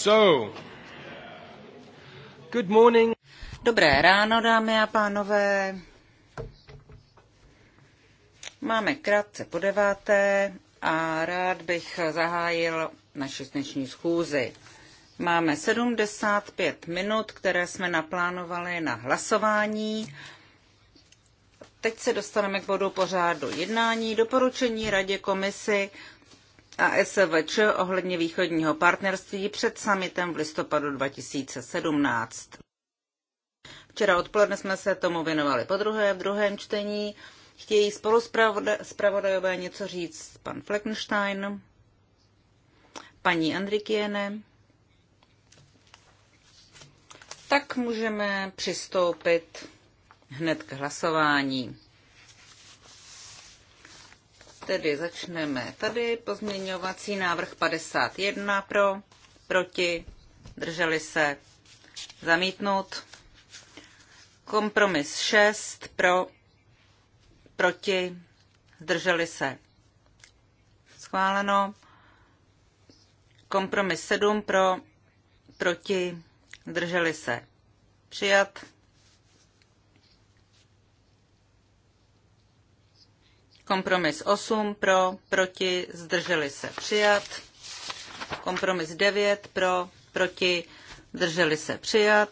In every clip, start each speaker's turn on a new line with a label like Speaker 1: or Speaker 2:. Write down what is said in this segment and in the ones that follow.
Speaker 1: So, good morning. Dobré ráno, dámy a pánové. Máme krátce po deváté a rád bych zahájil naši dnešní schůzi. Máme 75 minut, které jsme naplánovali na hlasování. Teď se dostaneme k bodu pořádu jednání, doporučení Radě komisi a SVČ ohledně východního partnerství před summitem v listopadu 2017. Včera odpoledne jsme se tomu věnovali po druhé, v druhém čtení. Chtějí spolu zpravodajové něco říct pan Fleckenstein, paní Andrikiene. Tak můžeme přistoupit hned k hlasování tedy začneme tady. Pozměňovací návrh 51 pro, proti, drželi se, zamítnout. Kompromis 6 pro, proti, zdrželi se, schváleno. Kompromis 7 pro, proti, zdrželi se, přijat. Kompromis 8 pro, proti, zdrželi se přijat. Kompromis 9 pro, proti, zdrželi se přijat.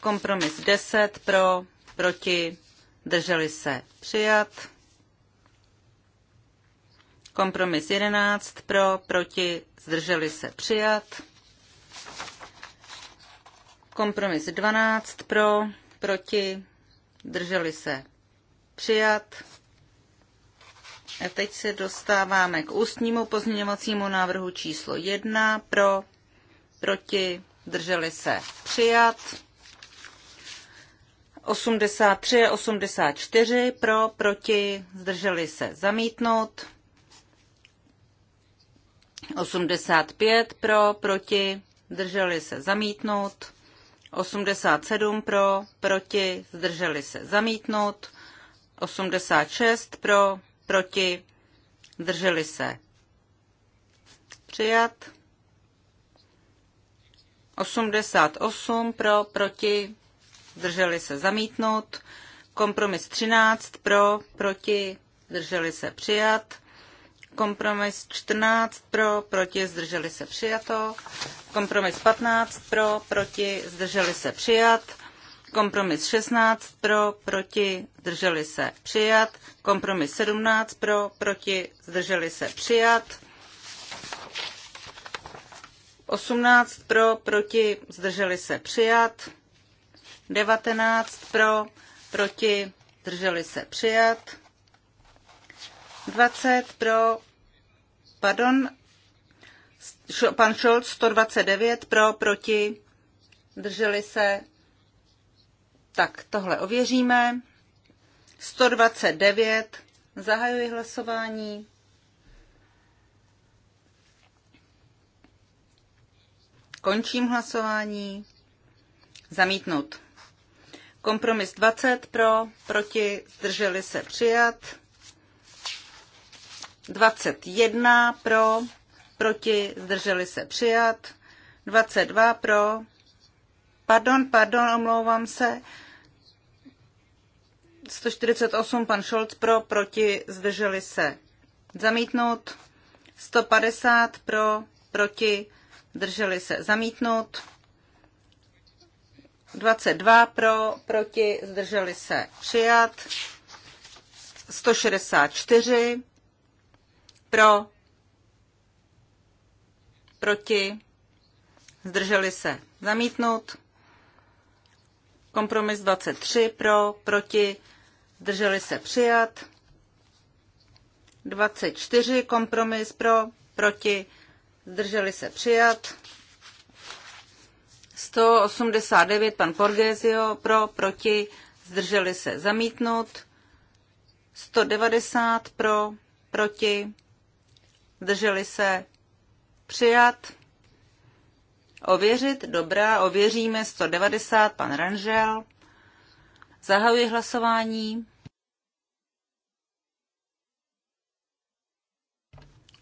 Speaker 1: Kompromis 10 pro, proti, zdrželi se přijat. Kompromis 11 pro, proti, zdrželi se přijat. Kompromis 12 pro, proti, zdrželi se přijat teď se dostáváme k ústnímu pozměňovacímu návrhu číslo 1. Pro, proti, drželi se přijat. 83 a 84 pro, proti, zdrželi se zamítnout. 85 pro, proti, zdrželi se zamítnout. 87 pro, proti, zdrželi se zamítnout. 86 pro, proti, zdrželi se. Přijat. 88 pro, proti, zdrželi se zamítnout. Kompromis 13 pro, proti, zdrželi se přijat. Kompromis 14 pro, proti, zdrželi se přijato. Kompromis 15 pro, proti, zdrželi se přijat. Kompromis 16 pro, proti, zdrželi se přijat. Kompromis 17 pro, proti, zdrželi se přijat. 18 pro, proti, zdrželi se přijat. 19 pro, proti, zdrželi se přijat. 20 pro, pardon, pan Scholz 129 pro, proti, zdrželi se tak, tohle ověříme. 129. Zahajuji hlasování. Končím hlasování. Zamítnout. Kompromis 20 pro, proti, zdrželi se přijat. 21 pro, proti, zdrželi se přijat. 22 pro, Pardon, pardon, omlouvám se. 148 pan Scholz pro, proti, zdrželi se. Zamítnout. 150 pro, proti, zdrželi se. Zamítnout. 22 pro, proti, zdrželi se. Přijat. 164 pro, proti, zdrželi se. Zamítnout. Kompromis 23 pro, proti, zdrželi se přijat. 24 kompromis pro, proti, zdrželi se přijat. 189 pan Porgesio pro, proti, zdrželi se zamítnout. 190 pro, proti, zdrželi se přijat. Ověřit, dobrá, ověříme 190, pan Ranžel. Zahajuji hlasování.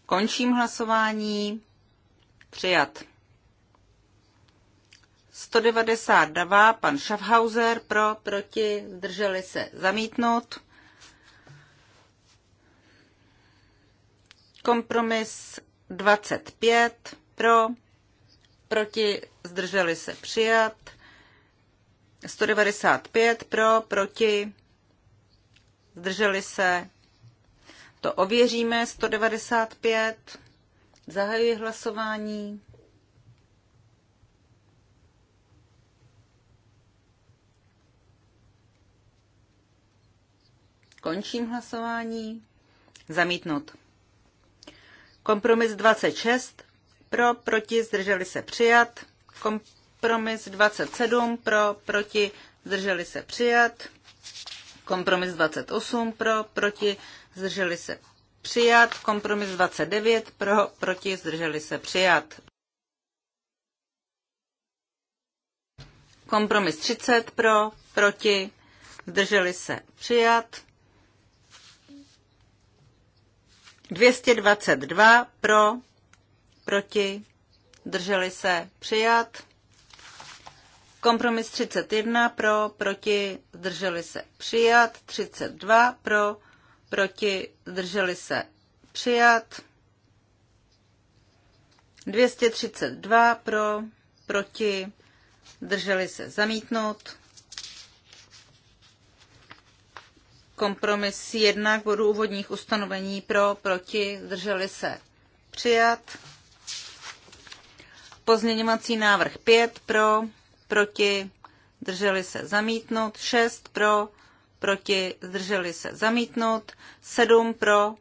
Speaker 1: Končím hlasování. Přijat. 192, pan Schaffhauser, pro, proti, zdrželi se, zamítnout. Kompromis 25, pro, proti, zdrželi se přijat. 195 pro, proti, zdrželi se. To ověříme, 195. Zahajuji hlasování. Končím hlasování. Zamítnut. Kompromis 26 pro, proti, zdrželi se přijat. Kompromis 27 pro, proti, zdrželi se přijat. Kompromis 28 pro, proti, zdrželi se přijat. Kompromis 29 pro, proti, zdrželi se přijat. Kompromis 30 pro, proti, zdrželi se přijat. 222 pro, proti, drželi se, přijat. Kompromis 31 pro, proti, zdrželi se, přijat. 32 pro, proti, zdrželi se, přijat. 232 pro, proti, zdrželi se, zamítnout. Kompromis 1 k bodu úvodních ustanovení pro, proti, zdrželi se, přijat. Pozměňovací návrh 5 pro, proti, zdrželi se zamítnout. 6 pro, proti, zdrželi se zamítnout. 7 pro,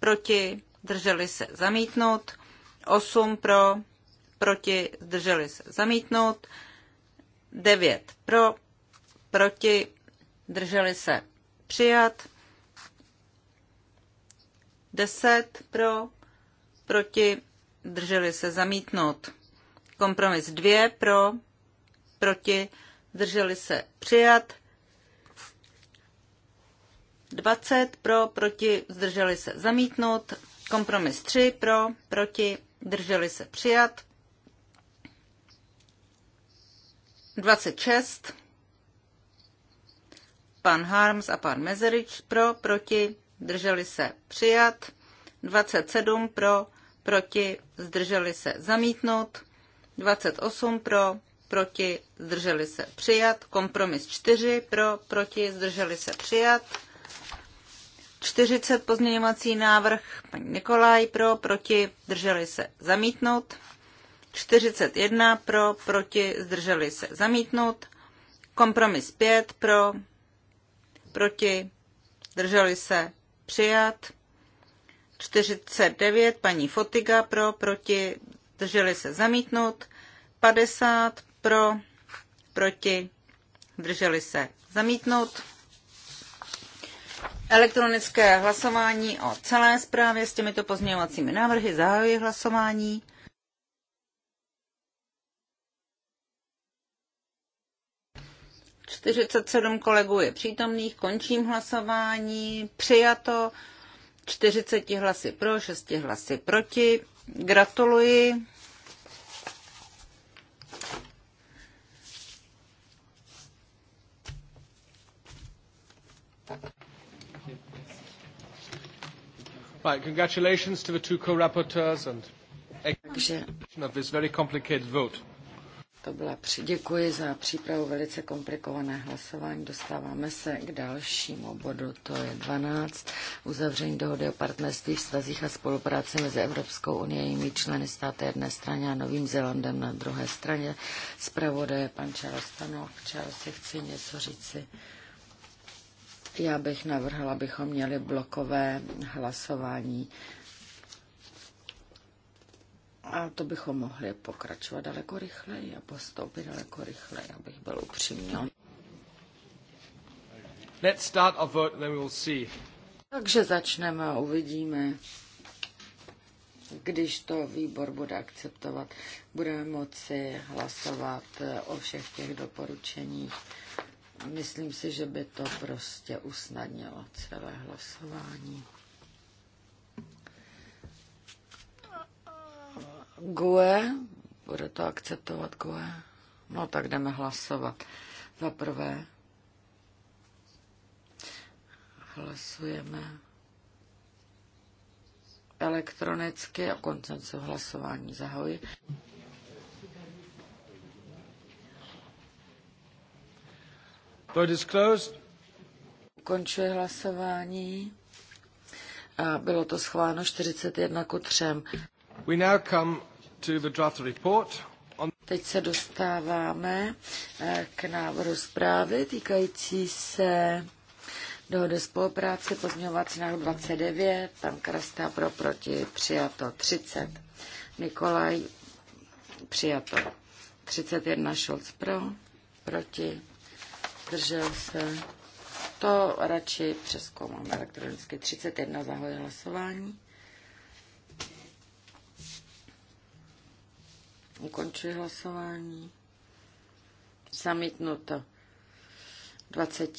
Speaker 1: proti, zdrželi se zamítnout. 8 pro, proti, zdrželi se zamítnout. 9 pro, proti, zdrželi se přijat. 10 pro, proti, drželi se zamítnout. Kompromis 2 pro, proti, drželi se přijat. 20 pro, proti, zdrželi se zamítnout. Kompromis 3 pro, proti, drželi se přijat. 26 pan Harms a pan Mezerič pro, proti, drželi se přijat, 27 pro, proti, zdrželi se zamítnout, 28 pro, proti, zdrželi se přijat, kompromis 4 pro, proti, zdrželi se přijat, 40 pozměňovací návrh, paní Nikolaj pro, proti, zdrželi se zamítnout, 41 pro, proti, zdrželi se zamítnout, kompromis 5 pro, proti, zdrželi se přijat, 49, paní Fotiga pro, proti, drželi se zamítnout. 50 pro, proti, drželi se zamítnout. Elektronické hlasování o celé zprávě s těmito pozměňovacími návrhy zahajuji hlasování. Čtyřicet sedm kolegů je přítomných, končím hlasování, přijato 40 hlasy pro, 6 hlasy proti. Gratuluji.
Speaker 2: Right, congratulations to the two co-rapporteurs and execution
Speaker 3: of this very complicated vote.
Speaker 4: To byla při. Děkuji za přípravu velice komplikované hlasování. Dostáváme se k dalšímu bodu, to je 12. Uzavření dohody o partnerství, vztazích a spolupráci mezi Evropskou unii a jejími členy státy jedné straně a Novým Zélandem na druhé straně. Zpravodaj je pan Charles Tanok. Charles, chci něco říci. Já bych navrhla, abychom měli blokové hlasování a to bychom mohli pokračovat daleko rychleji a postoupit daleko rychleji, abych byl upřímný.
Speaker 2: Let's start our vote, then we will see.
Speaker 4: Takže začneme a uvidíme, když to výbor bude akceptovat. Budeme moci hlasovat o všech těch doporučeních. Myslím si, že by to prostě usnadnilo celé hlasování. GUE, bude to akceptovat GUE? No tak jdeme hlasovat. Za prvé hlasujeme elektronicky a koncensu hlasování. Zahoji. Vote is closed. Ukončuji hlasování. A bylo to schváleno 41 ku 3. We now come Teď se dostáváme eh, k návrhu zprávy týkající se dohody spolupráce pozměňovací návrh 29, tam Krasta pro proti přijato 30, Nikolaj přijato 31, Šolc pro, proti, držel se, to radši přeskoumám elektronicky 31, zahoj hlasování. Ukončuji hlasování. Zamítnuto. 20,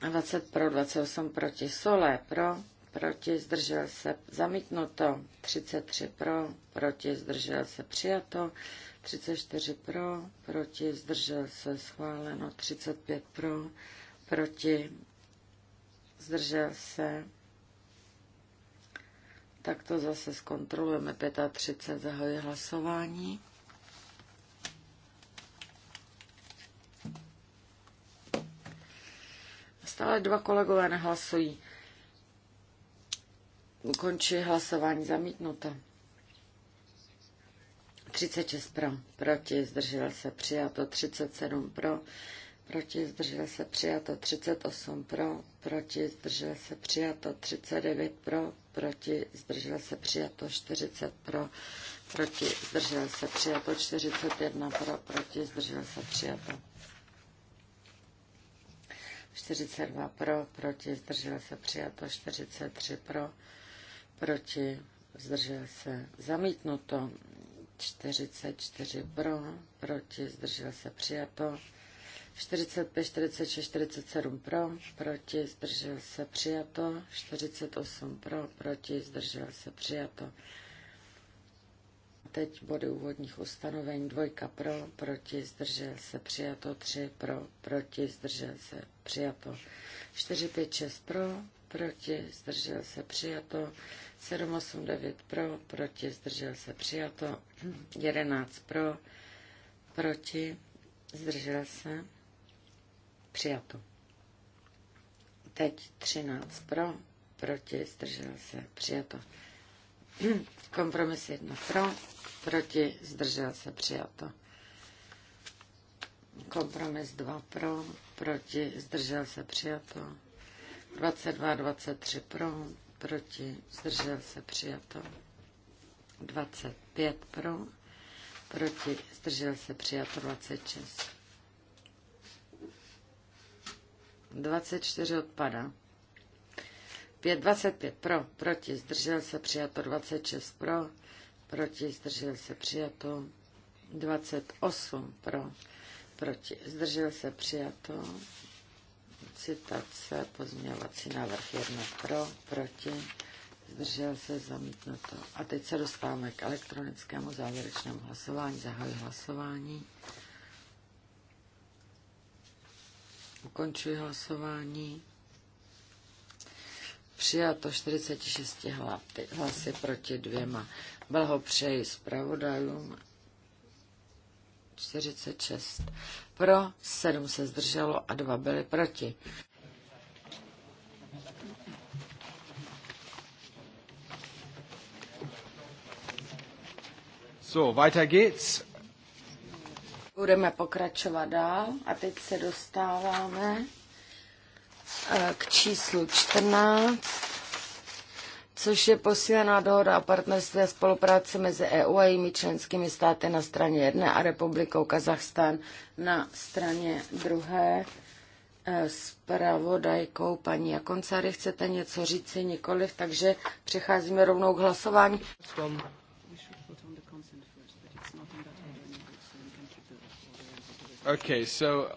Speaker 4: 20 pro, 28 proti. Solé pro, proti, zdržel se. Zamítnuto. 33 pro, proti, zdržel se. Přijato. 34 pro, proti, zdržel se. Schváleno. 35 pro, proti, zdržel se. Tak to zase zkontrolujeme. 35 zahajuje hlasování. Stále dva kolegové nehlasují. Končí hlasování zamítnuto. 36 pro, proti, zdržel se, přijato 37 pro, proti, zdržel se, přijato 38 pro, proti, zdržel se, přijato 39 pro, proti, zdržel se, přijato 40 pro, proti, zdržel se, přijato 41 pro, proti, zdržel se, přijato 42 pro, proti, zdržel se přijato, 43 pro, proti, zdržel se zamítnuto, 44 pro, proti, zdržel se přijato, 45, 46, 47 pro, proti, zdržel se přijato, 48 pro, proti, zdržel se přijato, teď body úvodních ustanovení. Dvojka pro, proti, zdržel se, přijato. Tři pro, proti, zdržel se, přijato. Čtyři, pět, šest pro, proti, zdržel se, přijato. Sedm, osm, devět pro, proti, zdržel se, přijato. Jedenáct pro, proti, zdržel se, přijato. Teď třináct pro, proti, zdržel se, přijato. Kompromis jedno pro, proti, zdržel se, přijato. Kompromis 2 pro, proti, zdržel se, přijato. 22, 23 pro, proti, zdržel se, přijato. 25 pro, proti, zdržel se, přijato. 26. 24 odpada. 5, 25 pro, proti, zdržel se přijato, 26 pro, proti, zdržel se přijato, 28 pro, proti, zdržel se přijato, citace, pozměňovací návrh 1 pro, proti, zdržel se zamítnuto. A teď se dostáváme k elektronickému závěrečnému hlasování, zahajuji hlasování. Ukončuji hlasování. Přijato 46 hlasy proti dvěma. Blahopřeji zpravodajům. 46 pro, 7 se zdrželo a 2 byly proti.
Speaker 2: So, weiter geht's.
Speaker 4: Budeme pokračovat dál a teď se dostáváme Eh, k číslu 14, což je posílená dohoda o partnerství a spolupráci mezi EU a jejími členskými státy na straně jedné a republikou Kazachstán na straně druhé. Spravodajkou eh, paní Jakoncary chcete něco říci nikoliv, takže přecházíme rovnou k hlasování.
Speaker 1: Okay, so...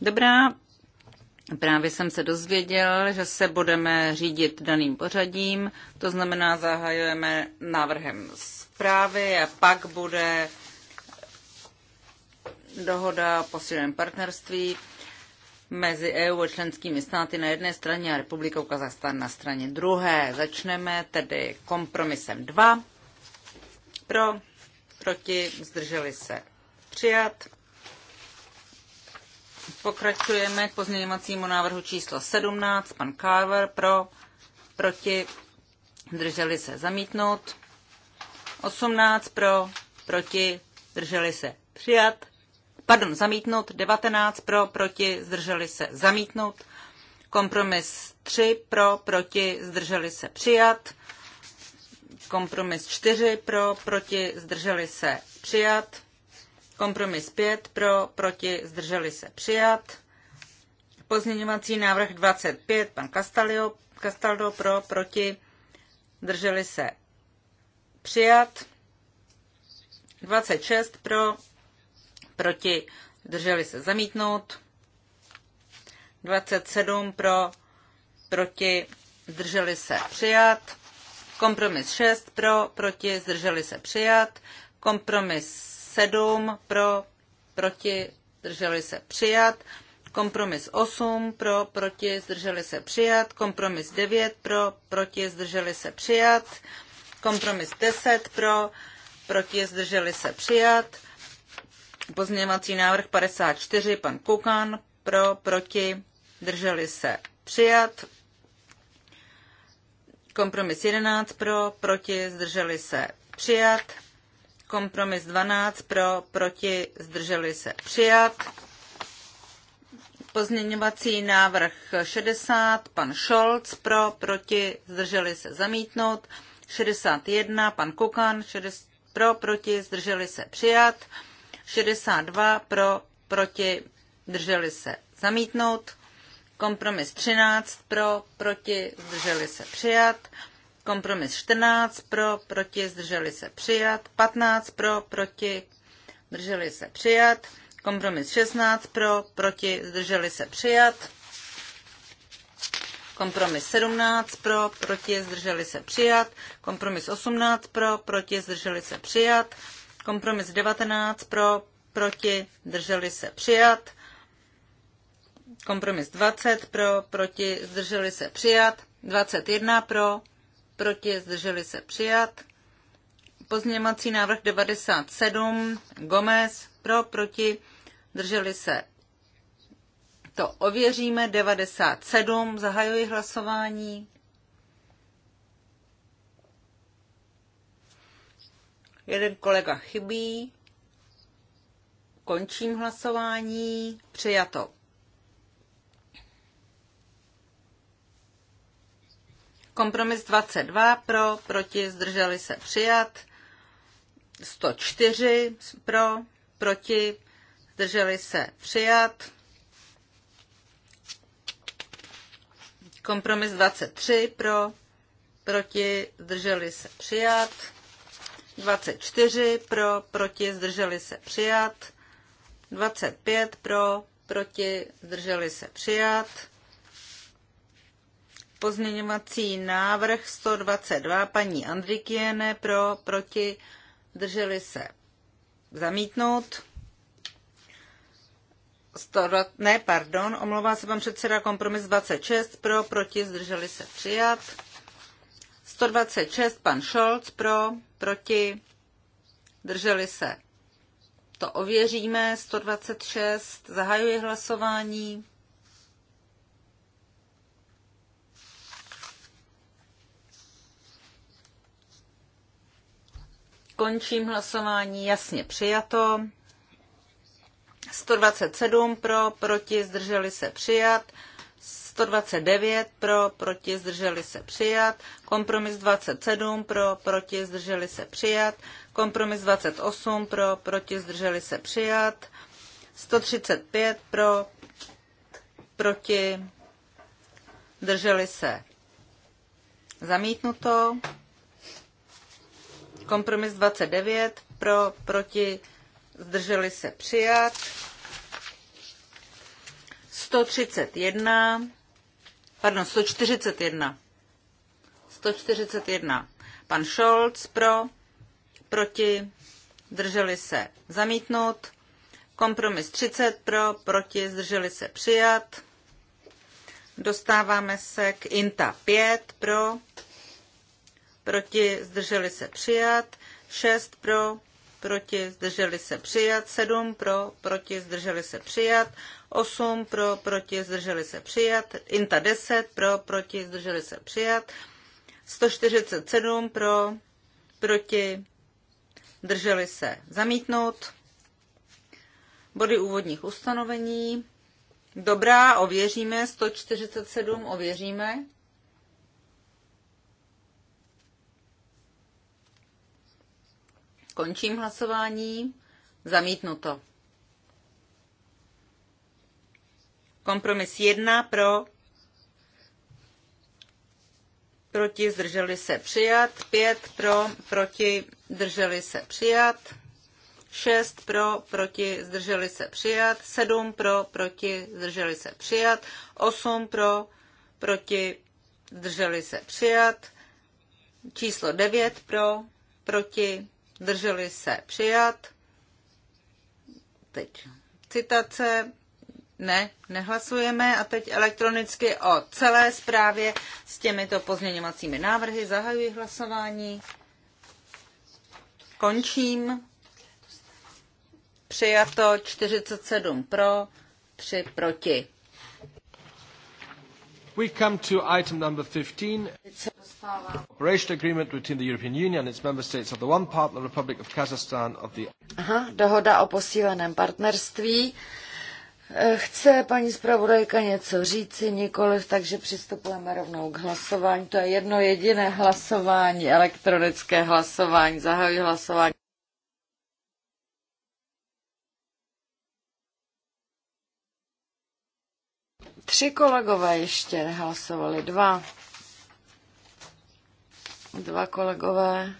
Speaker 1: Dobrá, Právě jsem se dozvěděl, že se budeme řídit daným pořadím, to znamená zahajujeme návrhem zprávy a pak bude dohoda o posíleném partnerství mezi EU a členskými státy na jedné straně a Republikou Kazachstán na straně druhé. Začneme tedy kompromisem 2. Pro, proti, zdrželi se přijat. Pokračujeme k pozměňovacímu návrhu číslo 17. Pan Carver pro, proti, drželi se zamítnout. 18 pro, proti, zdrželi se přijat. Pardon, zamítnout. 19 pro, proti, zdrželi se zamítnout. Kompromis 3 pro, proti, zdrželi se přijat. Kompromis 4 pro, proti, zdrželi se přijat. Kompromis 5 pro, proti, zdrželi se přijat. Pozměňovací návrh 25, pan Castalio, Castaldo pro, proti, zdrželi se přijat. 26 pro, proti, zdrželi se zamítnout. 27 pro, proti, zdrželi se přijat. Kompromis 6 pro, proti, zdrželi se přijat. Kompromis 7 pro, proti, zdrželi se přijat. Kompromis 8 pro, proti, zdrželi se přijat. Kompromis 9 pro, proti, zdrželi se přijat. Kompromis 10 pro, proti, zdrželi se přijat. Pozměňovací návrh 54, pan Kukan, pro, proti, drželi se přijat. Kompromis 11 pro, proti, zdrželi se přijat. Kompromis 12 pro, proti, zdrželi se přijat. Pozměňovací návrh 60, pan Scholz pro, proti, zdrželi se zamítnout. 61, pan Kukan, 60, pro, proti, zdrželi se přijat. 62 pro, proti, zdrželi se zamítnout. Kompromis 13 pro, proti, zdrželi se přijat. Kompromis 14 pro, proti, zdrželi se přijat. 15 pro, proti, zdrželi se přijat. Kompromis 16 pro, proti, zdrželi se přijat. Kompromis 17 pro, proti, zdrželi se přijat. Kompromis 18 pro, proti, zdrželi se přijat. Kompromis 19 pro, proti, zdrželi se přijat. Kompromis 20 pro, proti, zdrželi se přijat. 21 pro, proti, zdrželi se přijat. Pozměňovací návrh 97, Gomez, pro, proti, zdrželi se. To ověříme, 97, zahajuji hlasování. Jeden kolega chybí. Končím hlasování. Přijato. Kompromis 22 pro, proti, zdrželi se přijat. 104 pro, proti, zdrželi se přijat. Kompromis 23 pro, proti, zdrželi se přijat. 24 pro, proti, zdrželi se přijat. 25 pro, proti, zdrželi se přijat. Pozměňovací návrh 122 paní Andrikiene pro, proti, drželi se zamítnout. 100, ne, pardon, omlouvá se pan předseda kompromis 26 pro, proti, zdrželi se přijat. 126 pan Scholz pro, proti, drželi se. To ověříme, 126, zahajuji hlasování. Končím hlasování, jasně přijato. 127 pro, proti, zdrželi se přijat. 129 pro, proti, zdrželi se přijat. Kompromis 27 pro, proti, zdrželi se přijat. Kompromis 28 pro, proti, zdrželi se přijat. 135 pro, proti, zdrželi se zamítnuto. Kompromis 29 pro, proti, zdrželi se přijat. 131, pardon, 141. 141. Pan Scholz pro, proti, zdrželi se zamítnout. Kompromis 30 pro, proti, zdrželi se přijat. Dostáváme se k INTA 5 pro, proti, zdrželi se přijat, 6 pro, proti, zdrželi se přijat, 7 pro, proti, zdrželi se přijat, 8 pro, proti, zdrželi se přijat, INTA 10 pro, proti, zdrželi se přijat, 147 pro, proti, zdrželi se zamítnout, body úvodních ustanovení, Dobrá, ověříme, 147 ověříme. Končím hlasování. Zamítnuto. Kompromis 1 pro, proti, zdrželi se přijat. 5 pro, proti, zdrželi se přijat. 6 pro, proti, zdrželi se přijat, 7 pro, proti, zdrželi se přijat, 8 pro, proti, zdrželi se přijat, číslo 9 pro, proti, Drželi se přijat. Teď citace. Ne, nehlasujeme a teď elektronicky o celé zprávě s těmito pozměňovacími návrhy. Zahajuji hlasování. Končím. Přijato 47 pro, 3 proti.
Speaker 2: We come to item number 15. Aha,
Speaker 4: dohoda o posíleném partnerství. Eh, chce paní zpravodajka něco říci, nikoliv, takže přistupujeme rovnou k hlasování. To je jedno jediné hlasování, elektronické hlasování, zahajuji hlasování. Tři kolegové ještě hlasovali, dva. Dva kolegové.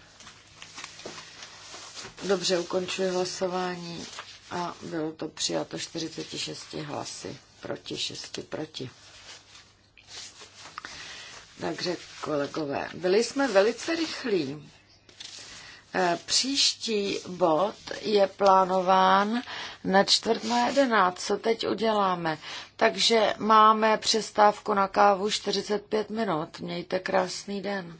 Speaker 4: Dobře, ukončuji hlasování a bylo to přijato 46 hlasy proti 6 proti. Takže kolegové, byli jsme velice rychlí. E, příští bod je plánován na čtvrt na jedenáct. Co teď uděláme? Takže máme přestávku na kávu 45 minut. Mějte krásný den.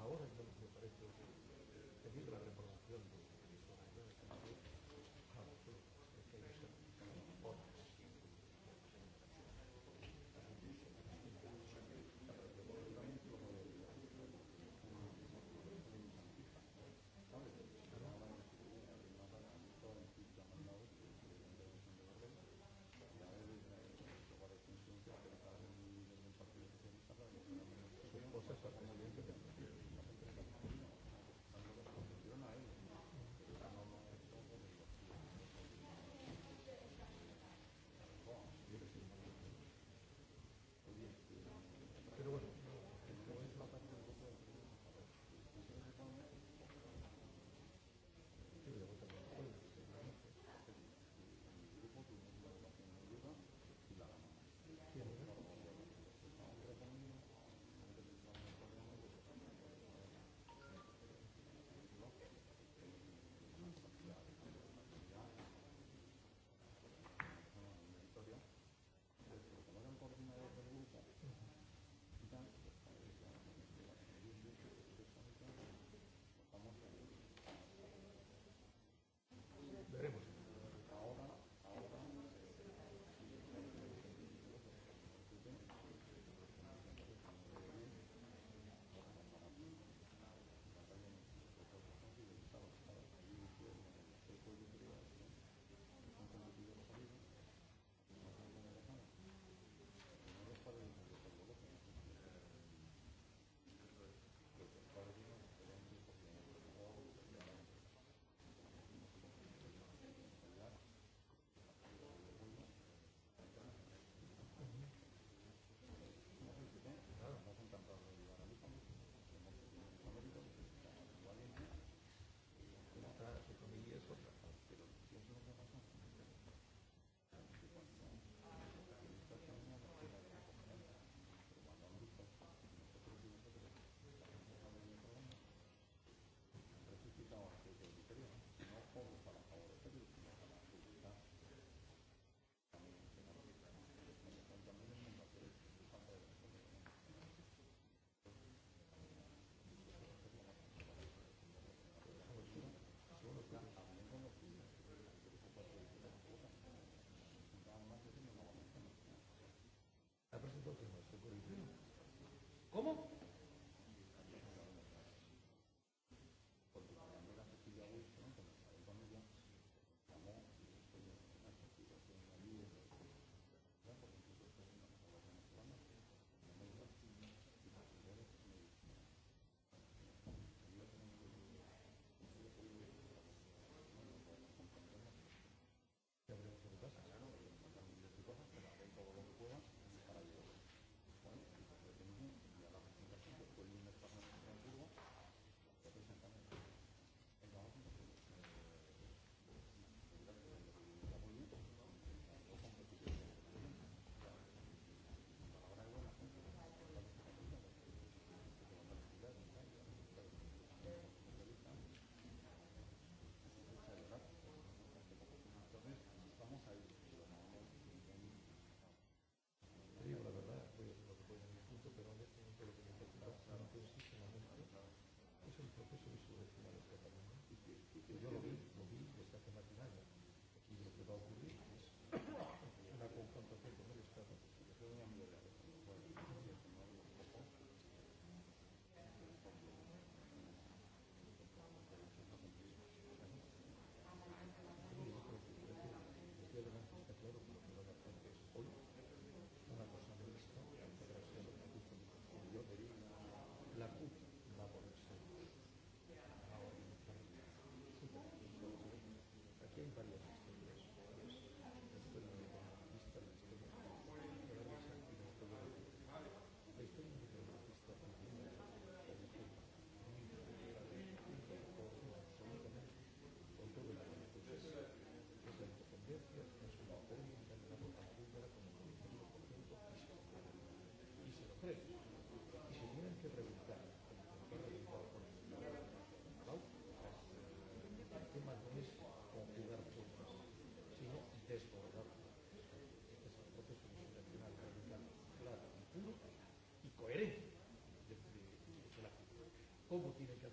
Speaker 2: ahora es donde me parece pedir la reprobación de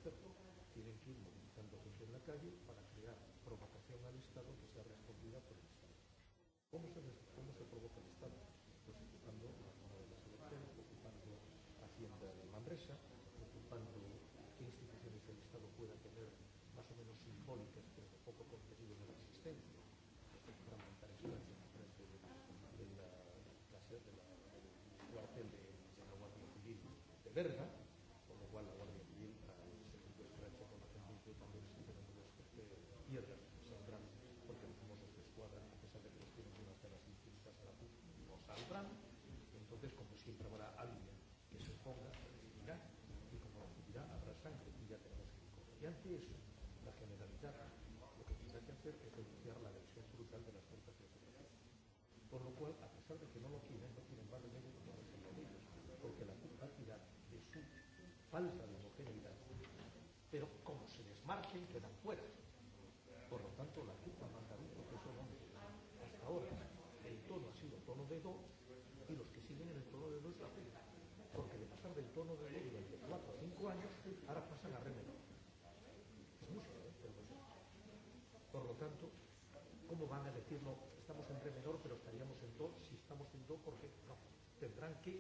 Speaker 2: concepto tienen que ir movilizando gente en la calle para crear provocación al Estado que sea respondida por el Estado. ¿Cómo se, cómo se provoca el Estado? Pues ocupando la zona de las elecciones, ocupando Hacienda de Manresa, ocupando qué instituciones del Estado pueda tener más o menos simbólicas, pero de poco contenido de la existencia. de la, de la, de la, de la cuartel de, de la Guardia Civil de Berga, Trump, entonces, como siempre habrá alguien que se oponga, recibirá, y como recibirá, habrá sangre, y ya tenemos que correr. Y ante eso, la generalidad lo que tendrá que hacer es denunciar la agresión brutal de las fuerzas de seguridad. Por lo cual, a pesar de que no lo quieren, no tienen más remedio que ellos, porque la culpa de su falsa estamos haciendo porque no, tendrán que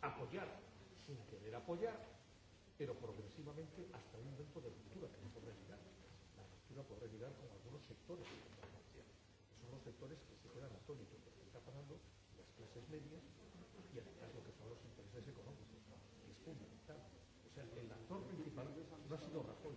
Speaker 2: apoyar, sin querer apoyar, pero progresivamente hasta un momento de ruptura que no podrá llegar. La ruptura podrá llegar con algunos sectores de convergencia, que son los sectores que se quedan atónitos de lo que está pasando, las clases medias y además lo que son los intereses económicos, ¿no? que es fundamental. O sea, el actor principal no ha sido Rajoy,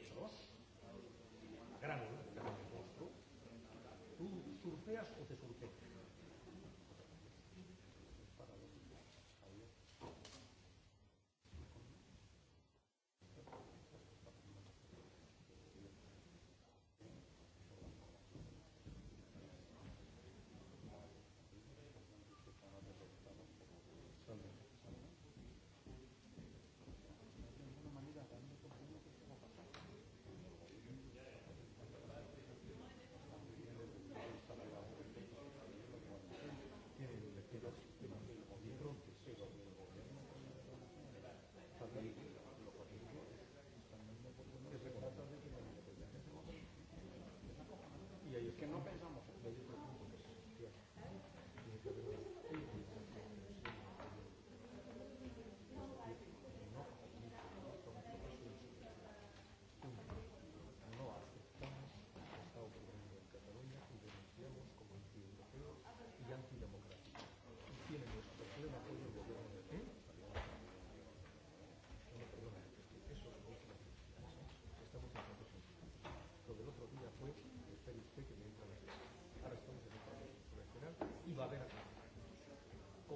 Speaker 2: Petro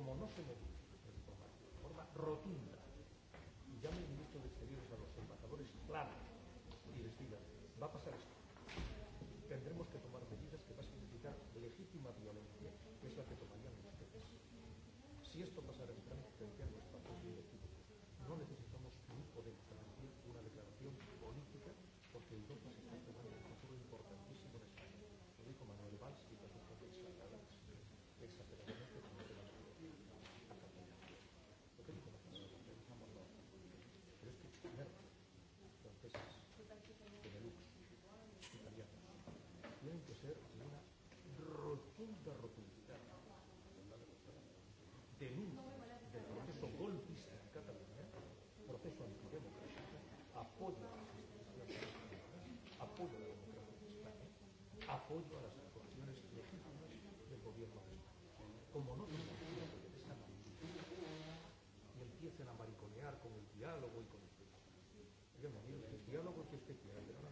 Speaker 2: como no se modifique el diplomático de forma rotunda y llame el ministro de Exteriores a los embajadores claros y les diga, va a pasar esto, tendremos que tomar medidas que va a significar legítima violencia, que es la que tomarían ustedes. Si esto apoyo a las actuaciones legítimas del gobierno de España. Como no y empiecen a mariconear con el diálogo y con el yo no miro el diálogo que quiera, pero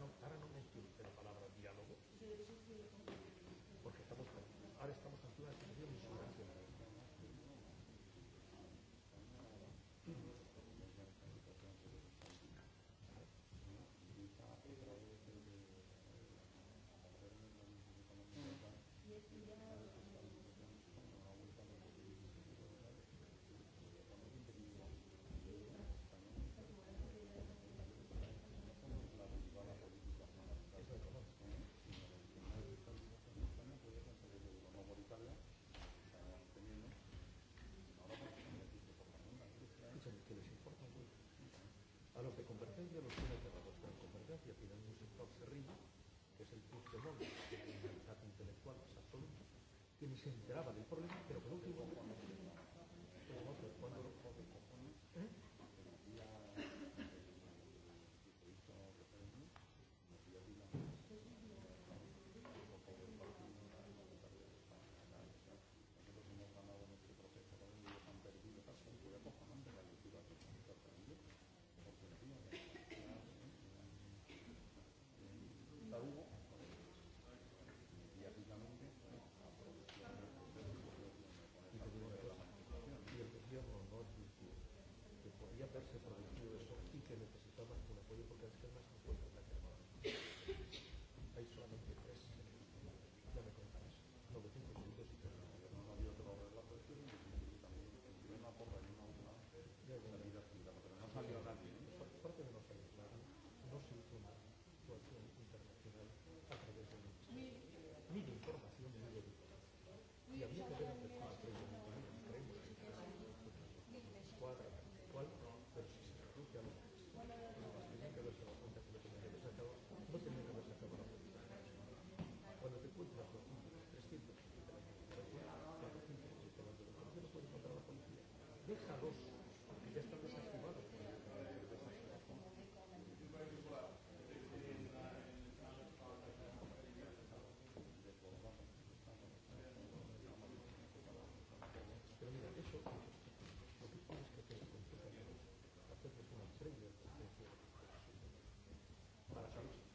Speaker 2: Rob Cerrillo, que es el Puigdemont de la libertad intelectual más absoluta, que ni se enteraba del problema, pero por último, cuando, cuando, ¿eh?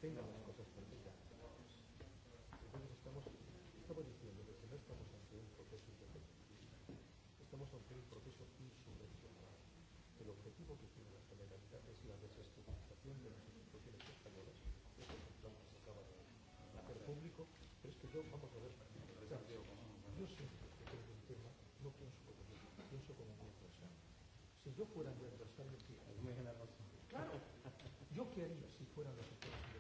Speaker 2: tengan las cosas permitidas. Entonces estamos, estamos diciendo que no estamos ante un proceso independentista, estamos ante un proceso insubvencional. El objetivo que tiene la generalidad es la desestructuración de las instituciones españolas, eso es el plan que se acaba de hacer público, pero es que yo, vamos a ver, yo siempre que tengo un tema, no pienso como yo, pienso como mi adversario. Si yo fuera mi adversario, ¿qué haría? Claro, yo qué haría si fuera los autores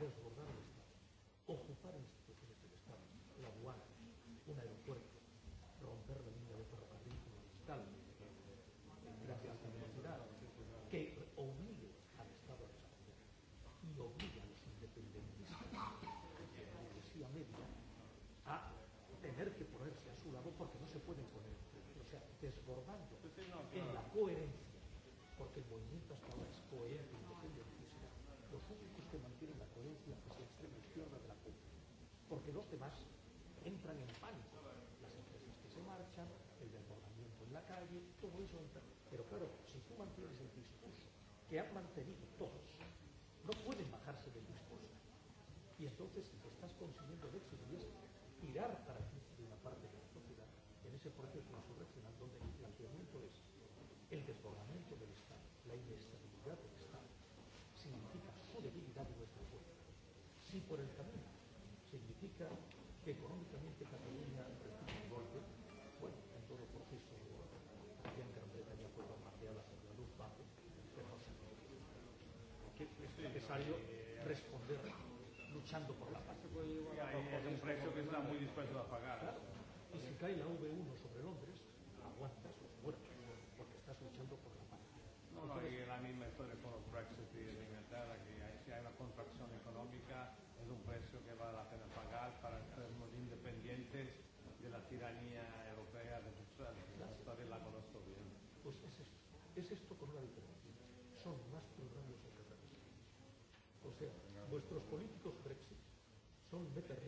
Speaker 2: desbordar el Estado, ocupar instituciones del Estado, la aduana, un aeropuerto, romper la línea de ferrocarril fundamental, gracias a la universidad, que obligue al Estado a responder y obliga a los independentistas de la burguesía media a tener que ponerse a su lado porque no se pueden poner, o sea, desbordando no, en no. la coherencia, porque el movimiento hasta ahora es coherente que han mantenido todos no pueden bajarse del discurso. Y entonces si te estás consiguiendo el éxito y es tirar para ti de una parte de la sociedad en ese proceso insurreccional donde el planteamiento es el desbordamiento del Estado, la inestabilidad del Estado, significa su debilidad y nuestro pueblo. Si por el luchando por la paz. Es un precio que está muy dispuesto a pagar. Claro. Y si cae la V1 sobre Londres, aguantas los muertos, porque estás luchando por la paz. No, no, y la misma historia con los Brexit y Inglaterra, que hay, si hay una contracción Jsou zbytek.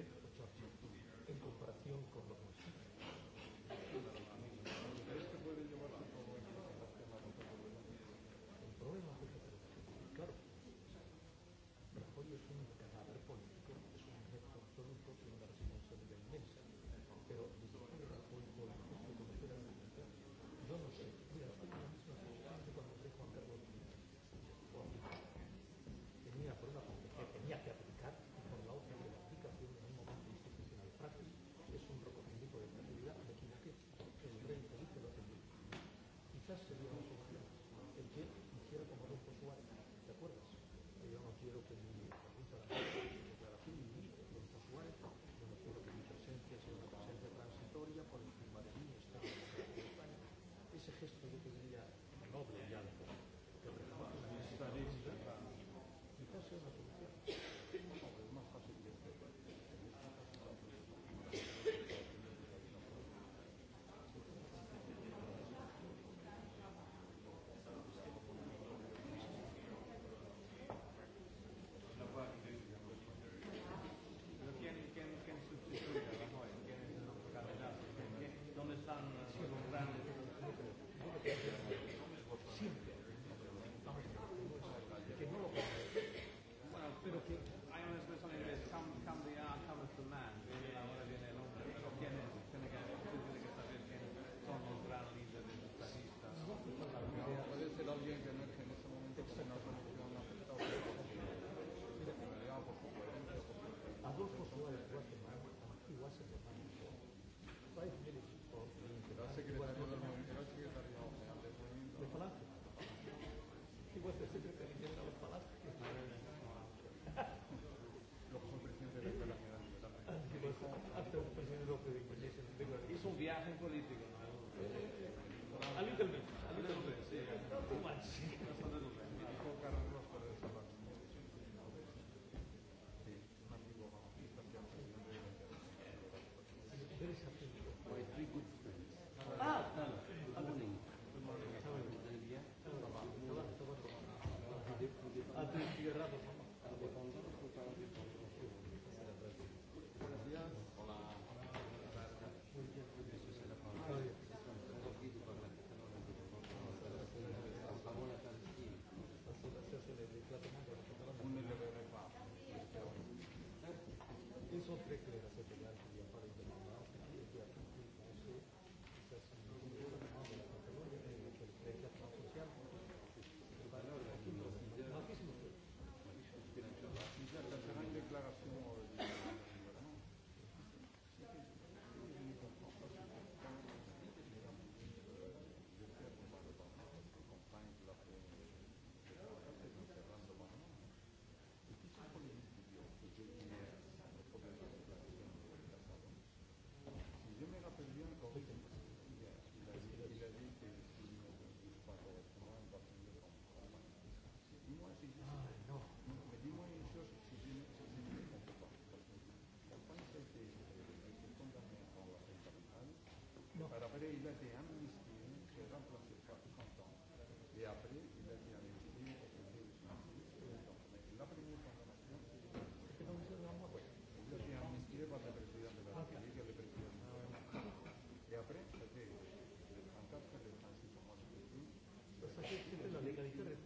Speaker 2: Hizo un viaje en político. ¿no? A little bit. se podívat.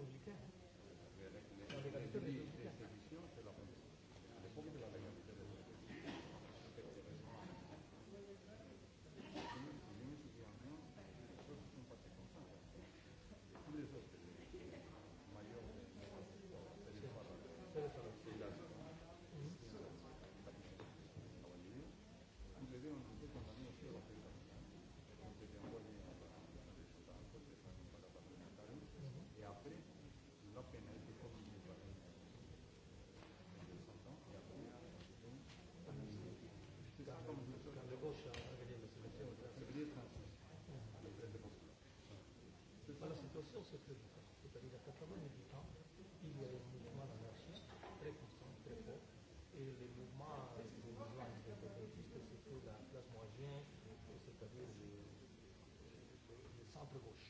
Speaker 2: républicain. Dans les valeurs républicaines. Council Security Council, per la Catalogna il a des mouvements préconstante, très forts. et le mouvement de l'Islam, c'est surtout la classe moyenne, c'est-à-dire le centre-gauche.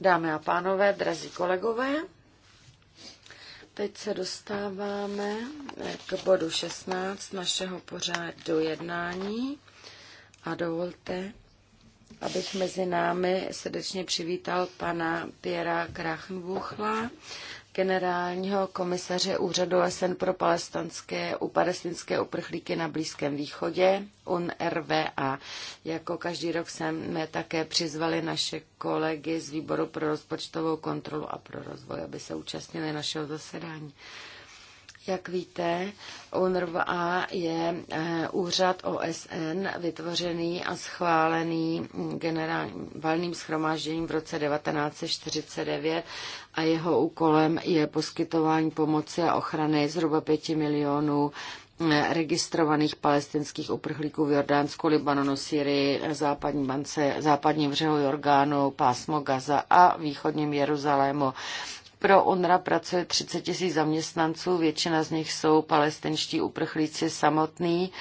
Speaker 4: Dámy a pánové, drazí kolegové, teď se dostáváme k bodu 16 našeho pořádu jednání a dovolte, abych mezi námi srdečně přivítal pana Piera Krachenbuchla, generálního komisaře úřadu SN pro palestinské, u palestinské uprchlíky na Blízkém východě, UNRWA. Jako každý rok jsme také přizvali naše kolegy z výboru pro rozpočtovou kontrolu a pro rozvoj, aby se účastnili našeho zasedání. Jak víte, UNRWA je eh, úřad OSN vytvořený a schválený mm, generálním valným schromážděním v roce 1949 a jeho úkolem je poskytování pomoci a ochrany zhruba 5 milionů eh, registrovaných palestinských uprchlíků v Jordánsku, Libanonu, Syrii, západní bance, západním břehu Jordánu, pásmo Gaza a východním Jeruzalému. Pro UNRA pracuje 30 tisíc zaměstnanců, většina z nich jsou palestinští uprchlíci samotní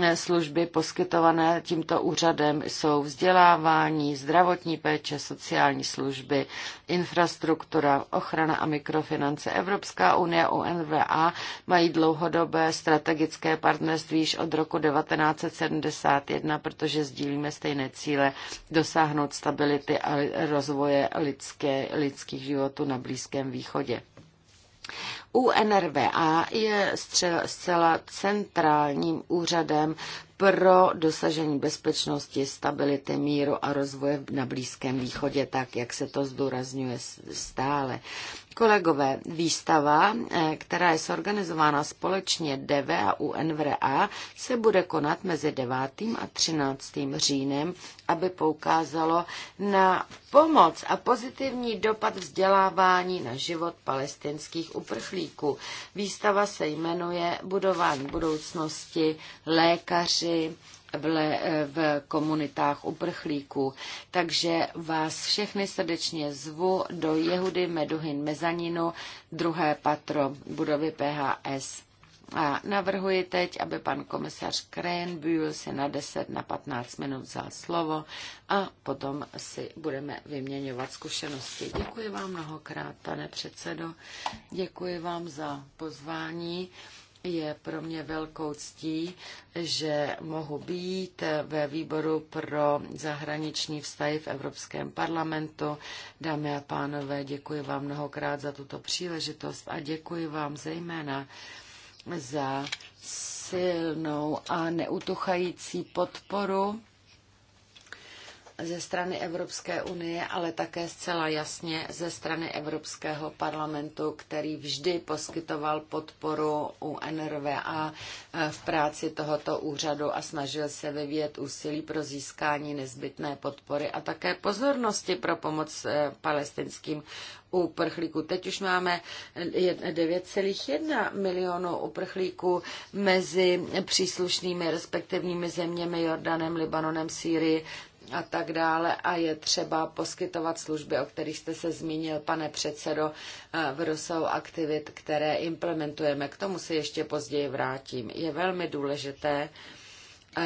Speaker 4: Eh, služby poskytované tímto úřadem jsou vzdělávání, zdravotní péče, sociální služby, infrastruktura, ochrana a mikrofinance. Evropská unie UNVA mají dlouhodobé strategické partnerství již od roku 1971, protože sdílíme stejné cíle dosáhnout stability a rozvoje lidské, lidských životů na Blízkém východě. UNRVA je zcela centrálním úřadem pro dosažení bezpečnosti, stability, míru a rozvoje na Blízkém východě, tak jak se to zdůrazňuje stále. Kolegové, výstava, eh, která je sorganizována společně DV a UNVRA, se bude konat mezi 9. a 13. říjnem, aby poukázalo na pomoc a pozitivní dopad vzdělávání na život palestinských uprchlíků uprchlíků. Výstava se jmenuje Budování budoucnosti lékaři v, le, v komunitách uprchlíků. Takže vás všechny srdečně zvu do Jehudy Meduhin Mezaninu, druhé patro budovy PHS. A navrhuji teď, aby pan komisař Krenbühl se na 10 na 15 minut vzal slovo a potom si budeme vyměňovat zkušenosti. Děkuji vám mnohokrát, pane předsedo. Děkuji vám za pozvání. Je pro mě velkou ctí, že mohu být ve výboru pro zahraniční vztahy v Evropském parlamentu. Dámy a pánové, děkuji vám mnohokrát za tuto příležitost a děkuji vám zejména za silnou a neutuchající podporu ze strany Evropské unie, ale také zcela jasně ze strany Evropského parlamentu, který vždy poskytoval podporu u NRVA eh, v práci tohoto úřadu a snažil se vyvíjet úsilí pro získání nezbytné podpory a také pozornosti pro pomoc eh, palestinským uprchlíků. Teď už máme 9,1 milionu uprchlíků mezi příslušnými respektivními zeměmi Jordanem, Libanonem, Sýrii, a tak dále a je třeba poskytovat služby, o kterých jste se zmínil, pane předsedo, eh, v rozsahu aktivit, které implementujeme. K tomu se ještě později vrátím. Je velmi důležité,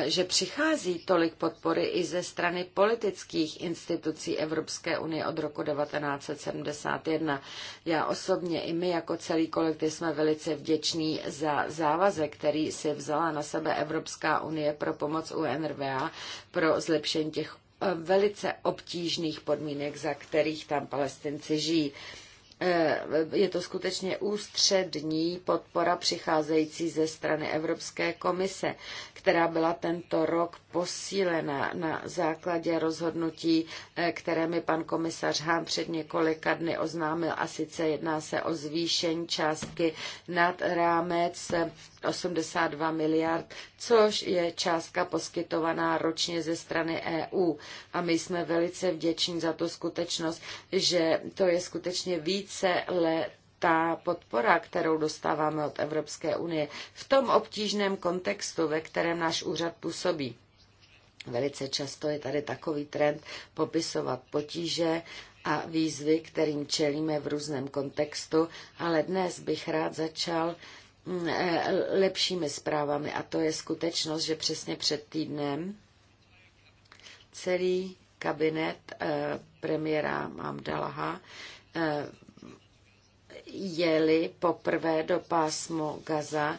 Speaker 4: že přichází tolik podpory i ze strany politických institucí Evropské unie od roku 1971. Já osobně i my jako celý kolektiv jsme velice vděční za závazek, který si vzala na sebe Evropská unie pro pomoc UNRWA pro zlepšení těch eh, velice obtížných podmínek, za kterých tam palestinci žijí. Eh, je to skutečně ústřední podpora přicházející ze strany Evropské komise, která byla tento rok posílena na základě rozhodnutí, eh, které mi pan komisař Hán před několika dny oznámil a sice jedná se o zvýšení částky nad rámec 82 miliard, což je částka poskytovaná ročně ze strany EU. A my jsme velice vděční za tu skutečnost, že to je skutečně více let ta podpora, kterou dostáváme od Evropské unie v tom obtížném kontextu, ve kterém náš úřad působí. Velice často je tady takový trend popisovat potíže a výzvy, kterým čelíme v různém kontextu, ale dnes bych rád začal lepšími zprávami a to je skutečnost, že přesně před týdnem celý kabinet eh, premiéra Mamdalaha eh, jeli poprvé do pásmo Gaza.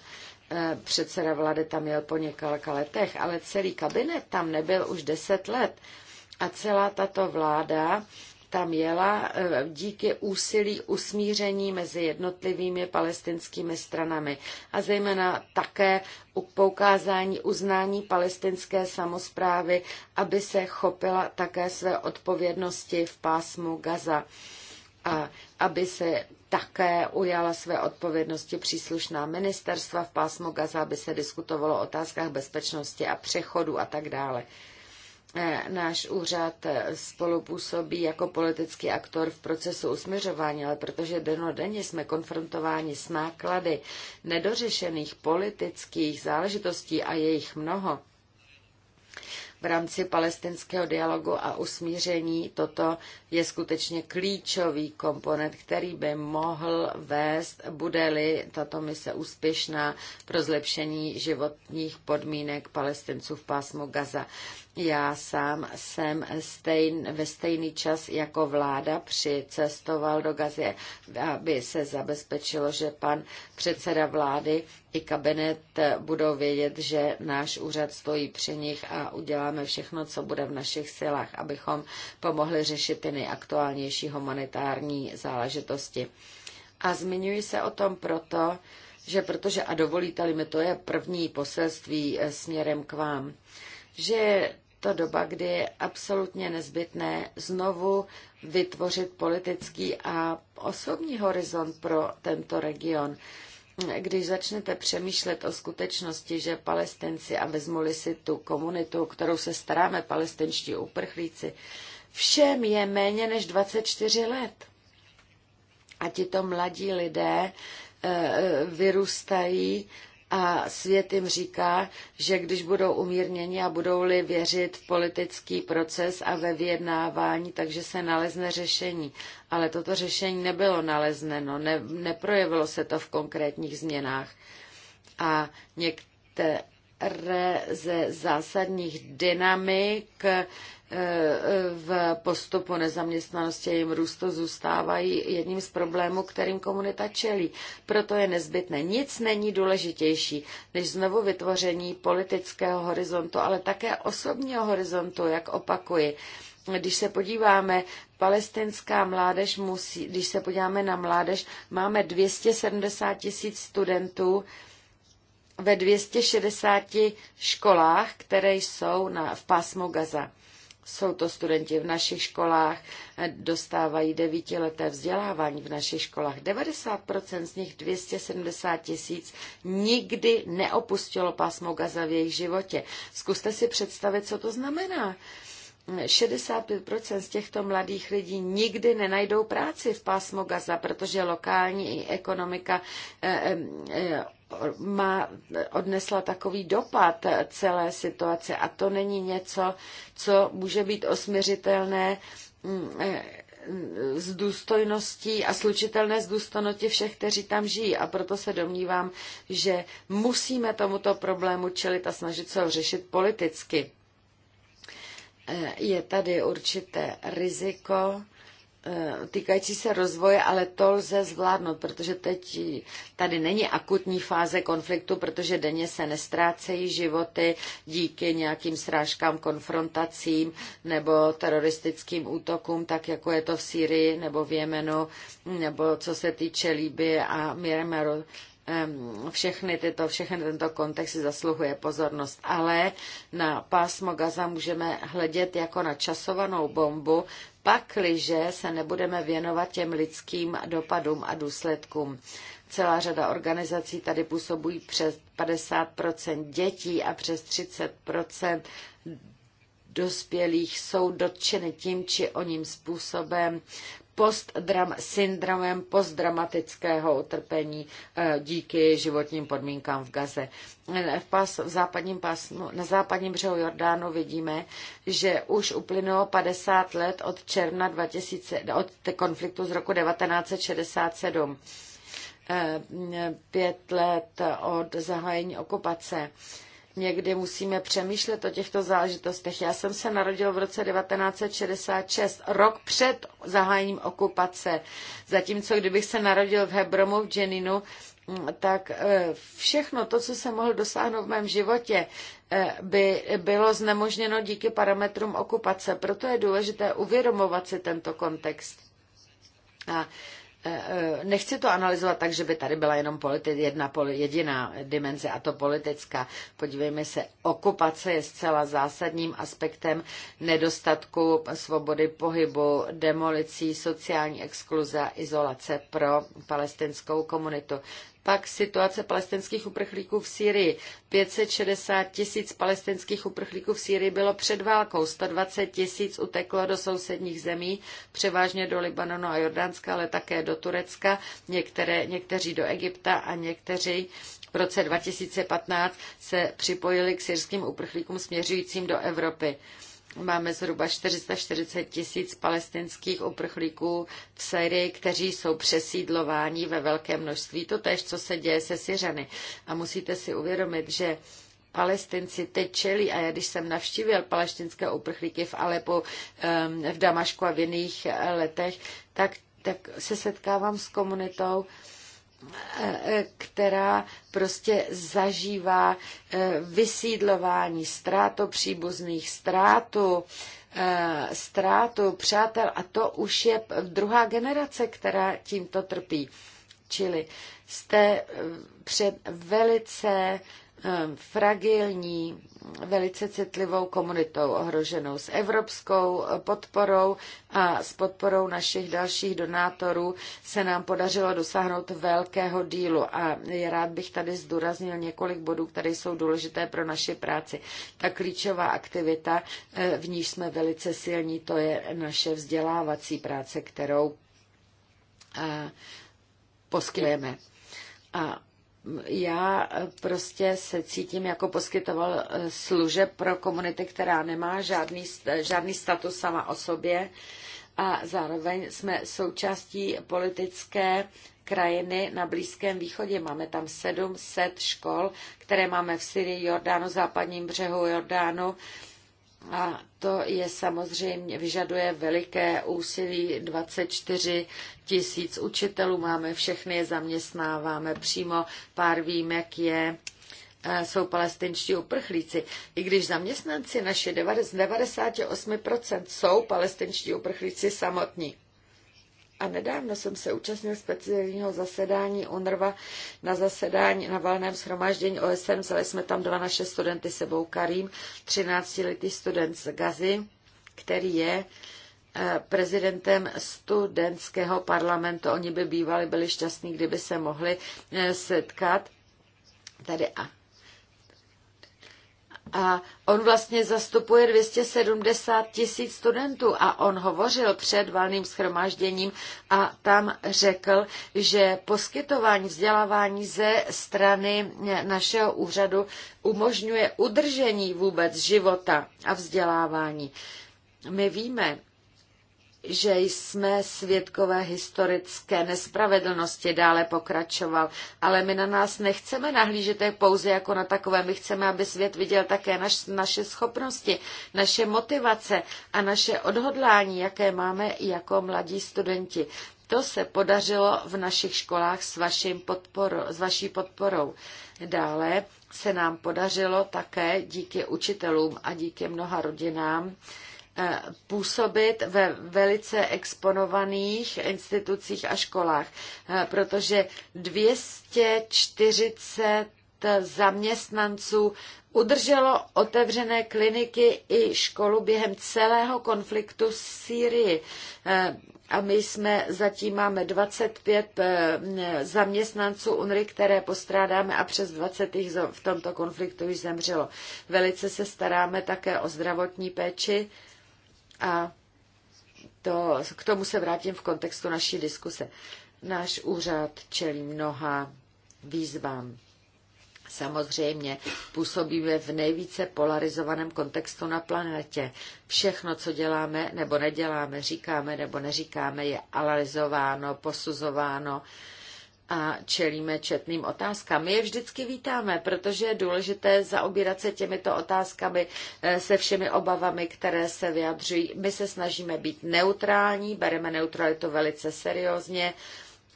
Speaker 4: Eh, předseda vlády tam jel po několika letech, ale celý kabinet tam nebyl už deset let. A celá tato vláda tam jela eh, díky úsilí usmíření mezi jednotlivými palestinskými stranami a zejména také poukázání uznání palestinské samozprávy, aby se chopila také své odpovědnosti v pásmu Gaza a aby se také ujala své odpovědnosti příslušná ministerstva v pásmu Gaza, aby se diskutovalo o otázkách bezpečnosti a přechodu a tak dále. E, náš úřad spolupůsobí jako politický aktor v procesu usměřování, ale protože denodenně jsme konfrontováni s náklady nedořešených politických záležitostí a jejich mnoho, v rámci palestinského dialogu a usmíření toto je skutečně klíčový komponent, který by mohl vést, bude-li tato mise úspěšná pro zlepšení životních podmínek palestinců v pásmu Gaza. Já sám jsem stejn, ve stejný čas jako vláda přicestoval do Gazie, aby se zabezpečilo, že pan předseda vlády i kabinet budou vědět, že náš úřad stojí při nich a uděláme všechno, co bude v našich silách, abychom pomohli řešit ty nejaktuálnější humanitární záležitosti. A zmiňuji se o tom proto, že protože, a dovolíte-li mi, to je první poselství eh, směrem k vám, že je to doba, kdy je absolutně nezbytné znovu vytvořit politický a osobní horizont pro tento region. Když začnete přemýšlet o skutečnosti, že palestinci a vezmuli si tu komunitu, kterou se staráme, palestinští uprchlíci, všem je méně než 24 let. A tito mladí lidé eh, eh, vyrůstají a svět jim říká, že když budou umírněni a budou-li věřit v politický proces a ve vyjednávání, takže se nalezne řešení. Ale toto řešení nebylo nalezneno, ne, neprojevilo se to v konkrétních změnách. A někte, ze zásadních dynamik e, v postupu nezaměstnanosti a jejím růstu zůstávají jedním z problémů, kterým komunita čelí. Proto je nezbytné. Nic není důležitější než znovu vytvoření politického horizontu, ale také osobního horizontu, jak opakuji. Když se podíváme, palestinská mládež musí, když se podíváme na mládež, máme 270 tisíc studentů, ve 260 školách, které jsou na, v pásmu Gaza. Jsou to studenti v našich školách, dostávají devítileté vzdělávání v našich školách. 90% z nich, 270 tisíc, nikdy neopustilo pásmo Gaza v jejich životě. Zkuste si představit, co to znamená. 65% z těchto mladých lidí nikdy nenajdou práci v pásmo Gaza, protože lokální ekonomika eh, eh, má, odnesla takový dopad celé situace a to není něco, co může být osměřitelné s mm, eh, důstojností a slučitelné s důstojností všech, kteří tam žijí. A proto se domnívám, že musíme tomuto problému čelit a snažit se ho řešit politicky. Eh, je tady určité riziko, Eh, týkající se rozvoje, ale to lze zvládnout, protože teď tady není akutní fáze konfliktu, protože denně se nestrácejí životy díky nějakým srážkám, konfrontacím nebo teroristickým útokům, tak jako je to v Sýrii nebo v Jemenu, nebo co se týče Líbie a Myanmaru všechny tyto, všechny tento kontext si zasluhuje pozornost. Ale na pásmo Gaza můžeme hledět jako na časovanou bombu, pakliže se nebudeme věnovat těm lidským dopadům a důsledkům. Celá řada organizací tady působují přes 50 dětí a přes 30 dospělých jsou dotčeny tím či o ním způsobem postdram, syndromem postdramatického utrpení eh, díky životním podmínkám v Gaze. V pas, v západním pasmu, na západním břehu Jordánu vidíme, že už uplynulo 50 let od června 2000, od konfliktu z roku 1967 eh, pět let od zahájení okupace někdy musíme přemýšlet o těchto záležitostech. Já jsem se narodil v roce 1966, rok před zahájením okupace. Zatímco kdybych se narodil v Hebromu v Jeninu, tak eh, všechno to, co jsem mohl dosáhnout v mém životě, eh, by bylo znemožněno díky parametrům okupace. Proto je důležité uvědomovat si tento kontext. A Eh, eh, nechci to analyzovat tak, že by tady byla jenom politi- jedna jediná dimenze, a to politická. Podívejme se, okupace je zcela zásadním aspektem nedostatku svobody pohybu, demolicí, sociální exkluze a izolace pro palestinskou komunitu. Pak situace palestinských uprchlíků v Sýrii. 560 tisíc palestinských uprchlíků v Sýrii bylo před válkou, 120 tisíc uteklo do sousedních zemí, převážně do Libanonu a Jordánska, ale také do Turecka, některé, někteří do Egypta a někteří v roce 2015 se připojili k syrským uprchlíkům směřujícím do Evropy. Máme zhruba 440 tisíc palestinských uprchlíků v Syrii, kteří jsou přesídlováni ve velkém množství. To tež, co se děje se Syřany. A musíte si uvědomit, že palestinci teď čelí. A já když jsem navštívil palestinské uprchlíky v Alepu, v Damašku a v jiných eh, letech, tak, tak se setkávám s komunitou, E, která prostě zažívá e, vysídlování, ztrátu příbuzných, ztrátu, e, ztrátu přátel a to už je druhá generace, která tímto trpí. Čili jste před velice Ehm, fragilní, velice citlivou komunitou ohroženou s evropskou eh, podporou a s podporou našich dalších donátorů se nám podařilo dosáhnout velkého dílu a rád bych tady zdůraznil několik bodů, které jsou důležité pro naši práci. Ta klíčová aktivita, eh, v níž jsme velice silní, to je naše vzdělávací práce, kterou eh, poskytujeme. A já eh, prostě se cítím jako poskytoval eh, služeb pro komunity, která nemá žádný, žádný status sama o sobě a zároveň jsme součástí politické krajiny na Blízkém východě. Máme tam 700 škol, které máme v Syrii, Jordánu, západním břehu Jordánu a to je samozřejmě, vyžaduje veliké úsilí 24 tisíc učitelů, máme všechny je zaměstnáváme přímo, pár výjimek je eh, jsou palestinští uprchlíci. I když zaměstnanci naše 98% jsou palestinští uprchlíci samotní. A nedávno jsem se účastnil speciálního zasedání UNRWA na zasedání na valném schromáždění OSN. Vzali jsme tam dva naše studenty sebou Karim, 13-letý student z Gazy, který je eh, prezidentem studentského parlamentu. Oni by bývali byli šťastní, kdyby se mohli eh, setkat tady a a on vlastně zastupuje 270 tisíc studentů a on hovořil před valným schromážděním a tam řekl, že poskytování vzdělávání ze strany našeho úřadu umožňuje udržení vůbec života a vzdělávání. My víme, že jsme svědkové historické nespravedlnosti, dále pokračoval. Ale my na nás nechceme nahlížet pouze jako na takové. My chceme, aby svět viděl také naš, naše schopnosti, naše motivace a naše odhodlání, jaké máme jako mladí studenti. To se podařilo v našich školách s, vaším podporu, s vaší podporou. Dále se nám podařilo také díky učitelům a díky mnoha rodinám, Eh, působit ve velice exponovaných institucích a školách, eh, protože 240 zaměstnanců udrželo otevřené kliniky i školu během celého konfliktu v Sýrii. Eh, a my jsme zatím máme 25 zaměstnanců UNRY, které postrádáme a přes 20 jich v tomto konfliktu již zemřelo. Velice se staráme také o zdravotní péči a to, k tomu se vrátím v kontextu naší diskuse. Náš úřad čelí mnoha výzvám. Samozřejmě působíme v nejvíce polarizovaném kontextu na planetě. Všechno, co děláme nebo neděláme, říkáme nebo neříkáme, je analyzováno, posuzováno. Uh, a čelíme četným otázkám. My je vždycky vítáme, protože je důležité zaobírat se těmito otázkami eh, se všemi obavami, které se vyjadřují. My se snažíme být neutrální, bereme neutralitu velice seriózně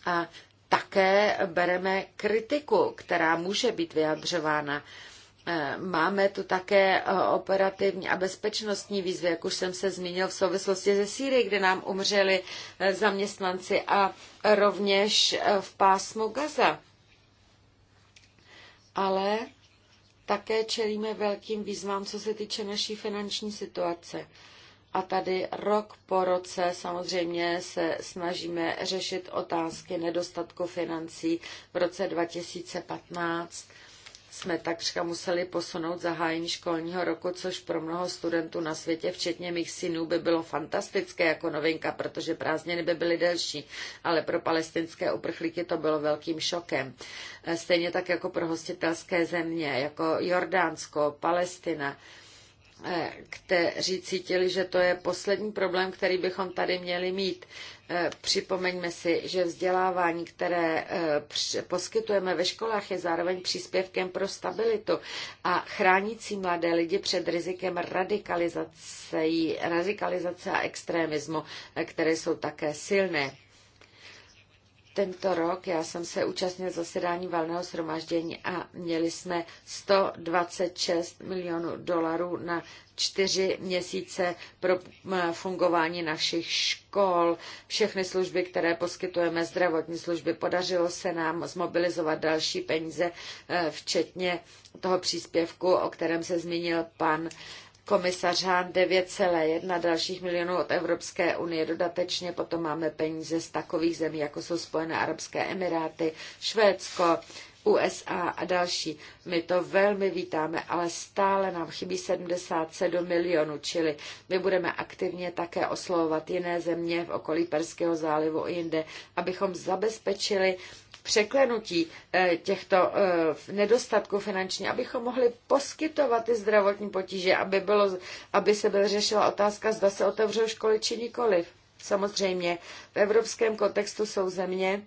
Speaker 4: a také bereme kritiku, která může být vyjadřována. Eh, máme tu také eh, operativní a bezpečnostní výzvy, jak už jsem se zmínil v souvislosti ze Sýrii, kde nám umřeli eh, zaměstnanci a rovněž v pásmu Gaza. Ale také čelíme velkým výzvám, co se týče naší finanční situace. A tady rok po roce samozřejmě se snažíme řešit otázky nedostatku financí v roce 2015 jsme takřka museli posunout zahájení školního roku, což pro mnoho studentů na světě, včetně mých synů, by bylo fantastické jako novinka, protože prázdniny by byly delší, ale pro palestinské uprchlíky to bylo velkým šokem. E, stejně tak jako pro hostitelské země, jako Jordánsko, Palestina, e, kteří cítili, že to je poslední problém, který bychom tady měli mít. Eh, připomeňme si, že vzdělávání, které eh, poskytujeme ve školách, je zároveň příspěvkem pro stabilitu a chránící mladé lidi před rizikem radikalizace, radikalizace a extremismu, eh, které jsou také silné. Tento rok já jsem se účastnil zasedání valného shromáždění a měli jsme 126 milionů dolarů na čtyři měsíce pro fungování našich škol, všechny služby, které poskytujeme, zdravotní služby. Podařilo se nám zmobilizovat další peníze, e, včetně toho příspěvku, o kterém se zmínil pan komisař Hahn 9,1 dalších milionů od Evropské unie. Dodatečně potom máme peníze z takových zemí, jako jsou Spojené Arabské Emiráty, Švédsko, USA a další. My to velmi vítáme, ale stále nám chybí 77 milionů, čili my budeme aktivně také oslovovat jiné země v okolí Perského zálivu i jinde, abychom zabezpečili překlenutí eh, těchto eh, nedostatků finanční, abychom mohli poskytovat ty zdravotní potíže, aby, bylo, aby se byla řešila otázka, zda se otevřou školy či nikoliv. Samozřejmě v evropském kontextu jsou země,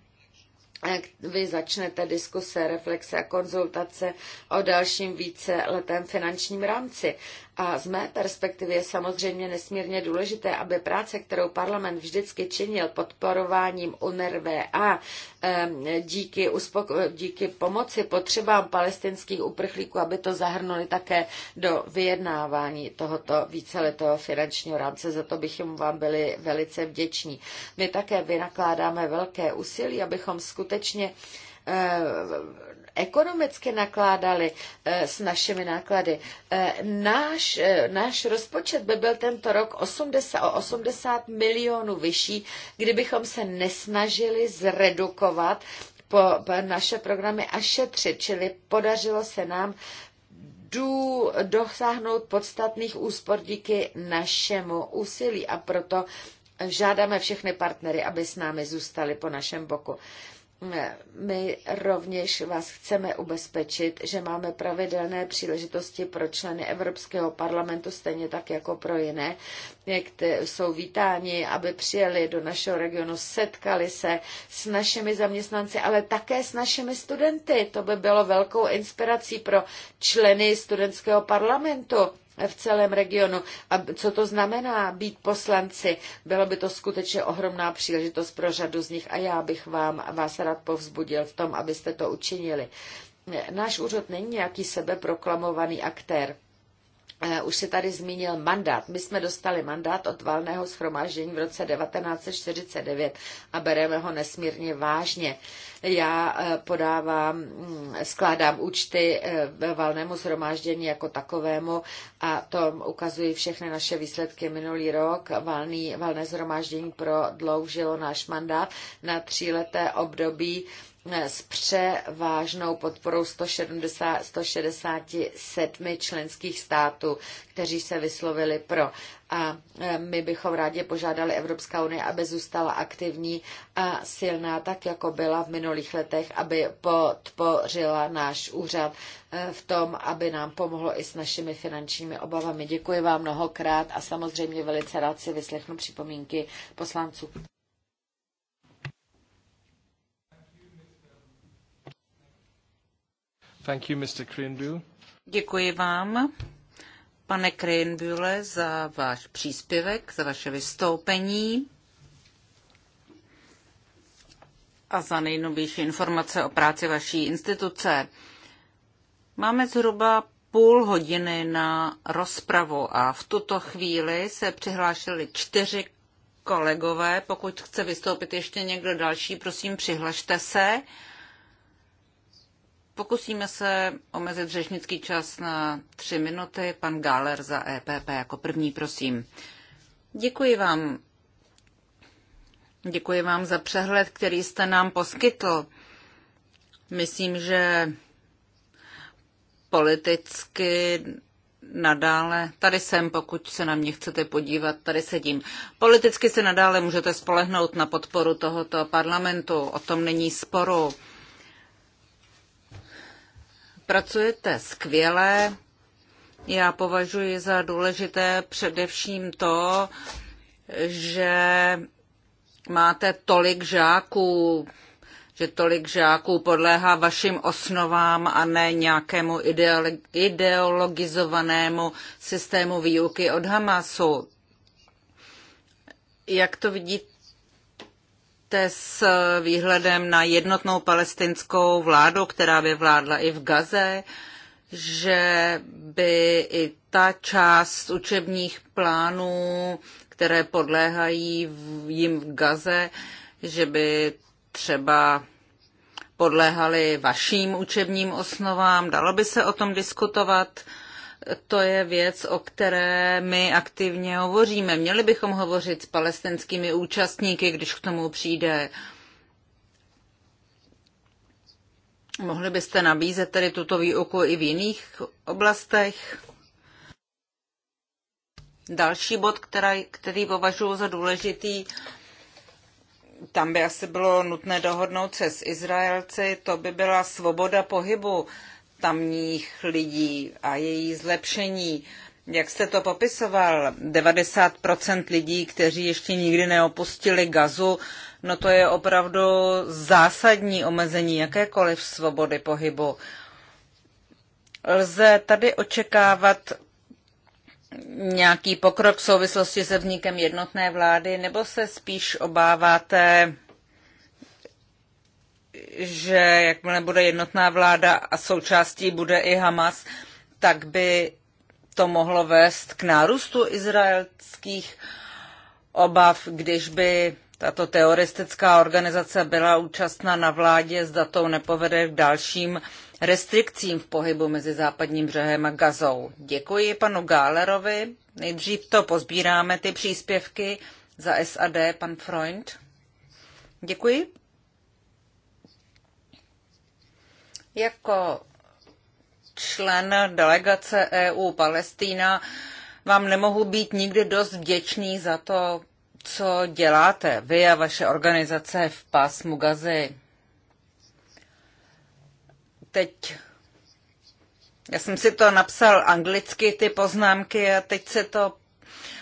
Speaker 4: vy začnete diskuse, reflexe a konzultace o dalším víceletém finančním rámci. A z mé perspektivy je samozřejmě nesmírně důležité, aby práce, kterou parlament vždycky činil podporováním UNRWA díky, uspoko- díky pomoci potřebám palestinských uprchlíků, aby to zahrnuli také do vyjednávání tohoto víceletého finančního rámce. Za to bychom vám byli velice vděční. My také vynakládáme velké úsilí, abychom skutečně eh, ekonomicky nakládali eh, s našimi náklady. Eh, náš, eh, náš rozpočet by byl tento rok 80, o 80 milionů vyšší, kdybychom se nesnažili zredukovat po, po naše programy a šetřit, čili podařilo se nám dů dosáhnout podstatných úspor díky našemu úsilí a proto žádáme všechny partnery, aby s námi zůstali po našem boku. My rovněž vás chceme ubezpečit, že máme pravidelné příležitosti pro členy Evropského parlamentu, stejně tak jako pro jiné, kteří jsou vítáni, aby přijeli do našeho regionu, setkali se s našimi zaměstnanci, ale také s našimi studenty. To by bylo velkou inspirací pro členy studentského parlamentu v celém regionu. A co to znamená být poslanci? Bylo by to skutečně ohromná příležitost pro řadu z nich a já bych vám, vás rád povzbudil v tom, abyste to učinili. Náš úřad není nějaký sebeproklamovaný aktér Eh, už se tady zmínil mandát. My jsme dostali mandát od valného schromáždění v roce 1949 a bereme ho nesmírně vážně. Já eh, podávám, mm, skládám účty eh, valnému shromáždění jako takovému a to ukazují všechny naše výsledky minulý rok. Valný, valné shromáždění prodloužilo náš mandát na tříleté období Eh, s převážnou podporou 170, 167 členských států, kteří se vyslovili pro. A eh, my bychom rádi požádali Evropská unie, aby zůstala aktivní a silná, tak jako byla v minulých letech, aby podpořila náš úřad eh, v tom, aby nám pomohlo i s našimi finančními obavami. Děkuji vám mnohokrát a samozřejmě velice rád si vyslechnu připomínky poslanců.
Speaker 3: Thank you, Mr.
Speaker 1: Děkuji vám, pane Krinbühle, za váš příspěvek, za vaše vystoupení a za nejnovější informace o práci vaší instituce. Máme zhruba půl hodiny na rozpravu a v tuto chvíli se přihlášili čtyři kolegové. Pokud chce vystoupit ještě někdo další, prosím, přihlašte se. Pokusíme se omezit řečnický čas na tři minuty. Pan Gáler za EPP jako první, prosím. Děkuji vám. Děkuji vám za přehled, který jste nám poskytl. Myslím, že politicky nadále, tady jsem, pokud se na mě chcete podívat, tady sedím. Politicky se nadále můžete spolehnout na podporu tohoto parlamentu, o tom není sporu. Pracujete skvěle. Já považuji za důležité především to, že máte tolik žáků, že tolik žáků podléhá vašim osnovám a ne nějakému ideologizovanému systému výuky od Hamasu. Jak to vidíte? máte s výhledem na jednotnou palestinskou vládu, která by vládla i v Gaze, že by i ta část učebních plánů, které podléhají jim v Gaze, že by třeba podléhaly vaším učebním osnovám? Dalo by se o tom diskutovat? to je věc, o které my aktivně hovoříme. Měli bychom hovořit s palestinskými účastníky, když k tomu přijde. Mohli byste nabízet tedy tuto výuku i v jiných oblastech? Další bod, který, který považuji za důležitý, tam by asi bylo nutné dohodnout se s Izraelci, to by byla svoboda pohybu tamních lidí a její zlepšení. Jak jste to popisoval, 90% lidí, kteří ještě nikdy neopustili gazu, no to je opravdu zásadní omezení jakékoliv svobody pohybu. Lze tady očekávat nějaký pokrok v souvislosti se vznikem jednotné vlády, nebo se spíš obáváte že jakmile bude jednotná vláda a součástí bude i Hamas, tak by to mohlo vést k nárůstu izraelských obav, když by tato teoristická organizace byla účastna na vládě, zda to nepovede k dalším restrikcím v pohybu mezi západním břehem a Gazou. Děkuji panu Gálerovi. Nejdřív to pozbíráme, ty příspěvky za SAD, pan Freund. Děkuji. Jako člen delegace EU Palestína vám nemohu být nikdy dost vděčný za to, co děláte vy a vaše organizace v pásmu Gazy. Teď já jsem si to napsal anglicky, ty poznámky, a teď se to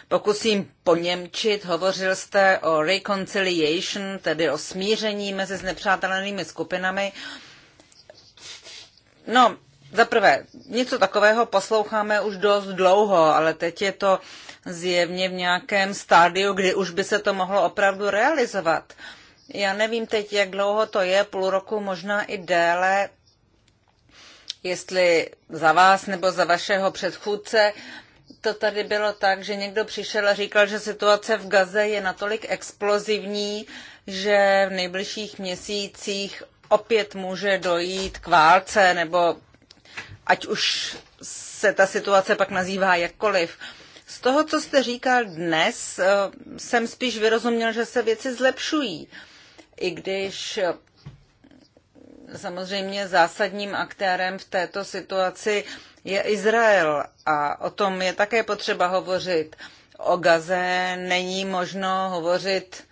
Speaker 1: pokusím poněmčit. Hovořil jste o reconciliation, tedy o smíření mezi znepřátelenými skupinami. Um, No, za prvé, něco takového posloucháme už dost dlouho, ale teď je to zjevně v nějakém stádiu, kdy už by se to mohlo opravdu realizovat. Já nevím teď, jak dlouho to je, půl roku, možná i déle, jestli za vás nebo za vašeho předchůdce. To tady bylo tak, že někdo přišel a říkal, že situace v Gaze je natolik explozivní, že v nejbližších měsících opět může dojít k válce, nebo ať už se ta situace pak nazývá jakkoliv. Z toho, co jste říkal dnes, eh, jsem spíš vyrozuměl, že se věci zlepšují. I když eh, samozřejmě zásadním aktérem v této situaci je Izrael a o tom je také potřeba hovořit. O Gaze není možno hovořit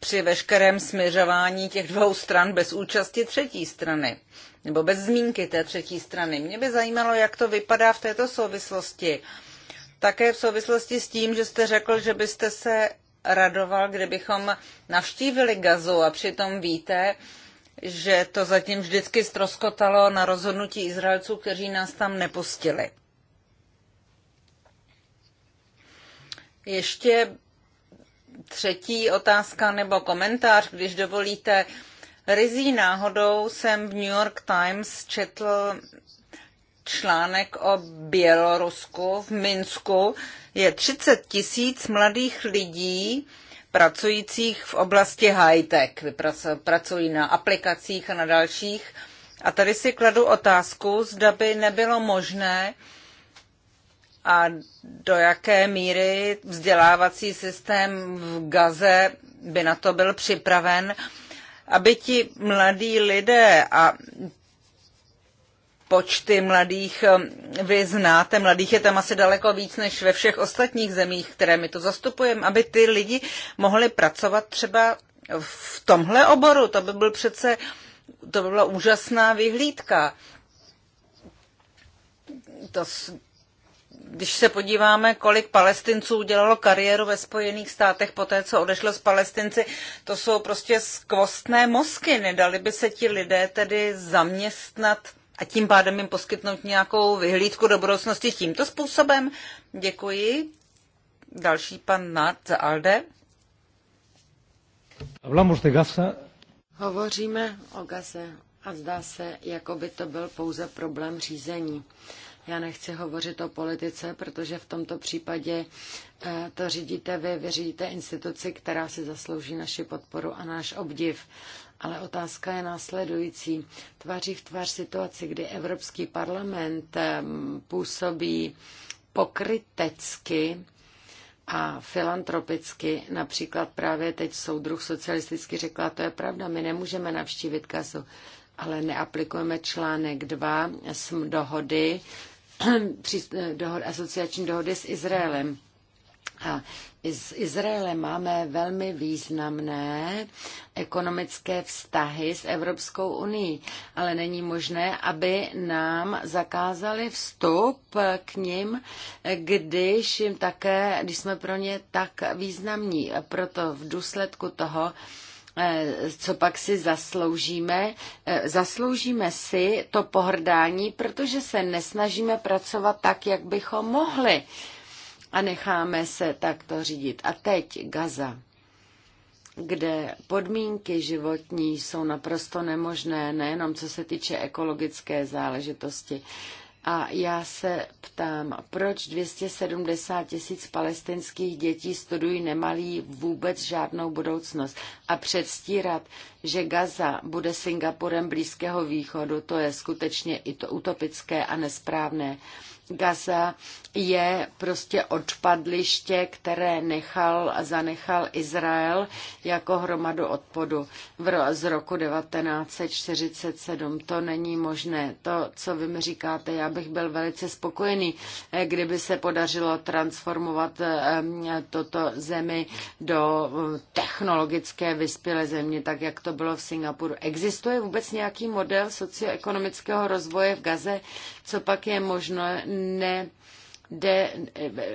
Speaker 1: při veškerém směřování těch dvou stran bez účasti třetí strany, nebo bez zmínky té třetí strany. Mě by zajímalo, jak to vypadá v této souvislosti. Také v souvislosti s tím, že jste řekl, že byste se radoval, kdybychom navštívili Gazu a přitom víte, že to zatím vždycky stroskotalo na rozhodnutí Izraelců, kteří nás tam nepustili. Ještě třetí otázka nebo komentář, když dovolíte. Rizí náhodou jsem v New York Times četl článek o Bělorusku v Minsku. Je 30 tisíc mladých lidí pracujících v oblasti high-tech. Pracují na aplikacích a na dalších. A tady si kladu otázku, zda by nebylo možné uh, a do jaké míry vzdělávací systém v Gaze by na to byl připraven, aby ti mladí lidé a počty mladých eh, vy znáte, mladých je tam asi daleko víc než ve všech ostatních zemích, které my to zastupujeme, aby ty lidi mohli pracovat třeba v tomhle oboru. To by byl přece, to by byla úžasná vyhlídka. To, když se podíváme, kolik palestinců udělalo kariéru ve Spojených státech po té, co odešlo z palestinci, to jsou prostě skvostné mozky. Nedali by se ti lidé tedy zaměstnat a tím pádem jim poskytnout nějakou vyhlídku do budoucnosti tímto způsobem? Děkuji. Další pan Nart za Alde.
Speaker 2: Hablamos de Gaza.
Speaker 4: Hovoříme o Gaze a zdá se, jako by to byl pouze problém řízení. Já nechci hovořit o politice, protože v tomto případě eh, to řídíte vy, vy řídíte instituci, která si zaslouží naši podporu a náš obdiv. Ale otázka je následující. Tváří v tvář situaci, kdy Evropský parlament eh, působí pokrytecky a filantropicky, například právě teď soudruh socialisticky řekla, to je pravda, my nemůžeme navštívit kasu, ale neaplikujeme článek 2 dohody Eh, dohod, asociační dohody s Izraelem. A s Izraelem máme velmi významné ekonomické vztahy s Evropskou unii, ale není možné, aby nám zakázali vstup k ním, když jim také, když jsme pro ně tak významní. Proto v důsledku toho Eh, co pak si zasloužíme? Eh, zasloužíme si to pohrdání, protože se nesnažíme pracovat tak, jak bychom mohli. A necháme se takto řídit. A teď Gaza kde podmínky životní jsou naprosto nemožné, nejenom co se týče ekologické záležitosti, a já se ptám, proč 270 tisíc palestinských dětí studují nemalí vůbec žádnou budoucnost a předstírat, že Gaza bude Singapurem Blízkého východu, to je skutečně i to utopické a nesprávné. Gaza je prostě odpadliště, které nechal a zanechal Izrael jako hromadu odpadu v, z roku 1947. To není možné. To, co vy mi říkáte, já bych byl velice spokojený, eh, kdyby se podařilo transformovat eh, toto zemi do eh, technologické vyspělé země, tak jak to bylo v Singapuru. Existuje vůbec nějaký model socioekonomického rozvoje v Gaze? co pak je možno ne de,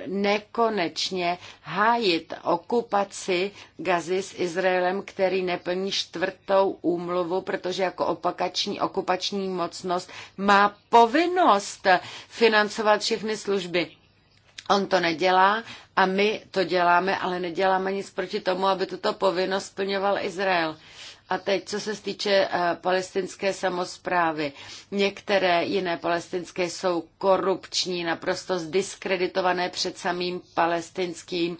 Speaker 4: nekonečně hájit okupaci Gazy s Izraelem, který neplní čtvrtou úmluvu, protože jako opakační okupační mocnost má povinnost financovat všechny služby. On to nedělá a my to děláme, ale neděláme nic proti tomu, aby tuto povinnost splňoval Izrael. A teď, co se týče eh, palestinské samozprávy. Některé jiné palestinské jsou korupční, naprosto zdiskreditované před samým palestinským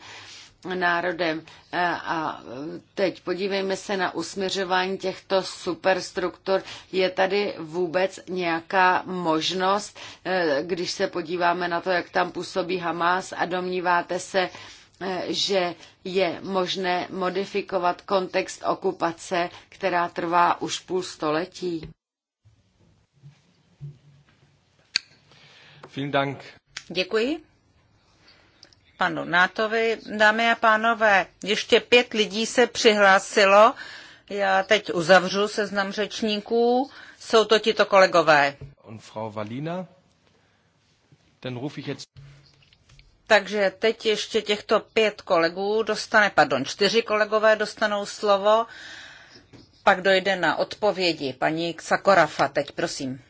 Speaker 4: národem. Eh, a eh, teď podívejme se na usměřování těchto superstruktur. Je tady vůbec nějaká možnost, když se podíváme na to, jak tam působí Hamas a domníváte se, Eh, že je možné modifikovat kontext okupace, která trvá už půl století.
Speaker 1: Děkuji. Panu Nátovi, dámy a pánové, ještě pět lidí se přihlásilo. Já teď uzavřu seznam řečníků. Jsou to tito kolegové. Und Frau Valina, dann rufe ich jetzt... Takže teď ještě těchto pět kolegů dostane, pardon, čtyři kolegové dostanou slovo, pak dojde na odpovědi. Paní Ksakorafa, teď prosím.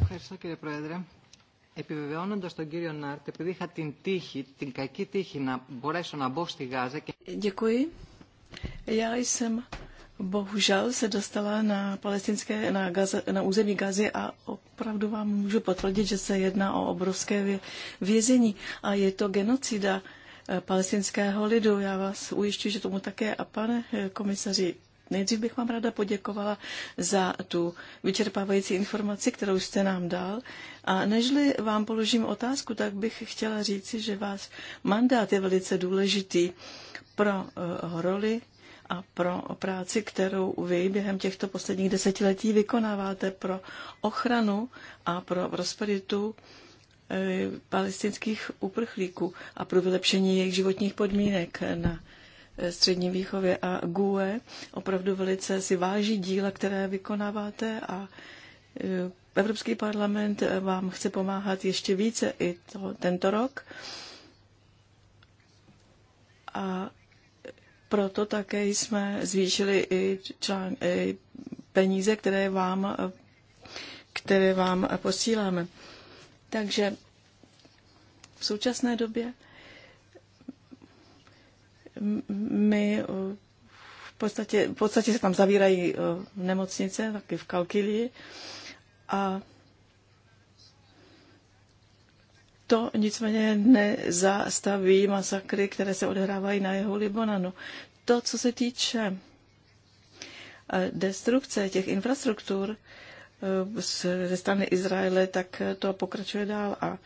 Speaker 1: Ευχαριστώ κύριε Πρόεδρε. Επιβεβαιώνοντα τον κύριο Νάρτ, επειδή είχα την τύχη, την κακή τύχη να μπορέσω να μπω
Speaker 5: στη Γάζα και. Děkuji. Já jsem bohužel se dostala na palestinské, na, Gaza, na území Gazy a opravdu vám můžu potvrdit, že se jedná o obrovské vězení a je to genocida eh, palestinského lidu. Já vás ujišťuji, že tomu také a pane eh, komisaři, Nejdřív bych vám ráda poděkovala za tu vyčerpávající informaci, kterou jste nám dal. A nežli vám položím otázku, tak bych chtěla říci, že váš mandát je velice důležitý pro eh, roli a pro práci, kterou vy během těchto posledních desetiletí vykonáváte pro ochranu a pro prosperitu e, palestinských uprchlíků a pro vylepšení jejich životních podmínek na e, střední výchově a GUE. Opravdu velice si váží díla, které vykonáváte a e, Evropský parlament vám chce pomáhat ještě více i to, tento rok. A proto také jsme zvýšili i, člán, i peníze, které vám, které vám posíláme. Takže v současné době my v podstatě, v podstatě se tam zavírají eh, nemocnice, taky v Kalkilii. a to nicméně nezastaví masakry, které se odehrávají na jeho Libanonu. To, co se týče eh, destrukce těch infrastruktur eh, ze strany Izraele, tak eh, to pokračuje dál a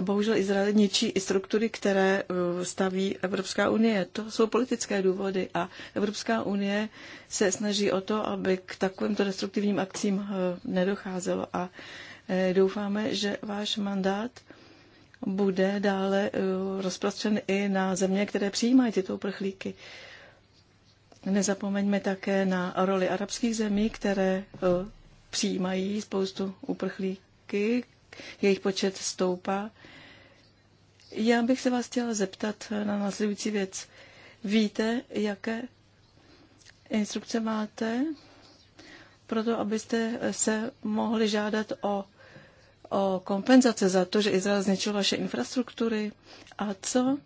Speaker 5: bohužel Izrael ničí i struktury, které staví Evropská unie. To jsou politické důvody a Evropská unie se snaží o to, aby k takovýmto destruktivním akcím nedocházelo a doufáme, že váš mandát bude dále eh, rozprostřen i na země, které přijímají tyto uprchlíky. Nezapomeňme také na roli arabských zemí, které eh, přijímají spoustu uprchlíky, jejich počet stoupá. Já bych se vás chtěla zeptat na následující věc. Víte, jaké instrukce máte pro to, abyste se mohli žádat o o kompenzace za to, že Izrael zničil vaše infrastruktury? A co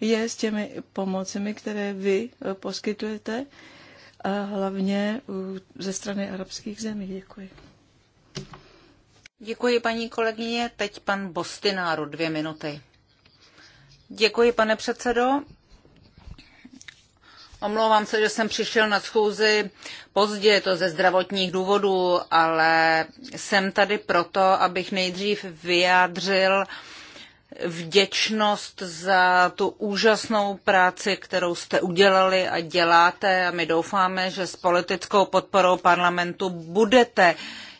Speaker 5: je s těmi pomocemi, které vy eh, poskytujete, a eh, hlavně ze strany arabských zemí? Děkuji.
Speaker 1: Děkuji, paní kolegyně. Teď pan Bostináru, dvě minuty. Děkuji, pane předsedo. Omlouvám se, že jsem přišel na schůzi pozdě, je to ze zdravotních důvodů, ale jsem tady proto, abych nejdřív vyjádřil vděčnost za tu úžasnou práci, kterou jste udělali a děláte a my doufáme, že s politickou podporou parlamentu budete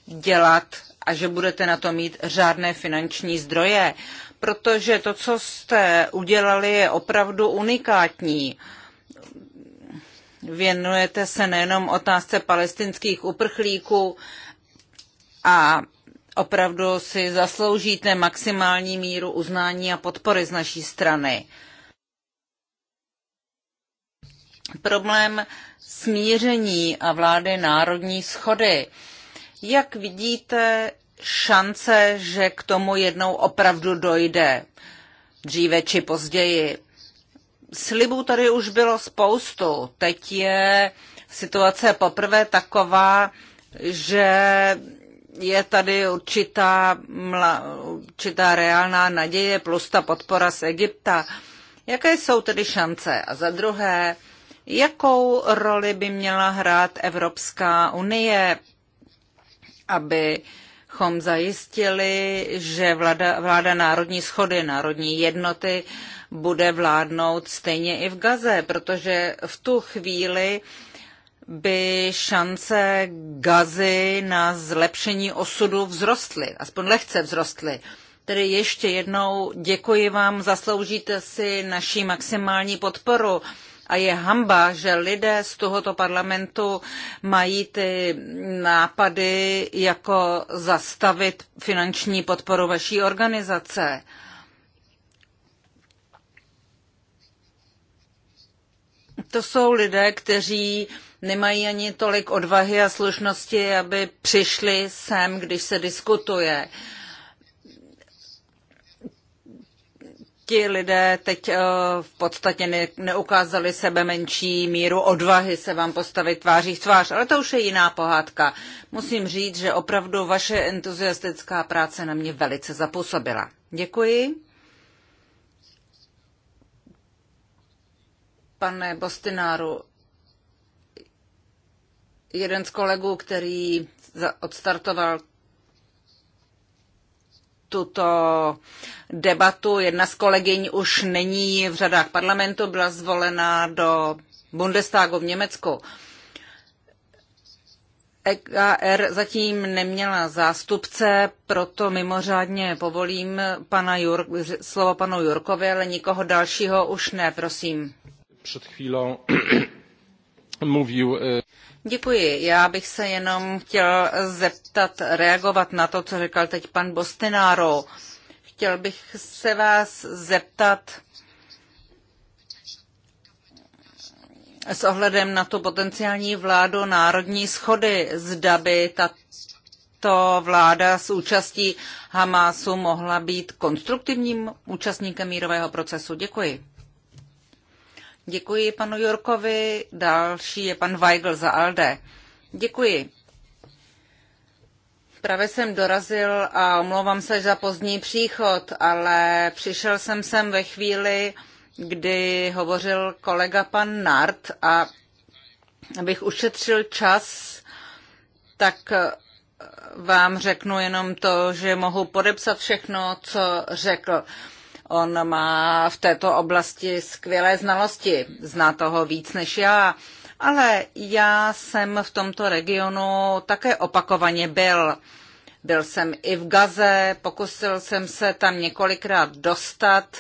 Speaker 1: dělat a že budete na to mít řádné finanční zdroje, protože to, co jste udělali, je opravdu unikátní. Věnujete se nejenom otázce palestinských uprchlíků a opravdu si zasloužíte maximální míru uznání a podpory z naší strany. Problém smíření a vlády národní schody. Jak vidíte šance, že k tomu jednou opravdu dojde, dříve či později? slibů tady už bylo spoustu. Teď je situace poprvé taková, že je tady určitá, určitá reálná naděje plus ta podpora z Egypta. Jaké jsou tedy šance? A za druhé, jakou roli by měla hrát Evropská unie, abychom zajistili, že vláda, vláda národní schody, národní jednoty eh, bude vládnout stejně i v Gaze, protože v tu chvíli by šance Gazy na zlepšení osudu vzrostly, aspoň lehce vzrostly. Tedy ještě jednou děkuji vám, zasloužíte si naší maximální podporu. A je hamba, že lidé z tohoto parlamentu mají ty nápady, jako zastavit finanční podporu vaší organizace. To jsou lidé, kteří nemají ani tolik odvahy a slušnosti, aby přišli sem, když se diskutuje. Ti lidé teď eh, v podstatě ne, neukázali sebe menší míru odvahy se vám postavit tváří v tvář, ale to už je jiná pohádka. Musím říct, že opravdu vaše entuziastická práce na mě velice zapůsobila. Děkuji. Pane Bostináru, jeden z kolegů, který odstartoval tuto debatu. Jedna z kolegyň už není v řadách parlamentu, byla zvolena do Bundestagu v Německu. EKR zatím neměla zástupce, proto mimořádně povolím pana Jur- slovo panu Jurkovi, ale nikoho dalšího už ne, prosím
Speaker 3: před chvílí mluvil. Eh,
Speaker 1: Děkuji. Já bych se jenom chtěl zeptat, reagovat na to, co říkal teď pan Bostináro. Chtěl bych se vás zeptat s ohledem na tu potenciální vládu národní schody, zda by tato vláda s účastí Hamásu mohla být konstruktivním účastníkem mírového procesu. Děkuji. Děkuji panu Jurkovi. Další je pan Weigl za ALDE. Děkuji. Právě jsem dorazil a omlouvám se za pozdní příchod, ale přišel jsem sem ve chvíli, kdy hovořil kolega pan Nart a abych ušetřil čas, tak vám řeknu jenom to, že mohu podepsat všechno, co řekl. On má v této oblasti skvělé znalosti, zná toho víc než já. Ale já jsem v tomto regionu také opakovaně byl. Byl jsem i v Gaze, pokusil jsem se tam několikrát dostat,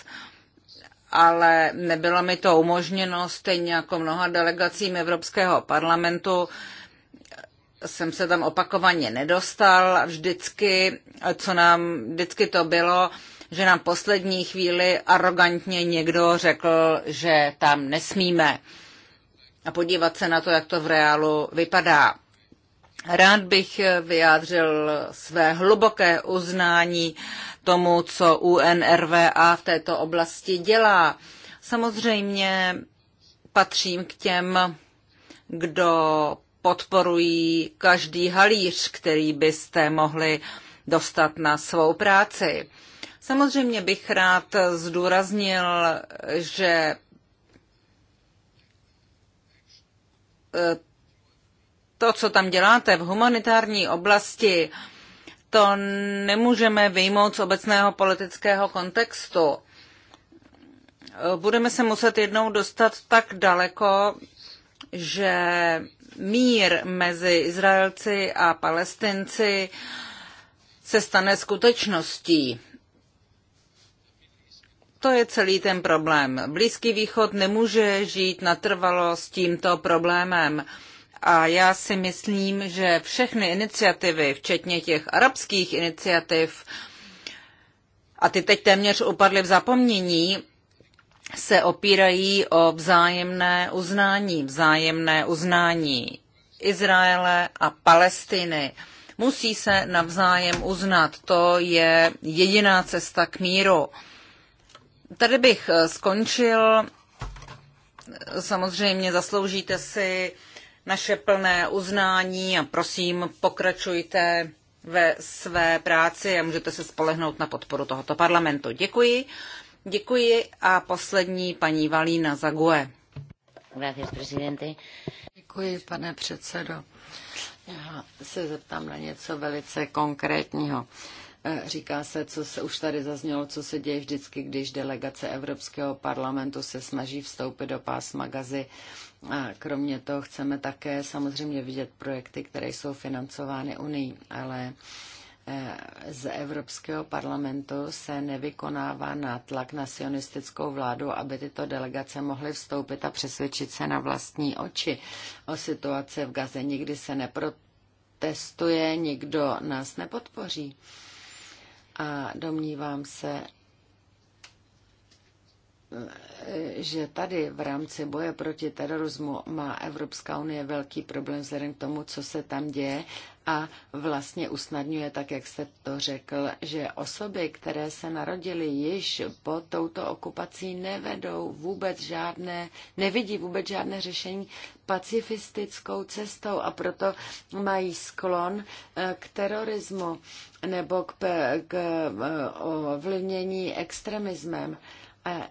Speaker 1: ale nebylo mi to umožněno, stejně jako mnoha delegacím Evropského parlamentu jsem se tam opakovaně nedostal. Vždycky, co nám, vždycky to bylo, že nám poslední chvíli arrogantně někdo řekl, že tam nesmíme a podívat se na to, jak to v reálu vypadá. Rád bych vyjádřil své hluboké uznání tomu, co UNRWA v této oblasti dělá. Samozřejmě patřím k těm, kdo podporují každý halíř, který byste mohli dostat na svou práci. Samozřejmě bych rád zdůraznil, že eh, to, co tam děláte v humanitární oblasti, to nemůžeme vyjmout z obecného politického kontextu. Budeme se muset jednou dostat tak daleko, že mír mezi Izraelci a Palestinci se stane skutečností. To je celý ten problém. Blízký východ nemůže žít natrvalo s tímto problémem. A já si myslím, že všechny iniciativy, včetně těch arabských iniciativ, a ty teď téměř upadly v zapomnění, se opírají o vzájemné uznání, vzájemné uznání Izraele a Palestiny. Musí se navzájem uznat, to je jediná cesta k míru. Tady bych eh, skončil. Samozřejmě zasloužíte si naše plné uznání a prosím, pokračujte ve své práci a můžete se spolehnout na podporu tohoto parlamentu. Děkuji. Děkuji a poslední paní Valína Zague. Děkuji, pane předsedo.
Speaker 4: Já se zeptám na něco velice konkrétního. Eh, říká se, co se už tady zaznělo, co se děje vždycky, když delegace Evropského parlamentu se snaží vstoupit do pásma gazy. A kromě toho chceme také samozřejmě vidět projekty, které jsou financovány Unii, ale eh, z Evropského parlamentu se nevykonává nátlak na sionistickou vládu, aby tyto delegace mohly vstoupit a přesvědčit se na vlastní oči o situaci v Gaze. Nikdy se neprotestuje, nikdo nás nepodpoří. A domnívám se, že tady v rámci boje proti terorismu má Evropská unie velký problém vzhledem k tomu, co se tam děje a vlastně usnadňuje, tak jak jste to řekl, že osoby, které se narodily již po touto okupací, nevedou vůbec žádné, nevidí vůbec žádné řešení pacifistickou cestou a proto mají sklon eh, k terorismu nebo k, k eh, ovlivnění extremismem.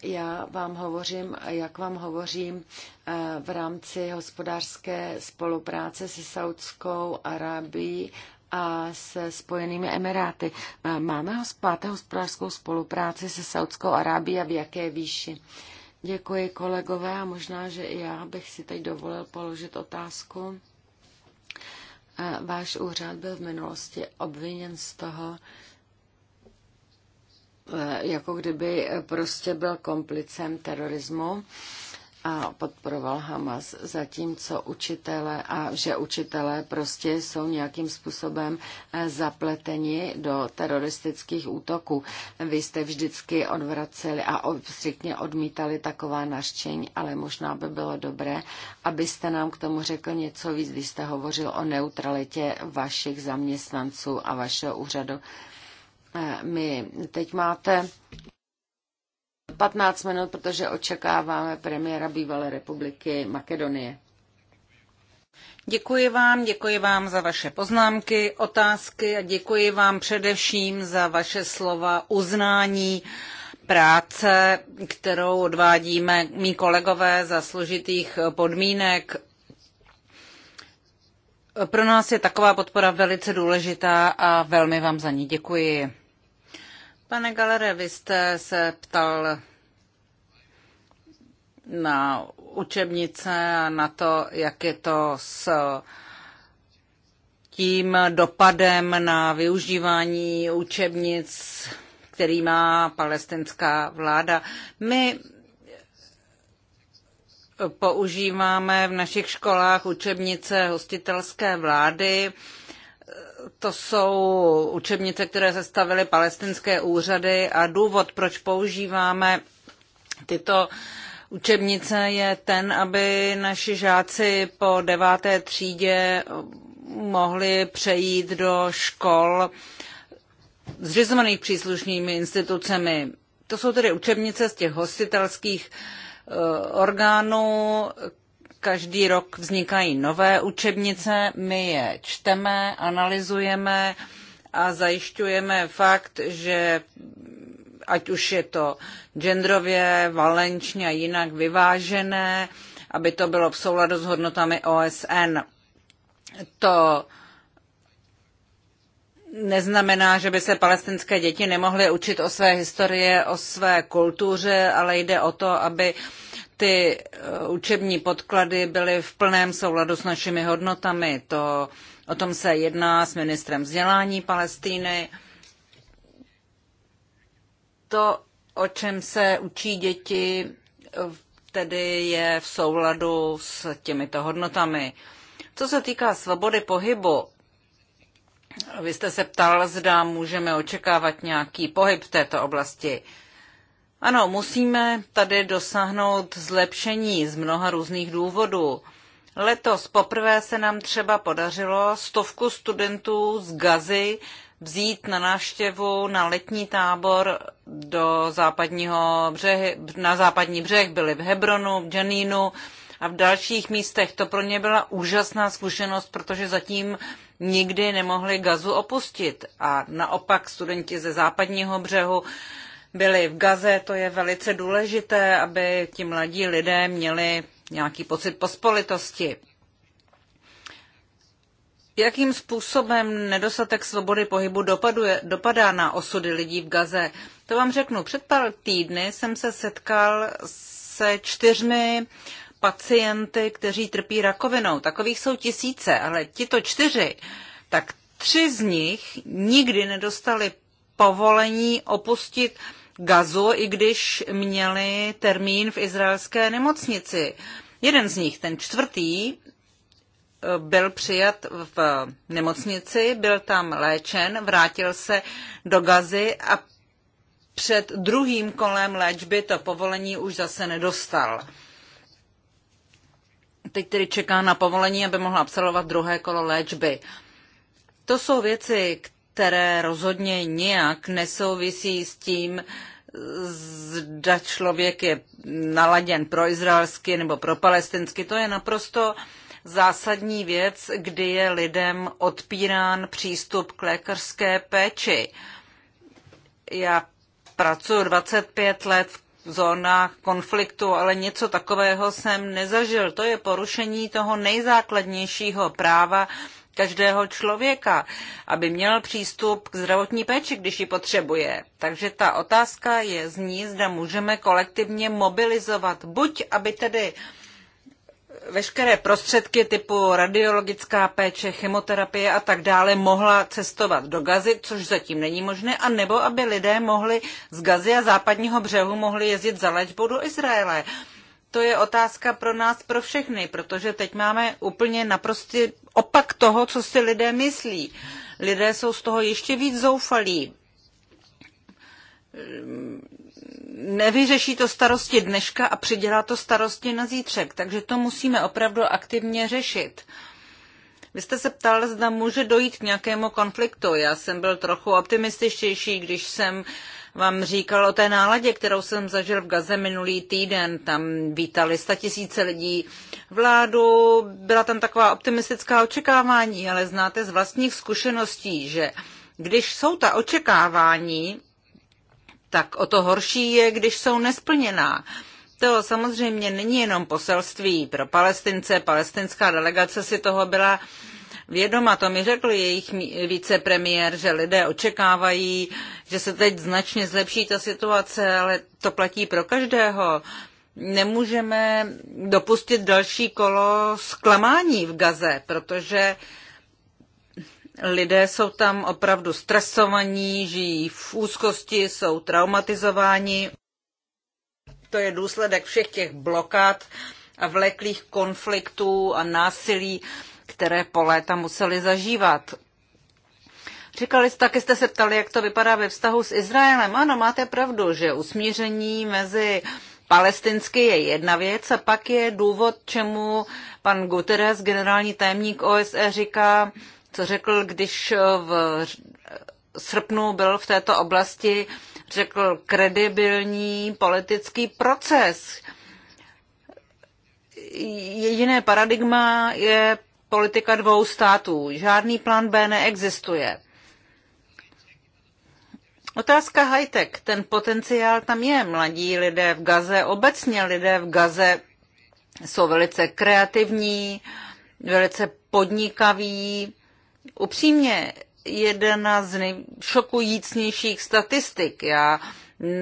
Speaker 4: Já vám hovořím, jak vám hovořím, eh, v rámci hospodářské spolupráce se Saudskou Arabií a se Spojenými Emiráty. Eh, máme páté hospodářskou spolupráci se Saudskou Arábií a v jaké výši? Děkuji kolegové a možná, že i já bych si teď dovolil položit otázku. Eh, váš úřad byl v minulosti obviněn z toho, Eh, jako kdyby eh, prostě byl komplicem terorismu a podporoval Hamas, zatímco učitele a že učitelé prostě jsou nějakým způsobem eh, zapleteni do teroristických útoků. Vy jste vždycky odvraceli a striktně odmítali taková naštění, ale možná by bylo dobré, abyste nám k tomu řekl něco víc, když jste hovořil o neutralitě vašich zaměstnanců a vašeho úřadu my teď máte 15 minut, protože očekáváme premiéra bývalé republiky Makedonie.
Speaker 1: Děkuji vám, děkuji vám za vaše poznámky, otázky a děkuji vám především za vaše slova uznání práce, kterou odvádíme mý kolegové za složitých podmínek. Pro nás je taková podpora velice důležitá a velmi vám za ní děkuji. Pane Galere, vy jste se ptal na učebnice a na to, jak je to s tím dopadem na využívání učebnic, který má palestinská vláda. My používáme v našich školách učebnice hostitelské vlády. To jsou učebnice, které sestavily palestinské úřady a důvod, proč používáme tyto učebnice je ten, aby naši žáci po deváté třídě mohli přejít do škol zřizovaných příslušnými institucemi. To jsou tedy učebnice z těch hostitelských uh, Eh, orgánů. Každý rok vznikají nové učebnice, my je čteme, analyzujeme a zajišťujeme fakt, že ať už je to genderově, valenčně a jinak vyvážené, aby to bylo v souladu s hodnotami OSN. To neznamená, že by se palestinské děti nemohly učit o své historii, o své kultuře, ale jde o to, aby ty eh, učební podklady byly v plném souladu s našimi hodnotami. To, o tom se jedná s ministrem vzdělání Palestíny. To, o čem se učí děti, eh, tedy je v souladu s těmito hodnotami. Co se týká svobody pohybu, vy jste se ptal, zda můžeme očekávat nějaký pohyb v této oblasti. Ano, musíme tady dosáhnout zlepšení z mnoha různých důvodů. Letos poprvé se nám třeba podařilo stovku studentů z Gazy vzít na návštěvu na letní tábor do západního břehy, na západní břeh. Byli v Hebronu, v Janínu a v dalších místech. To pro ně byla úžasná zkušenost, protože zatím nikdy nemohli gazu opustit. A naopak studenti ze západního břehu byli v gaze. To je velice důležité, aby ti mladí lidé měli nějaký pocit pospolitosti. Jakým způsobem nedostatek svobody pohybu dopaduje, dopadá na osudy lidí v Gaze? To vám řeknu. Před pár týdny jsem se setkal se čtyřmi pacienty, kteří trpí rakovinou. Takových jsou tisíce, ale tito čtyři, tak tři z nich nikdy nedostali povolení opustit Gazu, i když měli termín v izraelské nemocnici. Jeden z nich, ten čtvrtý, byl přijat v nemocnici, byl tam léčen, vrátil se do Gazy a před druhým kolem léčby to povolení už zase nedostal. Teď tedy čeká na povolení, aby mohla absolvovat druhé kolo léčby. To jsou věci, které rozhodně nijak nesouvisí s tím, zda člověk je naladěn pro izraelsky nebo pro palestinsky. To je naprosto zásadní věc, kdy je lidem odpírán přístup k lékařské péči. Já pracuji 25 let v zónách konfliktu, ale něco takového jsem nezažil. To je porušení toho nejzákladnějšího práva každého člověka, aby měl přístup k zdravotní péči, když ji potřebuje. Takže ta otázka je zní, zda můžeme kolektivně mobilizovat, buď aby tedy veškeré prostředky typu radiologická péče, chemoterapie a tak dále mohla cestovat do Gazy, což zatím není možné, a nebo aby lidé mohli z Gazy a západního břehu mohli jezdit za léčbou do Izraele. To je otázka pro nás, pro všechny, protože teď máme úplně naprostý opak toho, co si lidé myslí. Lidé jsou z toho ještě víc zoufalí nevyřeší to starosti dneška a přidělá to starosti na zítřek, takže to musíme opravdu aktivně řešit. Vy jste se ptal, zda může dojít k nějakému konfliktu. Já jsem byl trochu optimističtější, když jsem vám říkal o té náladě, kterou jsem zažil v Gaze minulý týden. Tam vítali tisíce lidí vládu, byla tam taková optimistická očekávání, ale znáte z vlastních zkušeností, že když jsou ta očekávání, tak o to horší je, když jsou nesplněná. To samozřejmě není jenom poselství pro Palestince. Palestinská delegace si toho byla vědoma. To mi řekl jejich vicepremiér, že lidé očekávají, že se teď značně zlepší ta situace, ale to platí pro každého. Nemůžeme dopustit další kolo zklamání v Gaze, protože Lidé jsou tam opravdu stresovaní, žijí v úzkosti, jsou traumatizováni. To je důsledek všech těch blokád a vleklých konfliktů a násilí, které po léta museli zažívat. Říkali jste, taky jste se ptali, jak to vypadá ve vztahu s Izraelem. Ano, máte pravdu, že usmíření mezi palestinsky je jedna věc a pak je důvod, čemu pan Guterres, generální tajemník OSE, říká, co řekl, když v srpnu byl v této oblasti, řekl, kredibilní politický proces. Jediné paradigma je politika dvou států. Žádný plán B neexistuje. Otázka high-tech. Ten potenciál tam je. Mladí lidé v Gaze, obecně lidé v Gaze jsou velice kreativní, velice podnikaví, upřímně jedna z nejšokujícnějších statistik. Já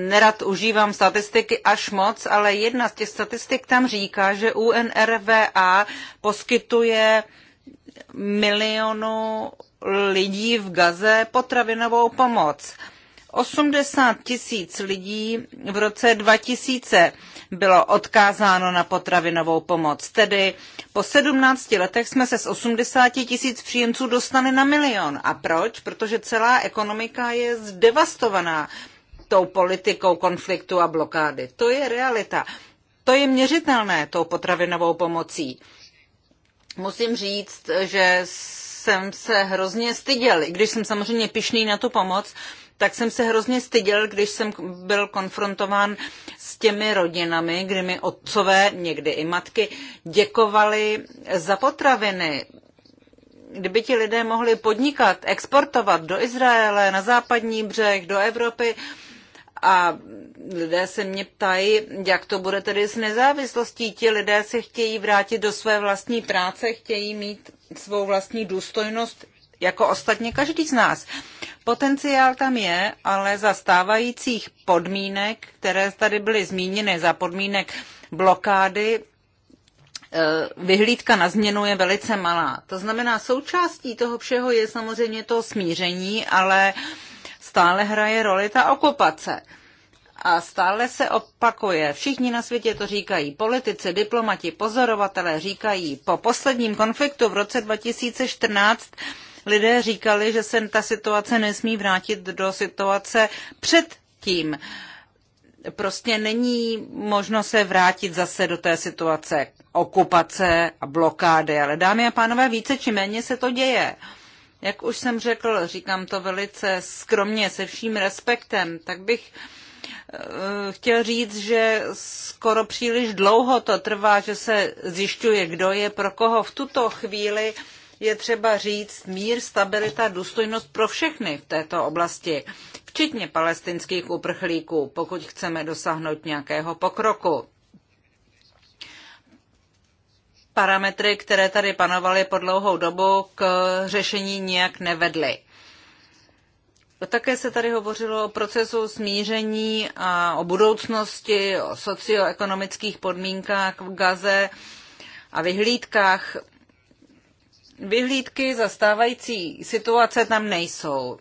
Speaker 1: nerad užívám statistiky až moc, ale jedna z těch statistik tam říká, že UNRWA poskytuje milionu lidí v Gaze potravinovou pomoc. 80 tisíc lidí v roce 2000 bylo odkázáno na potravinovou pomoc. Tedy po 17 letech jsme se z 80 tisíc příjemců dostali na milion. A proč? Protože celá ekonomika je zdevastovaná tou politikou konfliktu a blokády. To je realita. To je měřitelné tou potravinovou pomocí. Musím říct, že jsem se hrozně styděl, i když jsem samozřejmě pišný na tu pomoc, tak jsem se hrozně styděl, když jsem byl konfrontován s těmi rodinami, kdy mi otcové, někdy i matky, děkovali za potraviny. Kdyby ti lidé mohli podnikat, exportovat do Izraele, na západní břeh, do Evropy, a lidé se mě ptají, jak to bude tedy s nezávislostí. Ti lidé se chtějí vrátit do své vlastní práce, chtějí mít svou vlastní důstojnost, jako ostatně každý z nás. Potenciál tam je, ale za stávajících podmínek, které tady byly zmíněny, za podmínek blokády, eh, vyhlídka na změnu je velice malá. To znamená, součástí toho všeho je samozřejmě to smíření, ale stále hraje roli ta okupace. A stále se opakuje. Všichni na světě to říkají. Politici, diplomati, pozorovatelé říkají. Po posledním konfliktu v roce 2014 lidé říkali, že se ta situace nesmí vrátit do situace před tím. Prostě není možno se vrátit zase do té situace okupace a blokády, ale dámy a pánové, více či méně se to děje. Jak už jsem řekl, říkám to velice skromně, se vším respektem, tak bych eh, chtěl říct, že skoro příliš dlouho to trvá, že se zjišťuje, kdo je pro koho. V tuto chvíli je třeba říct mír, stabilita, důstojnost pro všechny v této oblasti, včetně palestinských uprchlíků, pokud chceme dosáhnout nějakého pokroku. Parametry, které tady panovaly po dlouhou dobu, k řešení nijak nevedly. Také se tady hovořilo o procesu smíření a o budoucnosti, o socioekonomických podmínkách v Gaze a vyhlídkách vyhlídky za stávající situace tam nejsou.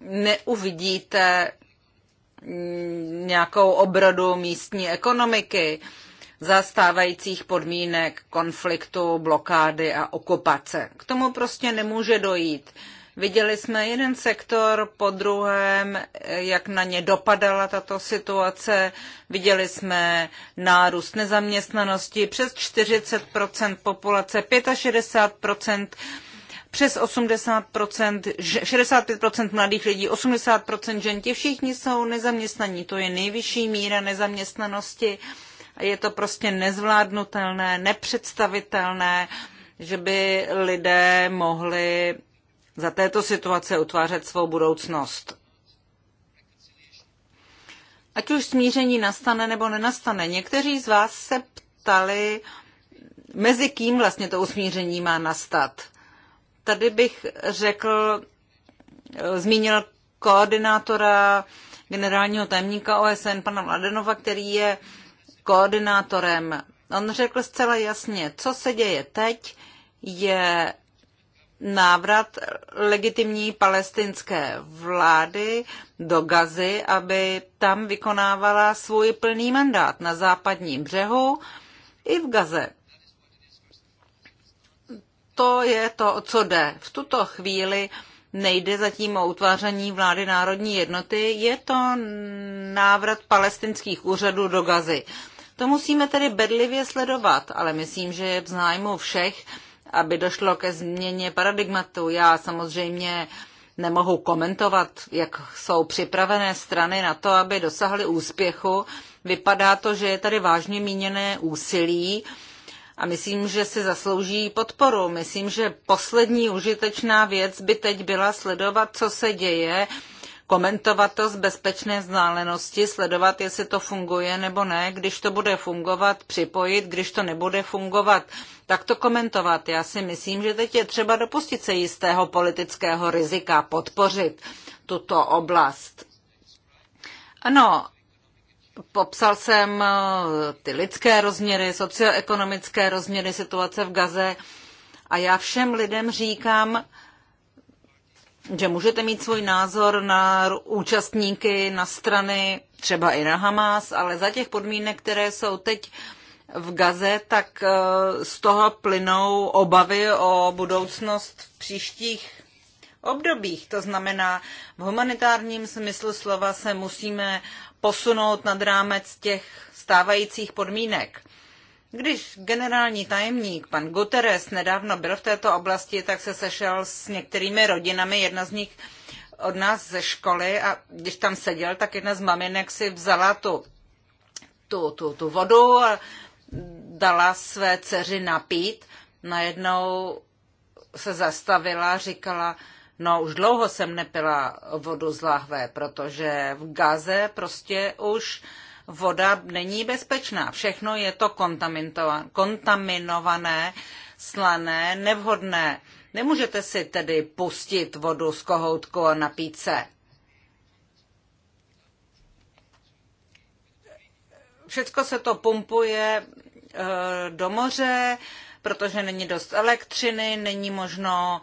Speaker 1: Neuvidíte nějakou obrodu místní ekonomiky za stávajících podmínek konfliktu, blokády a okupace. K tomu prostě nemůže dojít. Uh, Viděli jsme jeden sektor po druhém, jak na ně dopadala tato situace. Viděli jsme nárůst nezaměstnanosti přes 40 populace, 65 přes 80 65 mladých lidí, 80 žen, ti všichni jsou nezaměstnaní. To je nejvyšší míra nezaměstnanosti a je to prostě nezvládnutelné, nepředstavitelné že by lidé mohli za této situace utvářet svou budoucnost. Ať už smíření nastane nebo nenastane. Někteří z vás se ptali, mezi kým vlastně to usmíření má nastat. Tady bych řekl, zmínil koordinátora generálního tajemníka OSN, pana Mladenova, který je koordinátorem. On řekl zcela jasně, co se děje teď, je návrat legitimní palestinské vlády do Gazy, aby tam vykonávala svůj plný mandát na západním břehu i v Gaze. To je to, co jde. V tuto chvíli nejde zatím o utváření vlády národní jednoty, je to návrat palestinských úřadů do Gazy. To musíme tedy bedlivě sledovat, ale myslím, že je v zájmu všech, aby došlo ke změně paradigmatu. Já samozřejmě nemohu komentovat, jak jsou připravené strany na to, aby dosahly úspěchu. Vypadá to, že je tady vážně míněné úsilí a myslím, že si zaslouží podporu. Myslím, že poslední užitečná věc by teď byla sledovat, co se děje, komentovat to z bezpečné vzdálenosti, sledovat, jestli to funguje nebo ne, když to bude fungovat, připojit, když to nebude fungovat, takto komentovat. Já si myslím, že teď je třeba dopustit se jistého politického rizika, podpořit tuto oblast. Ano, popsal jsem eh, ty lidské rozměry, socioekonomické rozměry situace v Gaze a já všem lidem říkám, že můžete mít svůj názor na účastníky, na strany, třeba i na Hamas, ale za těch podmínek, které jsou teď, v Gaze, tak eh, z toho plynou obavy o budoucnost v příštích obdobích. To znamená, v humanitárním smyslu slova se musíme posunout nad rámec těch stávajících podmínek. Když generální tajemník pan Guterres nedávno byl v této oblasti, tak se sešel s některými rodinami, jedna z nich od nás ze školy a když tam seděl, tak jedna z maminek si vzala tu, tu, tu, tu vodu a dala své dceři napít, najednou se zastavila, říkala, no už dlouho jsem nepila vodu z lahve, protože v Gaze prostě už voda není bezpečná. Všechno je to kontaminované, slané, nevhodné. Nemůžete si tedy pustit vodu z kohoutku a napít se. Všechno se to pumpuje e, do moře, protože není dost elektřiny, není možno,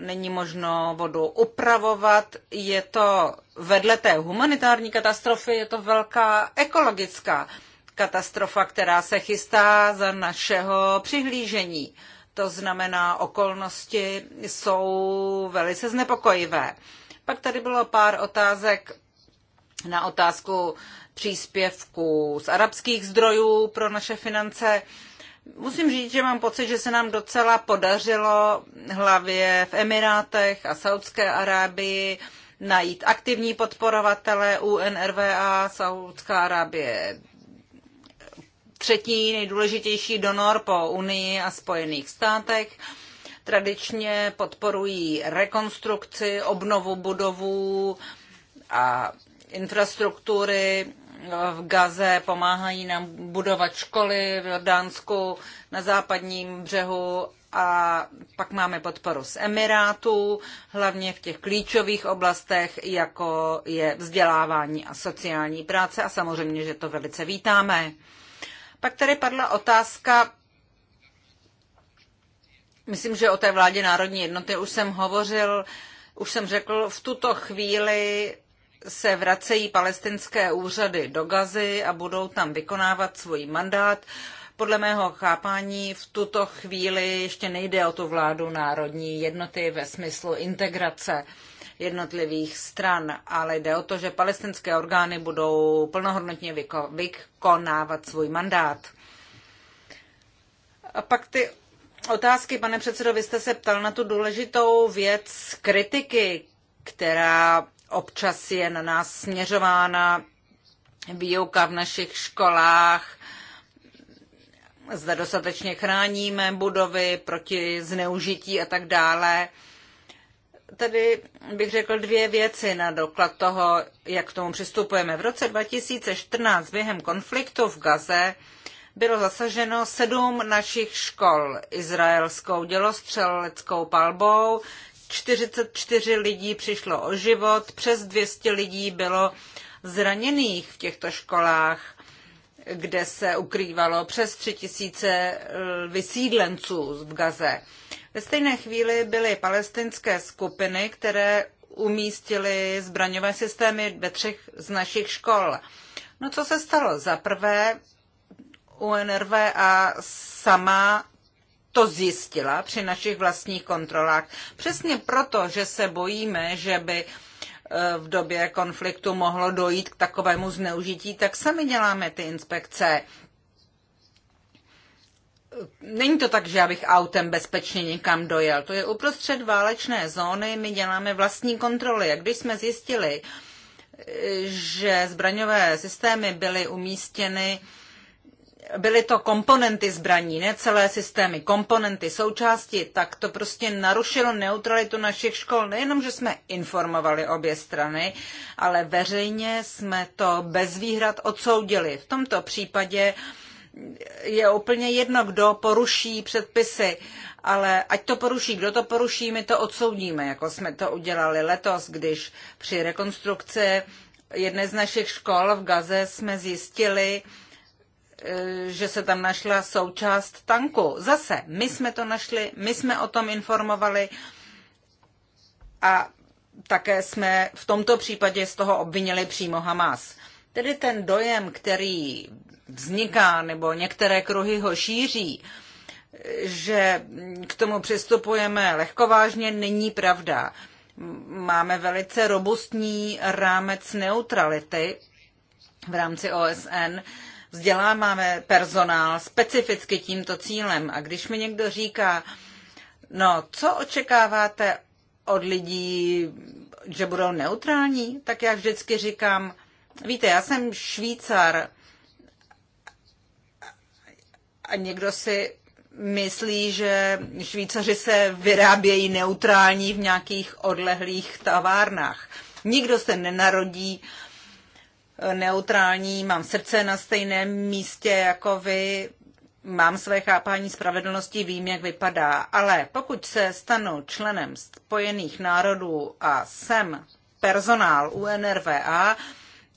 Speaker 1: není možno vodu upravovat. Je to vedle té humanitární katastrofy, je to velká ekologická katastrofa, která se chystá za našeho přihlížení. To znamená, okolnosti jsou velice znepokojivé. Pak tady bylo pár otázek na otázku příspěvku z arabských zdrojů pro naše finance. Musím říct, že mám pocit, že se nám docela podařilo hlavě v Emirátech a Saudské Arábii najít aktivní podporovatele UNRWA. Saudská Arábie třetí nejdůležitější donor po Unii a Spojených státech. Tradičně podporují rekonstrukci, obnovu budovů a infrastruktury v Gaze, pomáhají nám budovat školy v Jordánsku na západním břehu a pak máme podporu z Emirátů, hlavně v těch klíčových oblastech, jako je vzdělávání a sociální práce a samozřejmě, že to velice vítáme. Pak tady padla otázka, myslím, že o té vládě národní jednoty už jsem hovořil, už jsem řekl, v tuto chvíli se vracejí palestinské úřady do Gazy a budou tam vykonávat svůj mandát. Podle mého chápání v tuto chvíli ještě nejde o tu vládu národní jednoty ve smyslu integrace jednotlivých stran, ale jde o to, že palestinské orgány budou plnohodnotně vykonávat svůj mandát. A pak ty otázky, pane předsedo, vy jste se ptal na tu důležitou věc kritiky, která občas je na nás směřována výuka v našich školách, zda dostatečně chráníme budovy proti zneužití a tak dále. Tady bych řekl dvě věci na doklad toho, jak k tomu přistupujeme. V roce 2014 během konfliktu v Gaze bylo zasaženo sedm našich škol izraelskou dělostřeleckou palbou, 44 lidí přišlo o život, přes 200 lidí bylo zraněných v těchto školách, kde se ukrývalo přes 3000 eh, vysídlenců v Gaze. Ve stejné chvíli byly palestinské skupiny, které umístily zbraňové systémy ve třech z našich škol. No co se stalo? Za prvé UNRWA sama to zjistila při našich vlastních kontrolách. Přesně proto, že se bojíme, že by e, v době konfliktu mohlo dojít k takovému zneužití, tak sami děláme ty inspekce. Není to tak, že já bych autem bezpečně někam dojel. To je uprostřed válečné zóny, my děláme vlastní kontroly. A když jsme zjistili, e, že zbraňové systémy byly umístěny byly to komponenty zbraní, ne celé systémy, komponenty, součásti, tak to prostě narušilo neutralitu našich škol. Nejenom, že jsme informovali obě strany, ale veřejně jsme to bez výhrad odsoudili. V tomto případě je úplně jedno, kdo poruší předpisy, ale ať to poruší, kdo to poruší, my to odsoudíme, jako jsme to udělali letos, když při rekonstrukci jedné z našich škol v Gaze jsme zjistili, že se tam našla součást tanku. Zase, my jsme to našli, my jsme o tom informovali a také jsme v tomto případě z toho obvinili přímo Hamas. Tedy ten dojem, který vzniká nebo některé kruhy ho šíří, že k tomu přistupujeme lehkovážně, není pravda. Máme velice robustní rámec neutrality v rámci OSN, vzděláváme personál specificky tímto cílem. A když mi někdo říká, no co očekáváte od lidí, že budou neutrální, tak já vždycky říkám, víte, já jsem Švýcar a někdo si myslí, že Švýcaři se vyrábějí neutrální v nějakých odlehlých tavárnách. Nikdo se nenarodí neutrální, mám srdce na stejném místě jako vy, mám své chápání spravedlnosti, vím, jak vypadá, ale pokud se stanu členem Spojených národů a jsem personál UNRVA,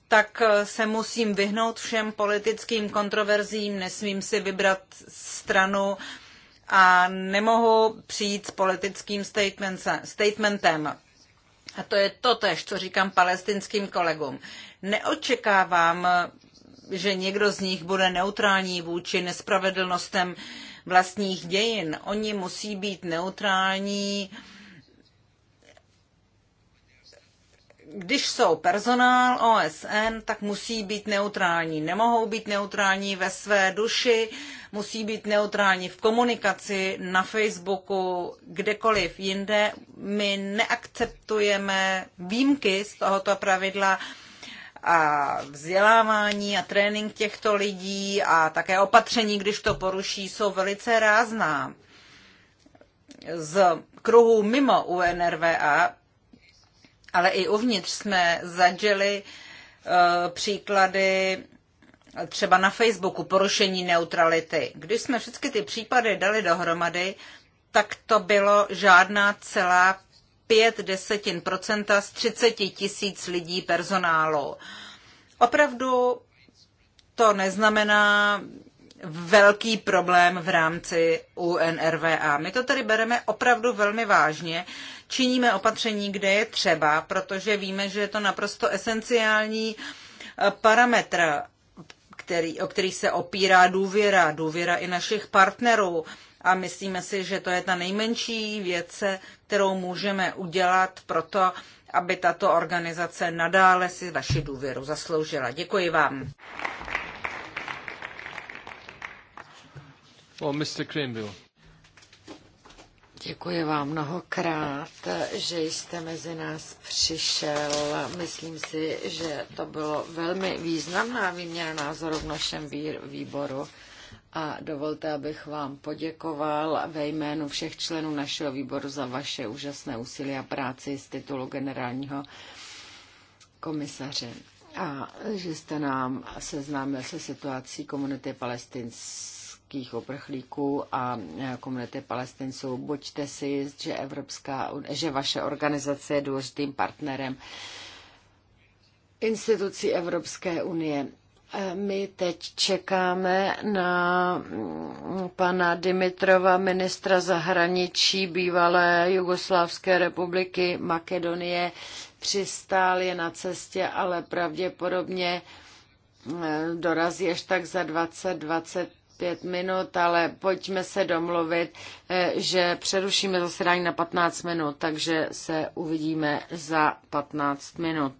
Speaker 1: tak se musím vyhnout všem politickým kontroverzím, nesmím si vybrat stranu a nemohu přijít s politickým statementem. A to je to tež, co říkám palestinským kolegům neočekávám, že někdo z nich bude neutrální vůči nespravedlnostem vlastních dějin. Oni musí být neutrální, když jsou personál OSN, tak musí být neutrální. Nemohou být neutrální ve své duši, musí být neutrální v komunikaci, na Facebooku, kdekoliv jinde. My neakceptujeme výjimky z tohoto pravidla a vzdělávání a trénink těchto lidí a také opatření, když to poruší, jsou velice rázná. Z kruhu mimo UNRWA, ale i uvnitř jsme uh, příklady eh, třeba na Facebooku porušení neutrality. Když jsme všechny ty případy dali dohromady, tak to bylo žádná celá pět desetin procenta z 30 tisíc lidí personálu. Opravdu to neznamená velký problém v rámci UNRWA. My to tedy bereme opravdu velmi vážně. Činíme opatření, kde je třeba, protože víme, že je to naprosto esenciální eh, parametr, který, o který se opírá důvěra, důvěra i našich partnerů a myslíme si, že to je ta nejmenší věc, kterou můžeme udělat pro to, aby tato organizace nadále si vaši důvěru zasloužila. Děkuji vám.
Speaker 4: Well, Mr. Greenville.
Speaker 1: Děkuji vám
Speaker 4: mnohokrát, že jste mezi nás přišel. Myslím si, že to bylo velmi významná výměna názorů v našem výboru a dovolte, abych vám poděkoval ve jménu všech členů našeho výboru za vaše úžasné úsilí a práci z titulu generálního komisaře a že jste nám seznámil se situací komunity palestinských oprchlíků a komunity palestinců. Buďte si jist, že, Evropská, že vaše organizace je důležitým partnerem institucí Evropské unie my teď čekáme na mm, pana Dimitrova, ministra zahraničí bývalé Jugoslávské republiky Makedonie. Přistál je na cestě, ale pravděpodobně mm, dorazí až tak za 20-25 minut, ale pojďme se domluvit, eh, že přerušíme zasedání na 15 minut, takže se uvidíme za 15 minut.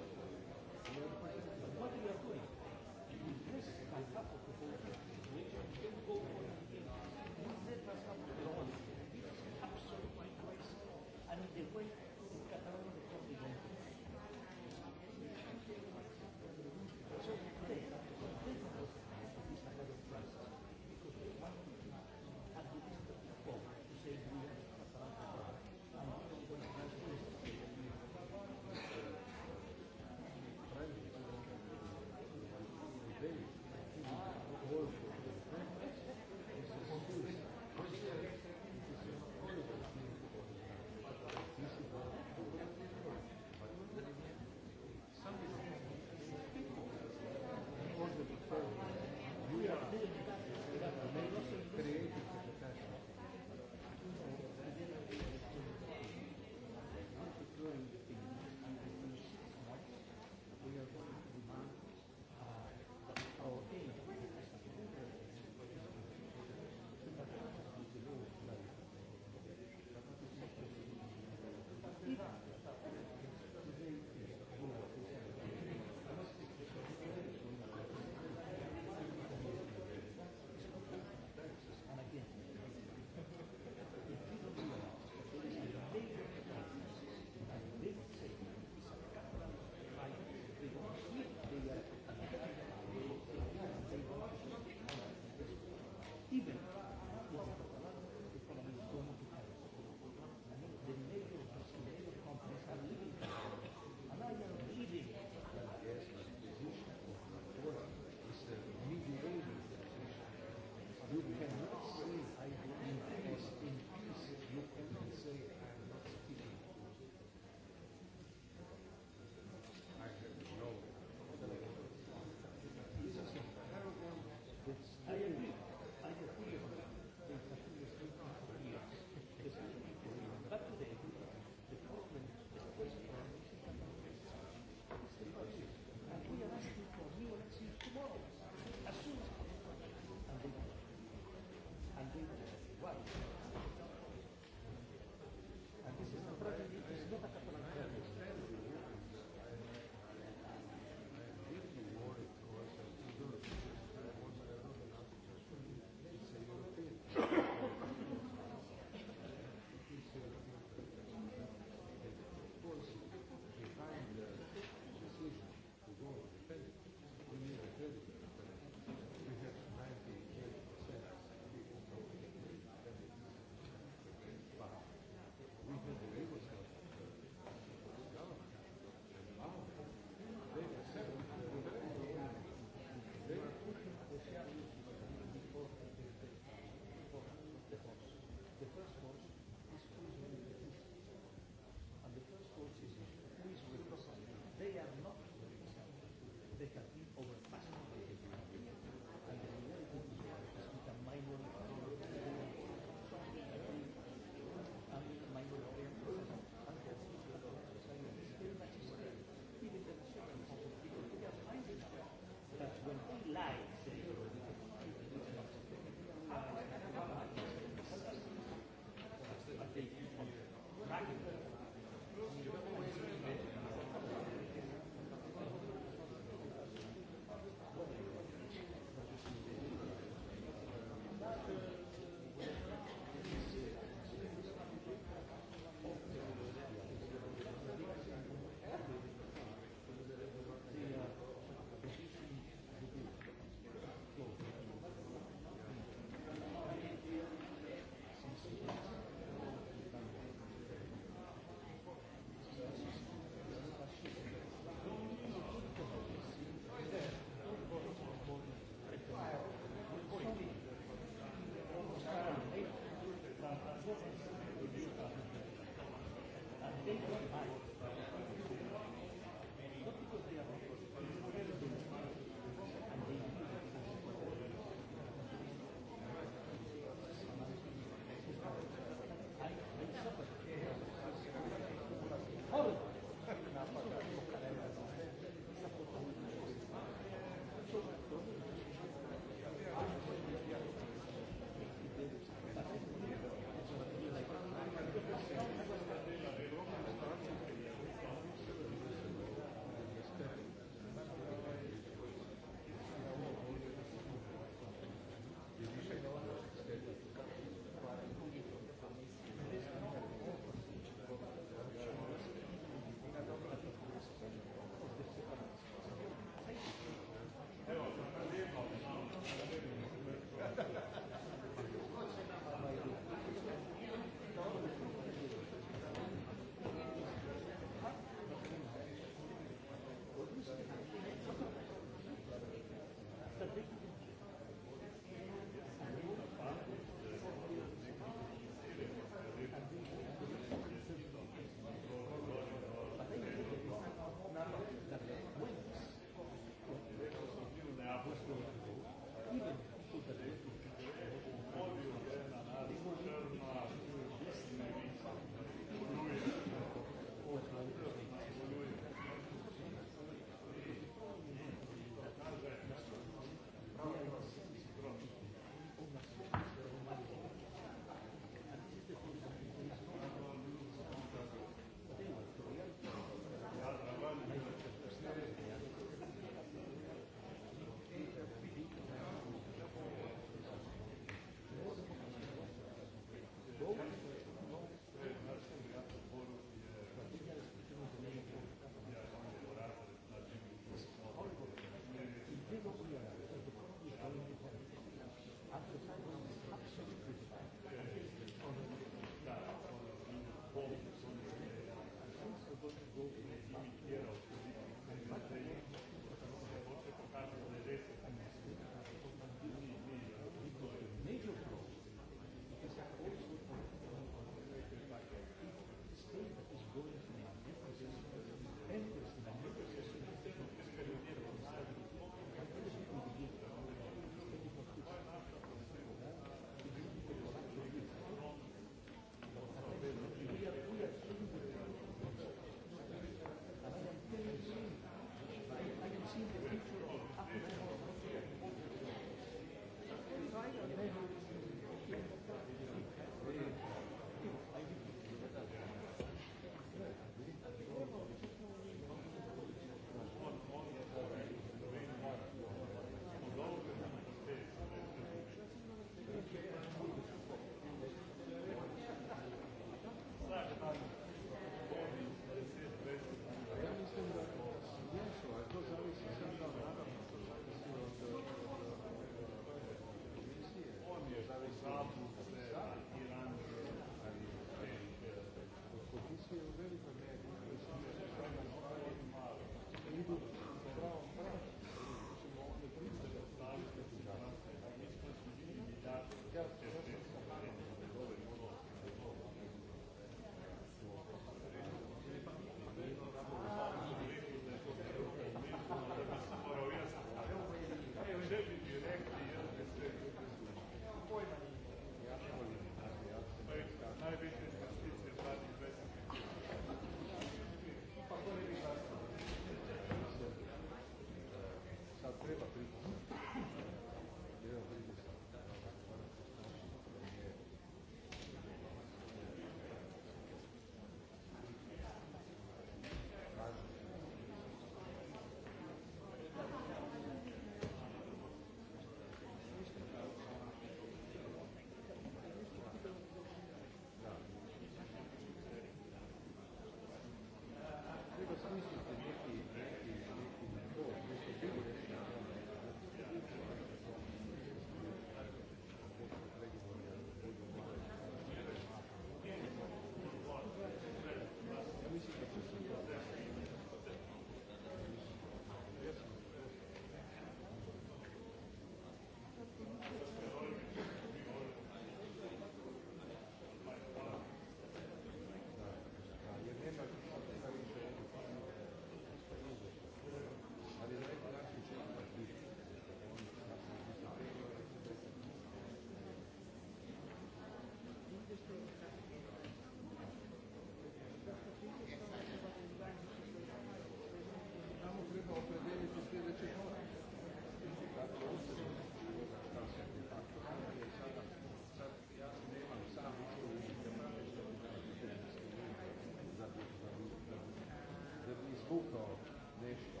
Speaker 2: Buko, Deško,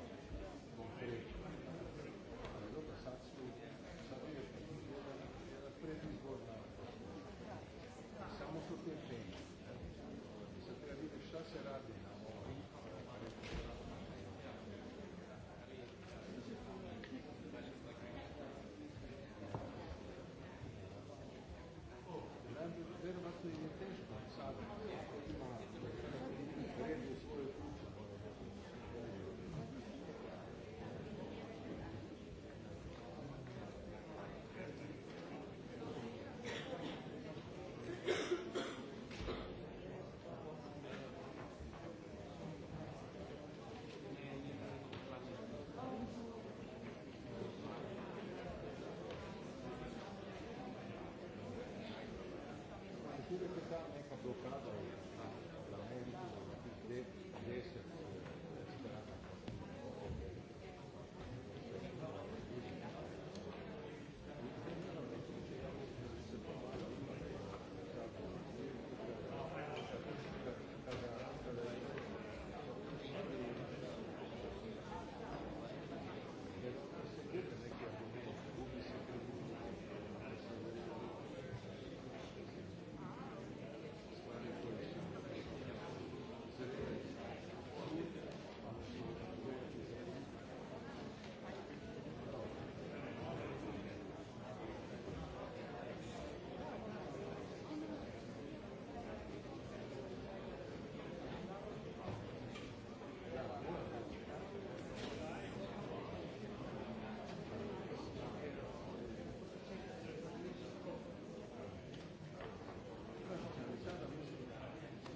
Speaker 2: konkretno. dobro, sad su, sad je jedan, predizborna Samo su te Sad treba vidjeti šta se radi.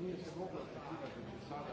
Speaker 2: nije se mogla prikrivati do sada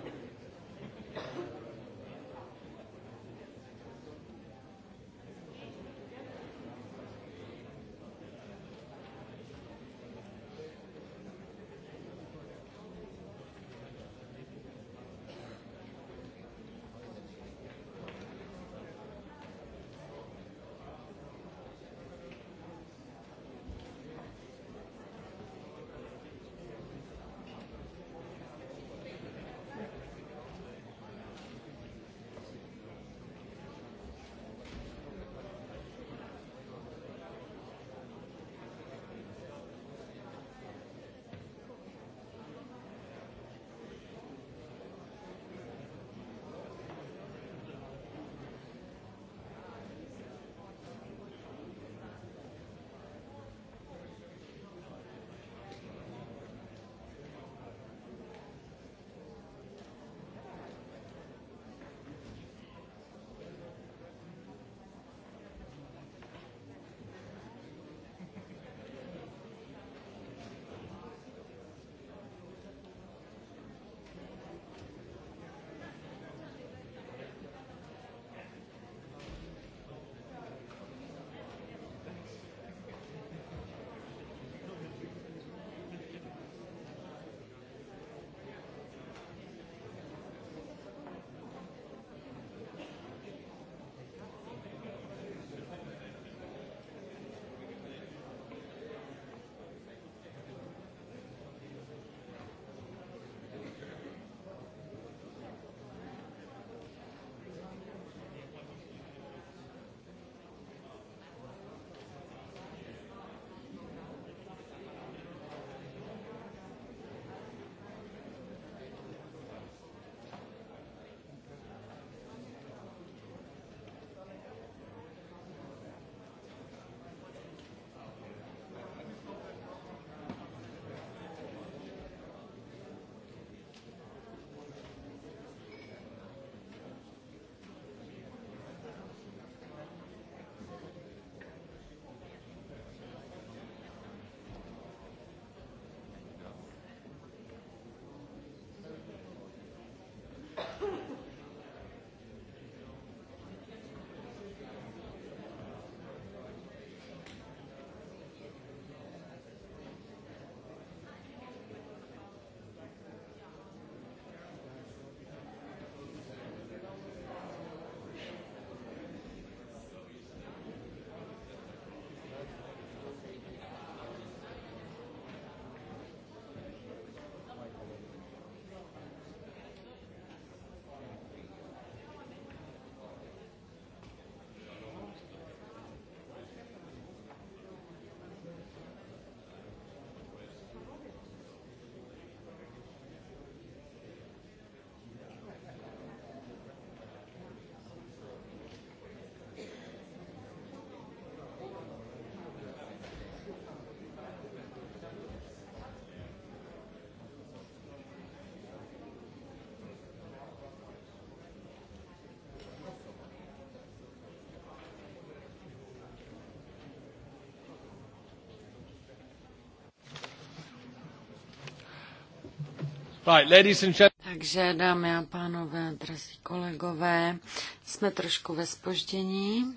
Speaker 4: Takže dámy a pánové, drazí kolegové, jsme trošku ve spoždění.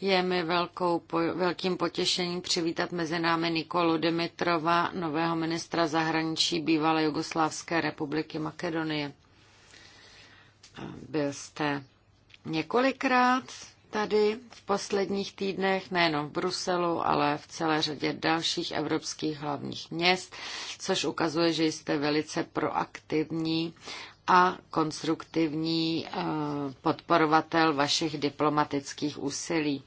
Speaker 4: Je mi velkou, velkým potěšením přivítat mezi námi Nikolu Dimitrova, nového ministra zahraničí bývalé Jugoslávské republiky Makedonie. Byl jste několikrát tady v posledních týdnech, nejenom v Bruselu, ale v celé řadě dalších evropských hlavních měst což ukazuje, že jste velice proaktivní a konstruktivní eh, podporovatel vašich diplomatických úsilí.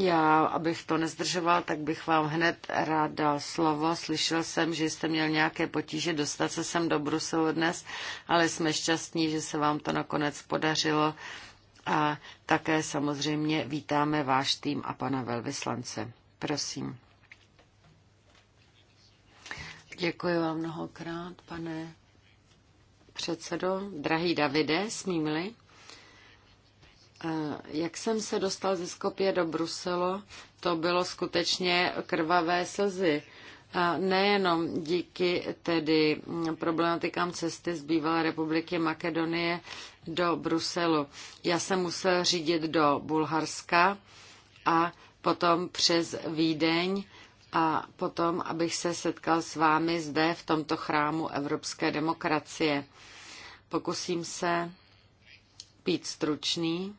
Speaker 4: Já, abych to nezdržoval, tak bych vám hned rád dal slovo. Slyšel jsem, že jste měl nějaké potíže dostat se sem do Bruselu dnes, ale jsme šťastní, že se vám to nakonec podařilo. A také samozřejmě vítáme váš tým a pana velvyslance. Prosím. Děkuji vám mnohokrát, pane předsedo. Drahý Davide, smím-li? Eh, jak jsem se dostal ze Skopje do Bruselu, to bylo skutečně krvavé slzy. A nejenom díky tedy problematikám cesty z bývalé republiky Makedonie do Bruselu. Já jsem musel řídit do Bulharska a potom přes Vídeň a potom, abych se setkal s vámi zde v tomto chrámu evropské demokracie. Pokusím se být stručný,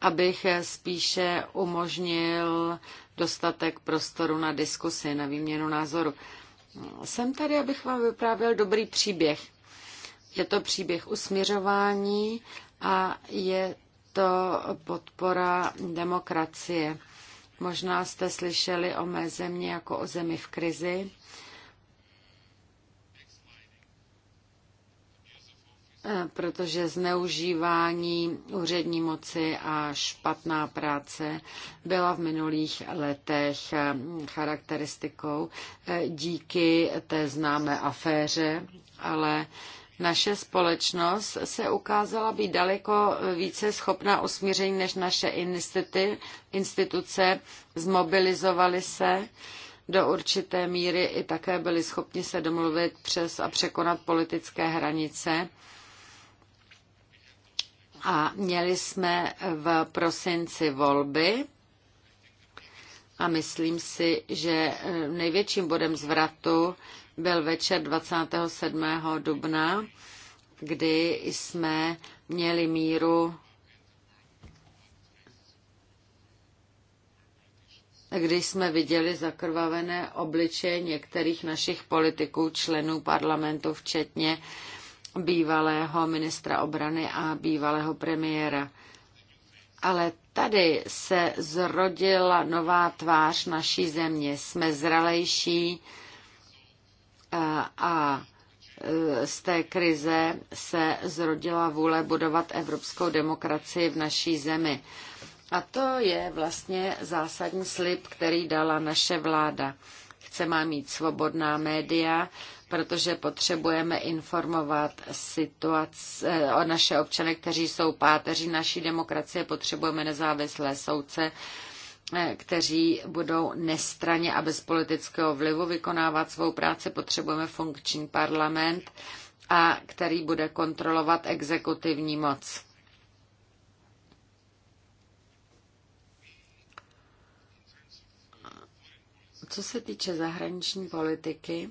Speaker 4: abych spíše umožnil dostatek prostoru na diskusy, na výměnu názoru. Jsem tady, abych vám vyprávěl dobrý příběh. Je to příběh usměřování a je to podpora demokracie. Možná jste slyšeli o mé zemi jako o zemi v krizi. Eh, protože zneužívání úřední moci a špatná práce byla v minulých letech eh, charakteristikou eh, díky té známé aféře, ale naše společnost se ukázala být daleko více schopná usmíření než naše instituty, instituce. Zmobilizovaly se do určité míry i také byli schopni se domluvit přes a překonat politické hranice. A měli jsme v prosinci volby a myslím si, že eh, největším bodem zvratu byl večer 27. dubna, kdy jsme měli míru když jsme viděli zakrvavené obličeje některých našich politiků, členů parlamentu, včetně bývalého ministra obrany a bývalého premiéra. Ale tady se zrodila nová tvář naší země. Jsme zralejší, Eh, a eh, z té krize se zrodila vůle budovat evropskou demokracii v naší zemi. A to je vlastně zásadní slib, který dala naše vláda. Chceme mít svobodná média, protože potřebujeme informovat situace, eh, o naše občany, kteří jsou páteří naší demokracie, potřebujeme nezávislé soudce, Eh, kteří budou nestraně a bez politického vlivu vykonávat svou práci. Potřebujeme funkční parlament, a který bude kontrolovat exekutivní moc. Co se týče zahraniční politiky,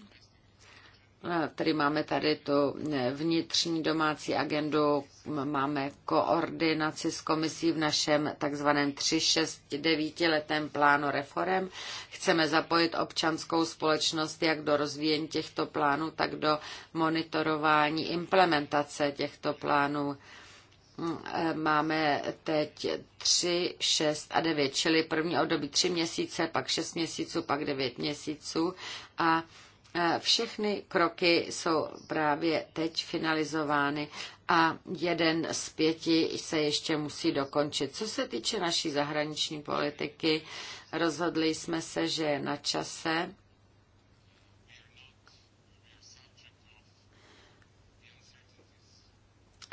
Speaker 4: Tady máme tady tu eh, vnitřní domácí agendu, máme koordinaci s komisí v našem takzvaném 3-6-9 letém plánu reform. Chceme zapojit občanskou společnost jak do rozvíjení těchto plánů, tak do monitorování implementace těchto plánů. Eh, máme teď 3, 6 a 9, čili první období 3 měsíce, pak 6 měsíců, pak 9 měsíců a všechny kroky jsou právě teď finalizovány a jeden z pěti se ještě musí dokončit. Co se týče naší zahraniční politiky, rozhodli jsme se, že je na čase,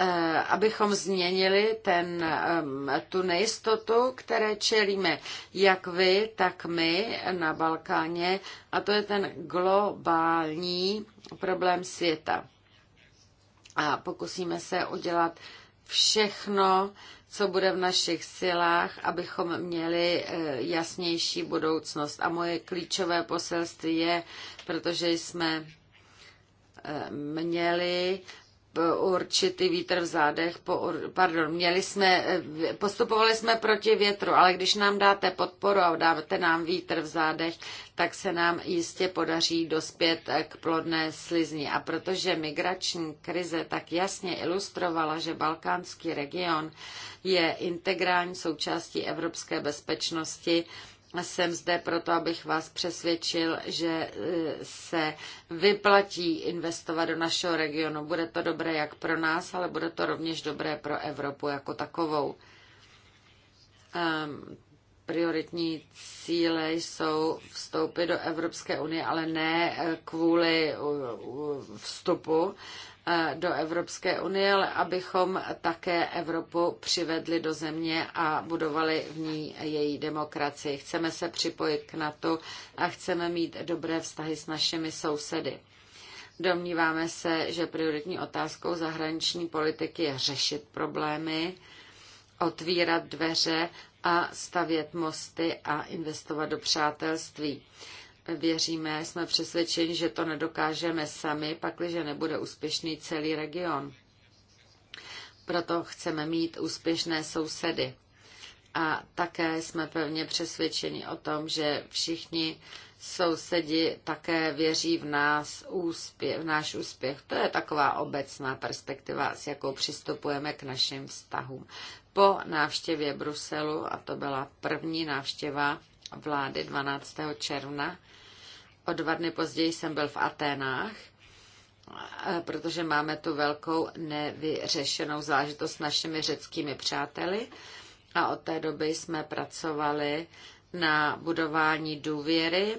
Speaker 4: Eh, abychom změnili ten, eh, tu nejistotu, které čelíme, jak vy, tak my na Balkáně, a to je ten globální problém světa. A pokusíme se udělat všechno, co bude v našich silách, abychom měli eh, jasnější budoucnost. A moje klíčové poselství je, protože jsme měli určitý vítr v zádech, po, pardon, měli jsme, eh, postupovali jsme proti větru, ale když nám dáte podporu a dáte nám vítr v zádech, tak se nám jistě podaří dospět eh, k plodné slizni. A protože migrační krize tak jasně ilustrovala, že balkánský region je integrální součástí evropské bezpečnosti, jsem zde proto, abych vás přesvědčil, že e, se vyplatí investovat do našeho regionu. Bude to dobré jak pro nás, ale bude to rovněž dobré pro Evropu jako takovou. Um, prioritní cíle jsou vstoupit do Evropské unie, ale ne e, kvůli vstupu, Eh, do Evropské unie, ale abychom také Evropu přivedli do země a budovali v ní její demokracii. Chceme se připojit k NATO a chceme mít dobré vztahy s našimi sousedy. Domníváme se, že prioritní otázkou zahraniční politiky je řešit problémy, otvírat dveře a stavět mosty a investovat do přátelství. Věříme, jsme přesvědčeni, že to nedokážeme sami, pakliže nebude úspěšný celý region. Proto chceme mít úspěšné sousedy. A také jsme pevně přesvědčeni o tom, že všichni sousedi také věří v, nás úspěch, v náš úspěch. To je taková obecná perspektiva, s jakou přistupujeme k našim vztahům. Po návštěvě Bruselu, a to byla první návštěva vlády 12. června, O dva dny později jsem byl v Aténách, eh, protože máme tu velkou nevyřešenou zážitost s našimi řeckými přáteli a od té doby jsme pracovali na budování důvěry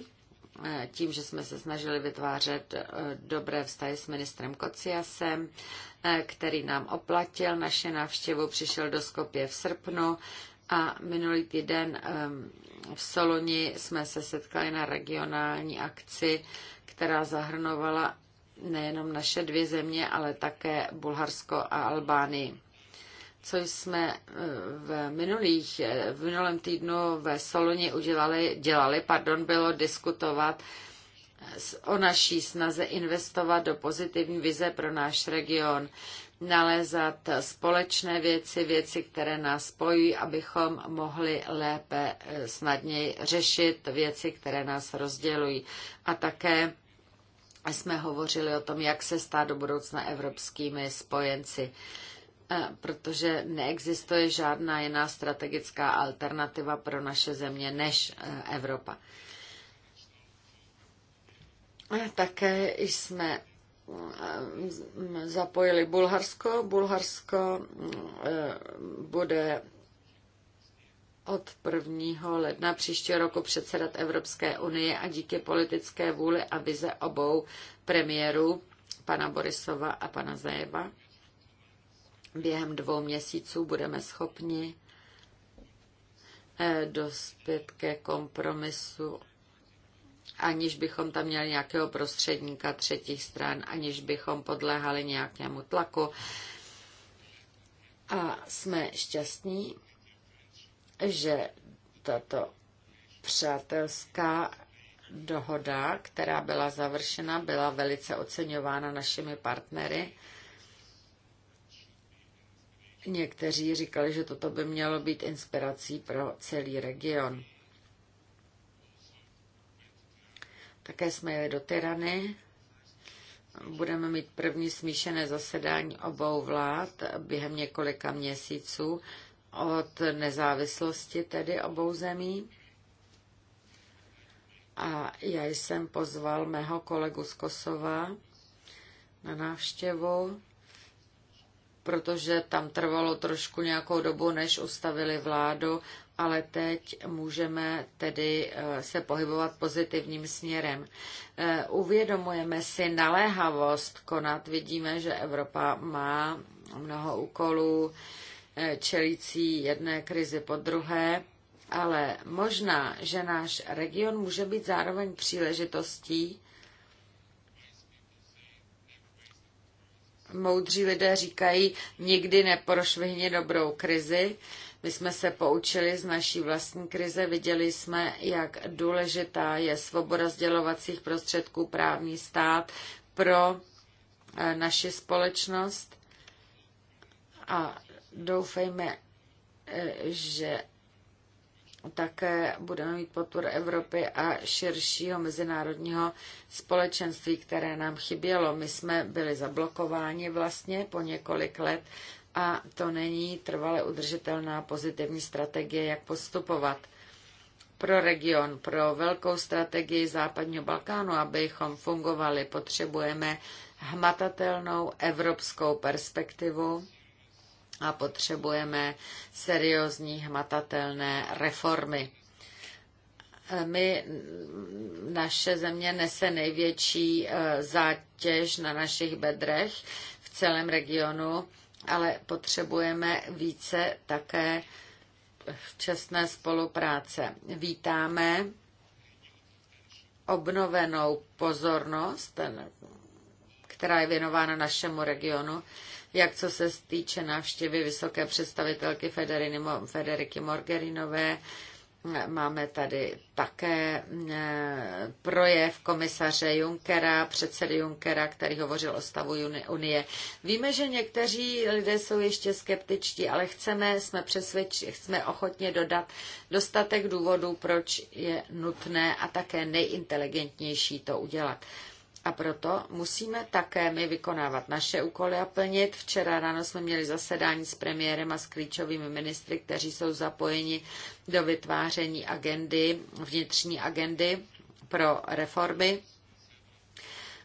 Speaker 4: eh, tím, že jsme se snažili vytvářet eh, dobré vztahy s ministrem Kociasem, který nám oplatil naše návštěvu, přišel do Skopje v srpnu a minulý týden ehm, v Soluni jsme se setkali na regionální akci, která zahrnovala nejenom naše dvě země, ale také Bulharsko a Albánii. Co jsme eh, v, minulých, eh, v minulém týdnu ve Soluni udělali, dělali, pardon, bylo diskutovat o naší snaze investovat do pozitivní vize pro náš region nalézat společné věci, věci, které nás spojují, abychom mohli lépe, eh, snadněji řešit věci, které nás rozdělují. A také jsme hovořili o tom, jak se stát do budoucna evropskými spojenci eh, protože neexistuje žádná jiná strategická alternativa pro naše země než eh, Evropa. Také jsme Eh, zapojili Bulharsko. Bulharsko eh, bude od 1. ledna příštího roku předsedat Evropské unie a díky politické vůli a vize obou premiérů, pana Borisova a pana Zajeva, během dvou měsíců budeme schopni eh, dospět ke kompromisu aniž bychom tam měli nějakého prostředníka třetích stran, aniž bychom podléhali nějakému tlaku. A jsme šťastní, že tato přátelská dohoda, která byla završena, byla velice oceňována našimi partnery. Někteří říkali, že toto by mělo být inspirací pro celý region. Také jsme jeli do Tyrany. Budeme mít první smíšené zasedání obou vlád během několika měsíců od nezávislosti tedy obou zemí. A já jsem pozval mého kolegu z Kosova na návštěvu, protože tam trvalo trošku nějakou dobu, než ustavili vládu ale teď můžeme tedy eh, se pohybovat pozitivním směrem. Eh, uvědomujeme si naléhavost konat. Vidíme, že Evropa má mnoho úkolů eh, čelící jedné krizi po druhé, ale možná, že náš region může být zároveň příležitostí, moudří lidé říkají, nikdy neprošvihni dobrou krizi, my jsme se poučili z naší vlastní krize, viděli jsme, jak důležitá je svoboda sdělovacích prostředků právní stát pro eh, naši společnost a doufejme, eh, že také budeme mít podporu Evropy a širšího mezinárodního společenství, které nám chybělo. My jsme byli zablokováni vlastně po několik let a to není trvale udržitelná pozitivní strategie, jak postupovat pro region, pro velkou strategii západního Balkánu, abychom fungovali, potřebujeme hmatatelnou evropskou perspektivu a potřebujeme seriózní hmatatelné reformy. My, naše země nese největší eh, zátěž na našich bedrech v celém regionu ale potřebujeme více také včasné spolupráce. Vítáme obnovenou pozornost, která je věnována našemu regionu, jak co se týče návštěvy vysoké představitelky Federiny, Federiky Morgerinové, Máme tady také eh, projev komisaře Junckera, předsedy Junckera, který hovořil o stavu Unie. Víme, že někteří lidé jsou ještě skeptičtí, ale chceme, jsme přesvědč, jsme ochotně dodat dostatek důvodů, proč je nutné a také nejinteligentnější to udělat. A proto musíme také my vykonávat naše úkoly a plnit. Včera ráno jsme měli zasedání s premiérem a s klíčovými ministry, kteří jsou zapojeni do vytváření agendy, vnitřní agendy pro reformy.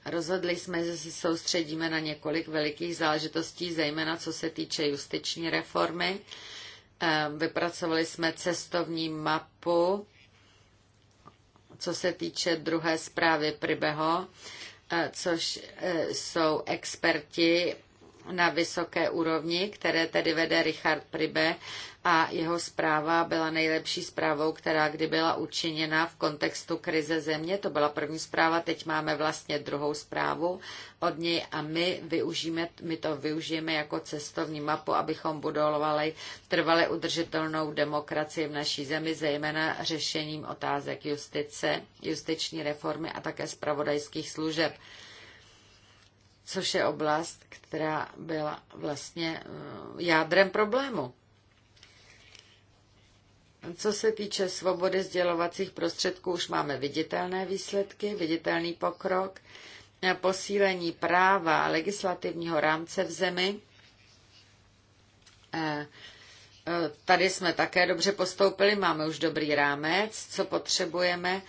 Speaker 4: Rozhodli jsme, že se soustředíme na několik velikých záležitostí, zejména co se týče justiční reformy. Eh, vypracovali jsme cestovní mapu, co se týče druhé zprávy Pribeho E, což e, jsou experti na vysoké úrovni, které tedy vede Richard Pribe a jeho zpráva byla nejlepší zprávou, která kdy byla učiněna v kontextu krize země. To byla první zpráva, teď máme vlastně druhou zprávu od něj a my, využijeme, my to využijeme jako cestovní mapu, abychom budovali trvale udržitelnou demokracii v naší zemi, zejména řešením otázek justice, justiční reformy a také spravodajských služeb což je oblast, která byla vlastně eh, jádrem problému. Co se týče svobody sdělovacích prostředků, už máme viditelné výsledky, viditelný pokrok, posílení práva legislativního rámce v zemi. Eh, eh, tady jsme také dobře postoupili, máme už dobrý rámec, co potřebujeme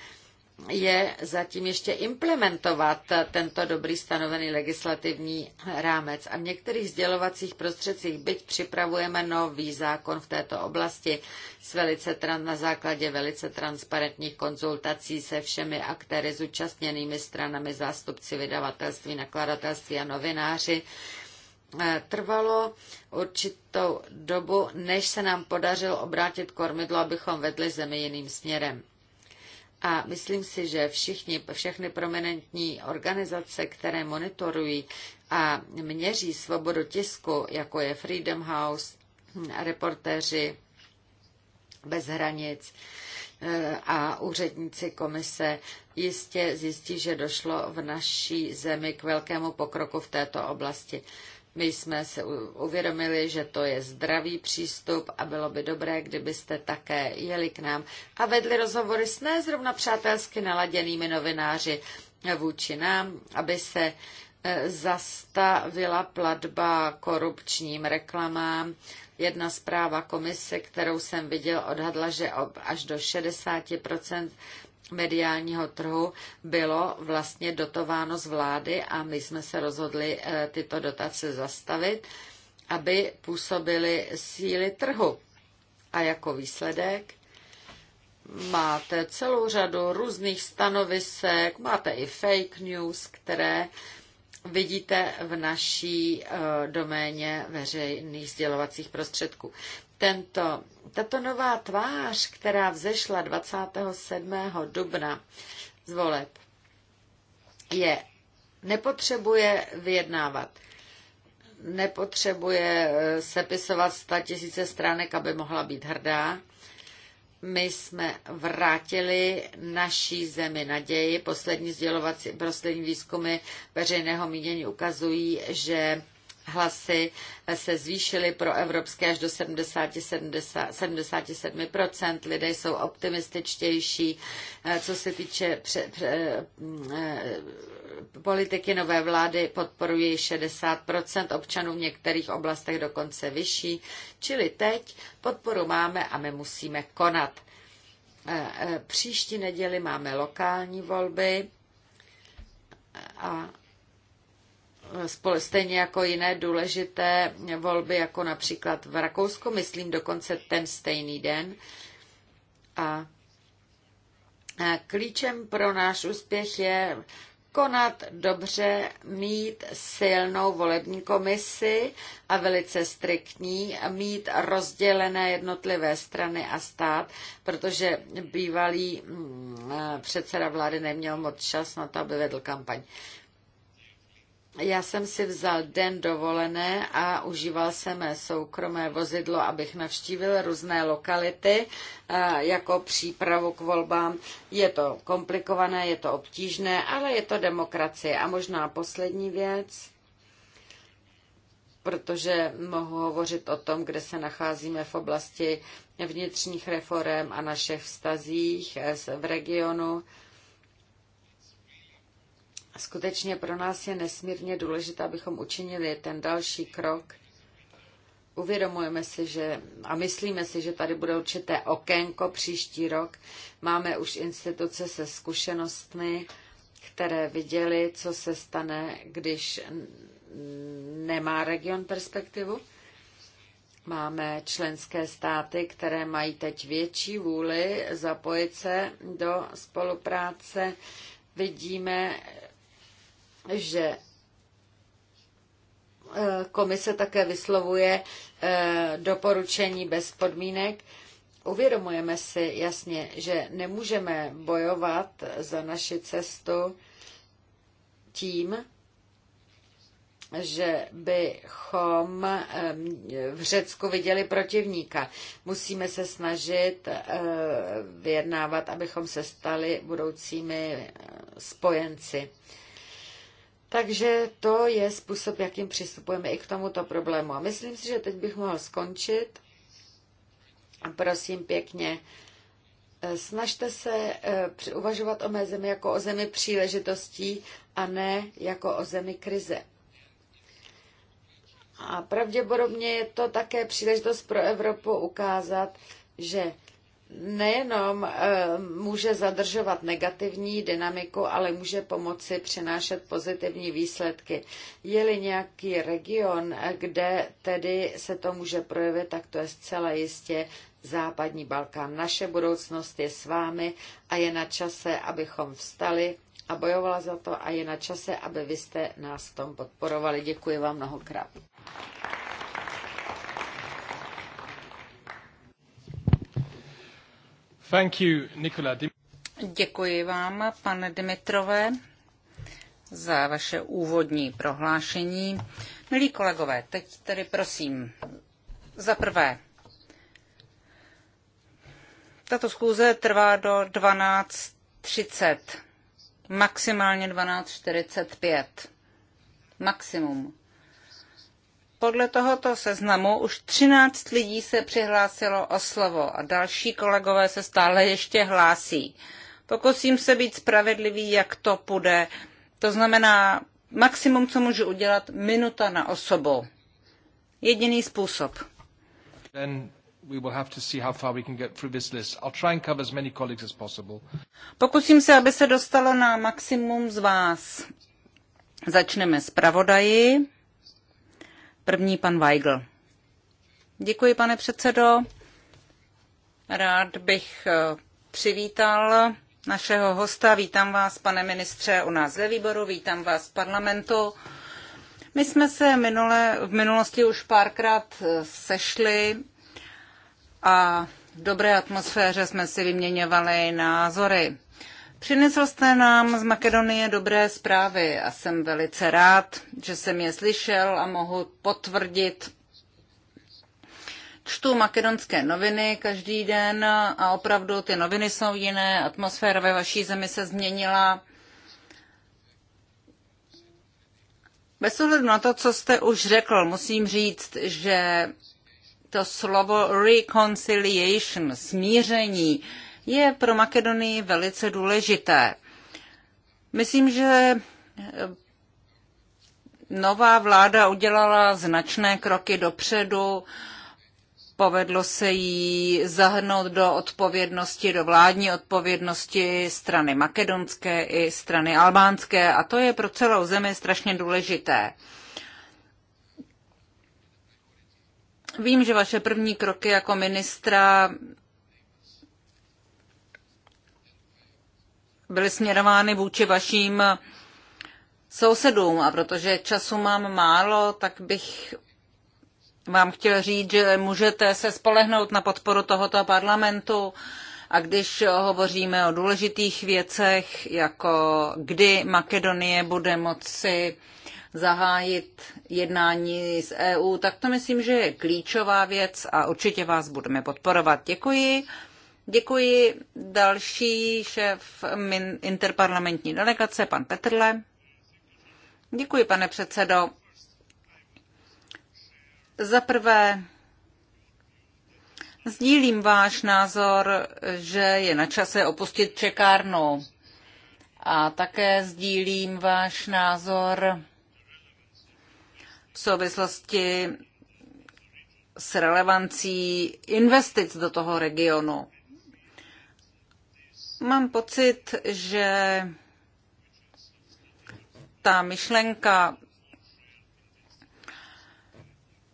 Speaker 4: je zatím ještě implementovat tento dobrý stanovený legislativní rámec. A v některých sdělovacích prostředcích, byť připravujeme nový zákon v této oblasti s velice trans, na základě velice transparentních konzultací se všemi aktéry zúčastněnými stranami, zástupci vydavatelství, nakladatelství a novináři, eh, trvalo určitou dobu, než se nám podařilo obrátit kormidlo, abychom vedli zemi jiným směrem. A myslím si, že všichni, všechny prominentní organizace, které monitorují a měří svobodu tisku, jako je Freedom House, reportéři bez hranic eh, a úředníci komise, jistě zjistí, že došlo v naší zemi k velkému pokroku v této oblasti. My jsme se uvědomili, že to je zdravý přístup a bylo by dobré, kdybyste také jeli k nám a vedli rozhovory s ne zrovna přátelsky naladěnými novináři vůči nám, aby se e, zastavila platba korupčním reklamám. Jedna zpráva komise, kterou jsem viděl, odhadla, že až do 60 mediálního trhu bylo vlastně dotováno z vlády a my jsme se rozhodli eh, tyto dotace zastavit, aby působily síly trhu. A jako výsledek máte celou řadu různých stanovisek, máte i fake news, které vidíte v naší eh, doméně veřejných sdělovacích prostředků. Tento, tato nová tvář, která vzešla 27. dubna z voleb, je, nepotřebuje vyjednávat nepotřebuje eh, sepisovat sta tisíce stránek, aby mohla být hrdá. My jsme vrátili naší zemi naději. Poslední sdělovací, poslední výzkumy veřejného mínění ukazují, že hlasy se zvýšily pro evropské až do 70, 70, 77%. Lidé jsou optimističtější, eh, co se týče pře, pře, eh, politiky nové vlády podporuje 60% občanů v některých oblastech dokonce vyšší. Čili teď podporu máme a my musíme konat. Eh, příští neděli máme lokální volby a stejně jako jiné důležité volby, jako například v Rakousku, myslím dokonce ten stejný den. A klíčem pro náš úspěch je konat dobře, mít silnou volební komisi a velice striktní, mít rozdělené jednotlivé strany a stát, protože bývalý mm, předseda vlády neměl moc čas na to, aby vedl kampaň já jsem si vzal den dovolené a užíval jsem mé soukromé vozidlo, abych navštívil různé lokality eh, jako přípravu k volbám. Je to komplikované, je to obtížné, ale je to demokracie. A možná poslední věc, protože mohu hovořit o tom, kde se nacházíme v oblasti vnitřních reform a našich vztazích eh, v regionu skutečně pro nás je nesmírně důležité, abychom učinili ten další krok. Uvědomujeme si, že a myslíme si, že tady bude určité okénko příští rok. Máme už instituce se zkušenostmi, které viděli, co se stane, když nemá region perspektivu. Máme členské státy, které mají teď větší vůli zapojit se do spolupráce. Vidíme, že eh, komise také vyslovuje eh, doporučení bez podmínek. Uvědomujeme si jasně, že nemůžeme bojovat za naši cestu tím, že bychom eh, v Řecku viděli protivníka. Musíme se snažit vyjednávat, abychom se stali budoucími spojenci. Takže to je způsob, jakým přistupujeme i k tomuto problému. A myslím si, že teď bych mohl skončit. A prosím pěkně, eh, snažte se eh, uvažovat o mé zemi jako o zemi příležitostí a ne jako o zemi krize. A pravděpodobně je to také příležitost pro Evropu ukázat, že nejenom eh, může zadržovat negativní dynamiku, ale může pomoci přinášet pozitivní výsledky. Je-li nějaký region, eh, kde tedy se to může projevit, tak to je zcela jistě Západní Balkán. Naše budoucnost je s vámi a je na čase, abychom vstali a bojovala za to a je na čase, aby vy jste nás v tom podporovali. Děkuji vám mnohokrát.
Speaker 3: Thank you, Nikola.
Speaker 1: Děkuji vám, pane Dimitrové, za vaše úvodní prohlášení. Milí kolegové, teď tedy prosím, za prvé, tato schůze trvá do 12.30, maximálně 12.45. Maximum podle tohoto seznamu už 13 lidí se přihlásilo o slovo a další kolegové se stále ještě hlásí. Pokusím se být spravedlivý, jak to půjde. To znamená, maximum, co můžu udělat, minuta na osobu. Jediný způsob. Then we will have to see how far we can get through this list. I'll try and cover as many colleagues as possible. Pokusím se, aby se dostalo na maximum z vás. Začneme s pravodaji. První pan Weigl. Děkuji, pane předsedo. Rád bych eh, přivítal našeho hosta. Vítám vás, pane ministře, u nás ve výboru, vítám vás v parlamentu. My jsme se minule, v minulosti už párkrát eh, sešli a v dobré atmosféře jsme si vyměňovali názory. Přinesl jste nám z Makedonie dobré zprávy a jsem velice rád, že jsem je slyšel a mohu potvrdit. Čtu makedonské noviny každý den a opravdu ty noviny jsou jiné, atmosféra ve vaší zemi se změnila. Bez ohledu na to, co jste už řekl, musím říct, že to slovo reconciliation, smíření, je pro Makedonii velice důležité. Myslím, že eh, nová vláda udělala značné kroky dopředu, povedlo se jí zahrnout do odpovědnosti, do vládní odpovědnosti strany makedonské i strany albánské a to je pro celou zemi strašně důležité. Vím, že vaše první kroky jako ministra byly směrovány vůči vaším sousedům. A protože času mám málo, tak bych vám chtěl říct, že můžete se spolehnout na podporu tohoto parlamentu. A když hovoříme o důležitých věcech, jako kdy Makedonie bude moci zahájit jednání s EU, tak to myslím, že je klíčová věc a určitě vás budeme podporovat. Děkuji. Děkuji. Další šéf interparlamentní delegace, pan Petrle. Děkuji, pane předsedo. Za prvé, sdílím váš názor, že je na čase opustit čekárnu. A také sdílím váš názor v souvislosti s relevancí investic do toho regionu. Mám pocit, že ta myšlenka,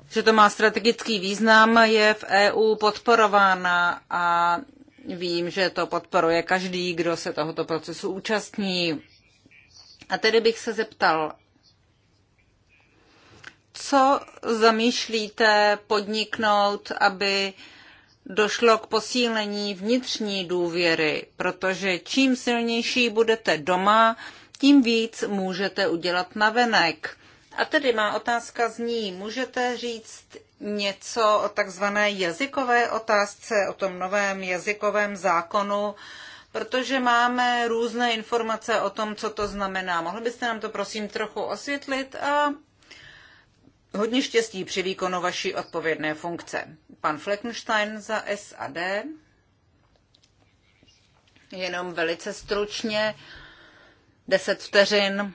Speaker 1: že to má strategický význam, je v EU podporována a vím, že to podporuje každý, kdo se tohoto procesu účastní. A tedy bych se zeptal, co zamýšlíte podniknout, aby uh, došlo k posílení vnitřní důvěry, protože čím silnější budete doma, tím víc můžete udělat na venek. A tedy má otázka zní, můžete říct něco o takzvané jazykové otázce, o tom novém jazykovém zákonu, protože máme různé informace o tom, co to znamená. Mohli byste nám to prosím trochu osvětlit a Hodně štěstí při výkonu vaší odpovědné funkce. Pan Fleckenstein za SAD. Jenom velice stručně, 10 vteřin.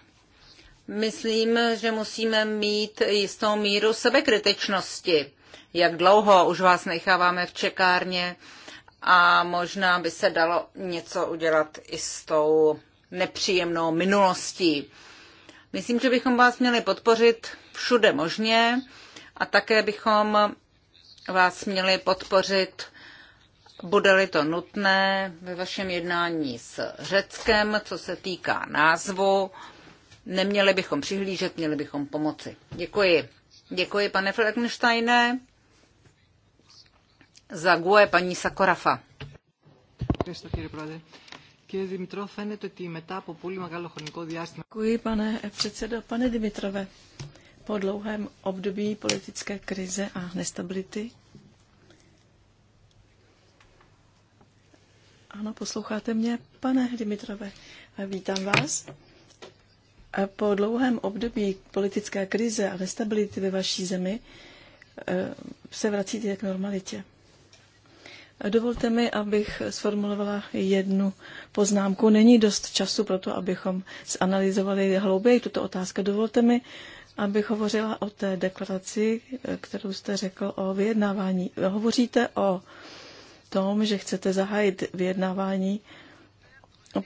Speaker 1: Myslím, že musíme mít jistou míru sebekritičnosti. Jak dlouho už vás necháváme v čekárně a možná by se dalo něco udělat i s tou nepříjemnou minulostí. Myslím, že bychom vás měli podpořit všude možně a také bychom vás měli podpořit, bude-li to nutné, ve vašem jednání s Řeckem, co se týká názvu. Neměli bychom přihlížet, měli bychom pomoci. Děkuji. Děkuji, pane Fleckensteine. Za GUE paní Sakorafa.
Speaker 5: Děkuji, pane předsedo. Pane Dimitrove, po dlouhém období politické krize a nestability. Ano, posloucháte mě, pane Dimitrove. Vítám vás. A po dlouhém období politické krize a nestability ve vaší zemi eh, se vracíte k normalitě. Dovolte mi, abych sformulovala jednu poznámku. Není dost času pro to, abychom zanalizovali hlouběji tuto otázku. Dovolte mi abych hovořila o té deklaraci, kterou jste řekl o vyjednávání. Hovoříte o tom, že chcete zahájit vyjednávání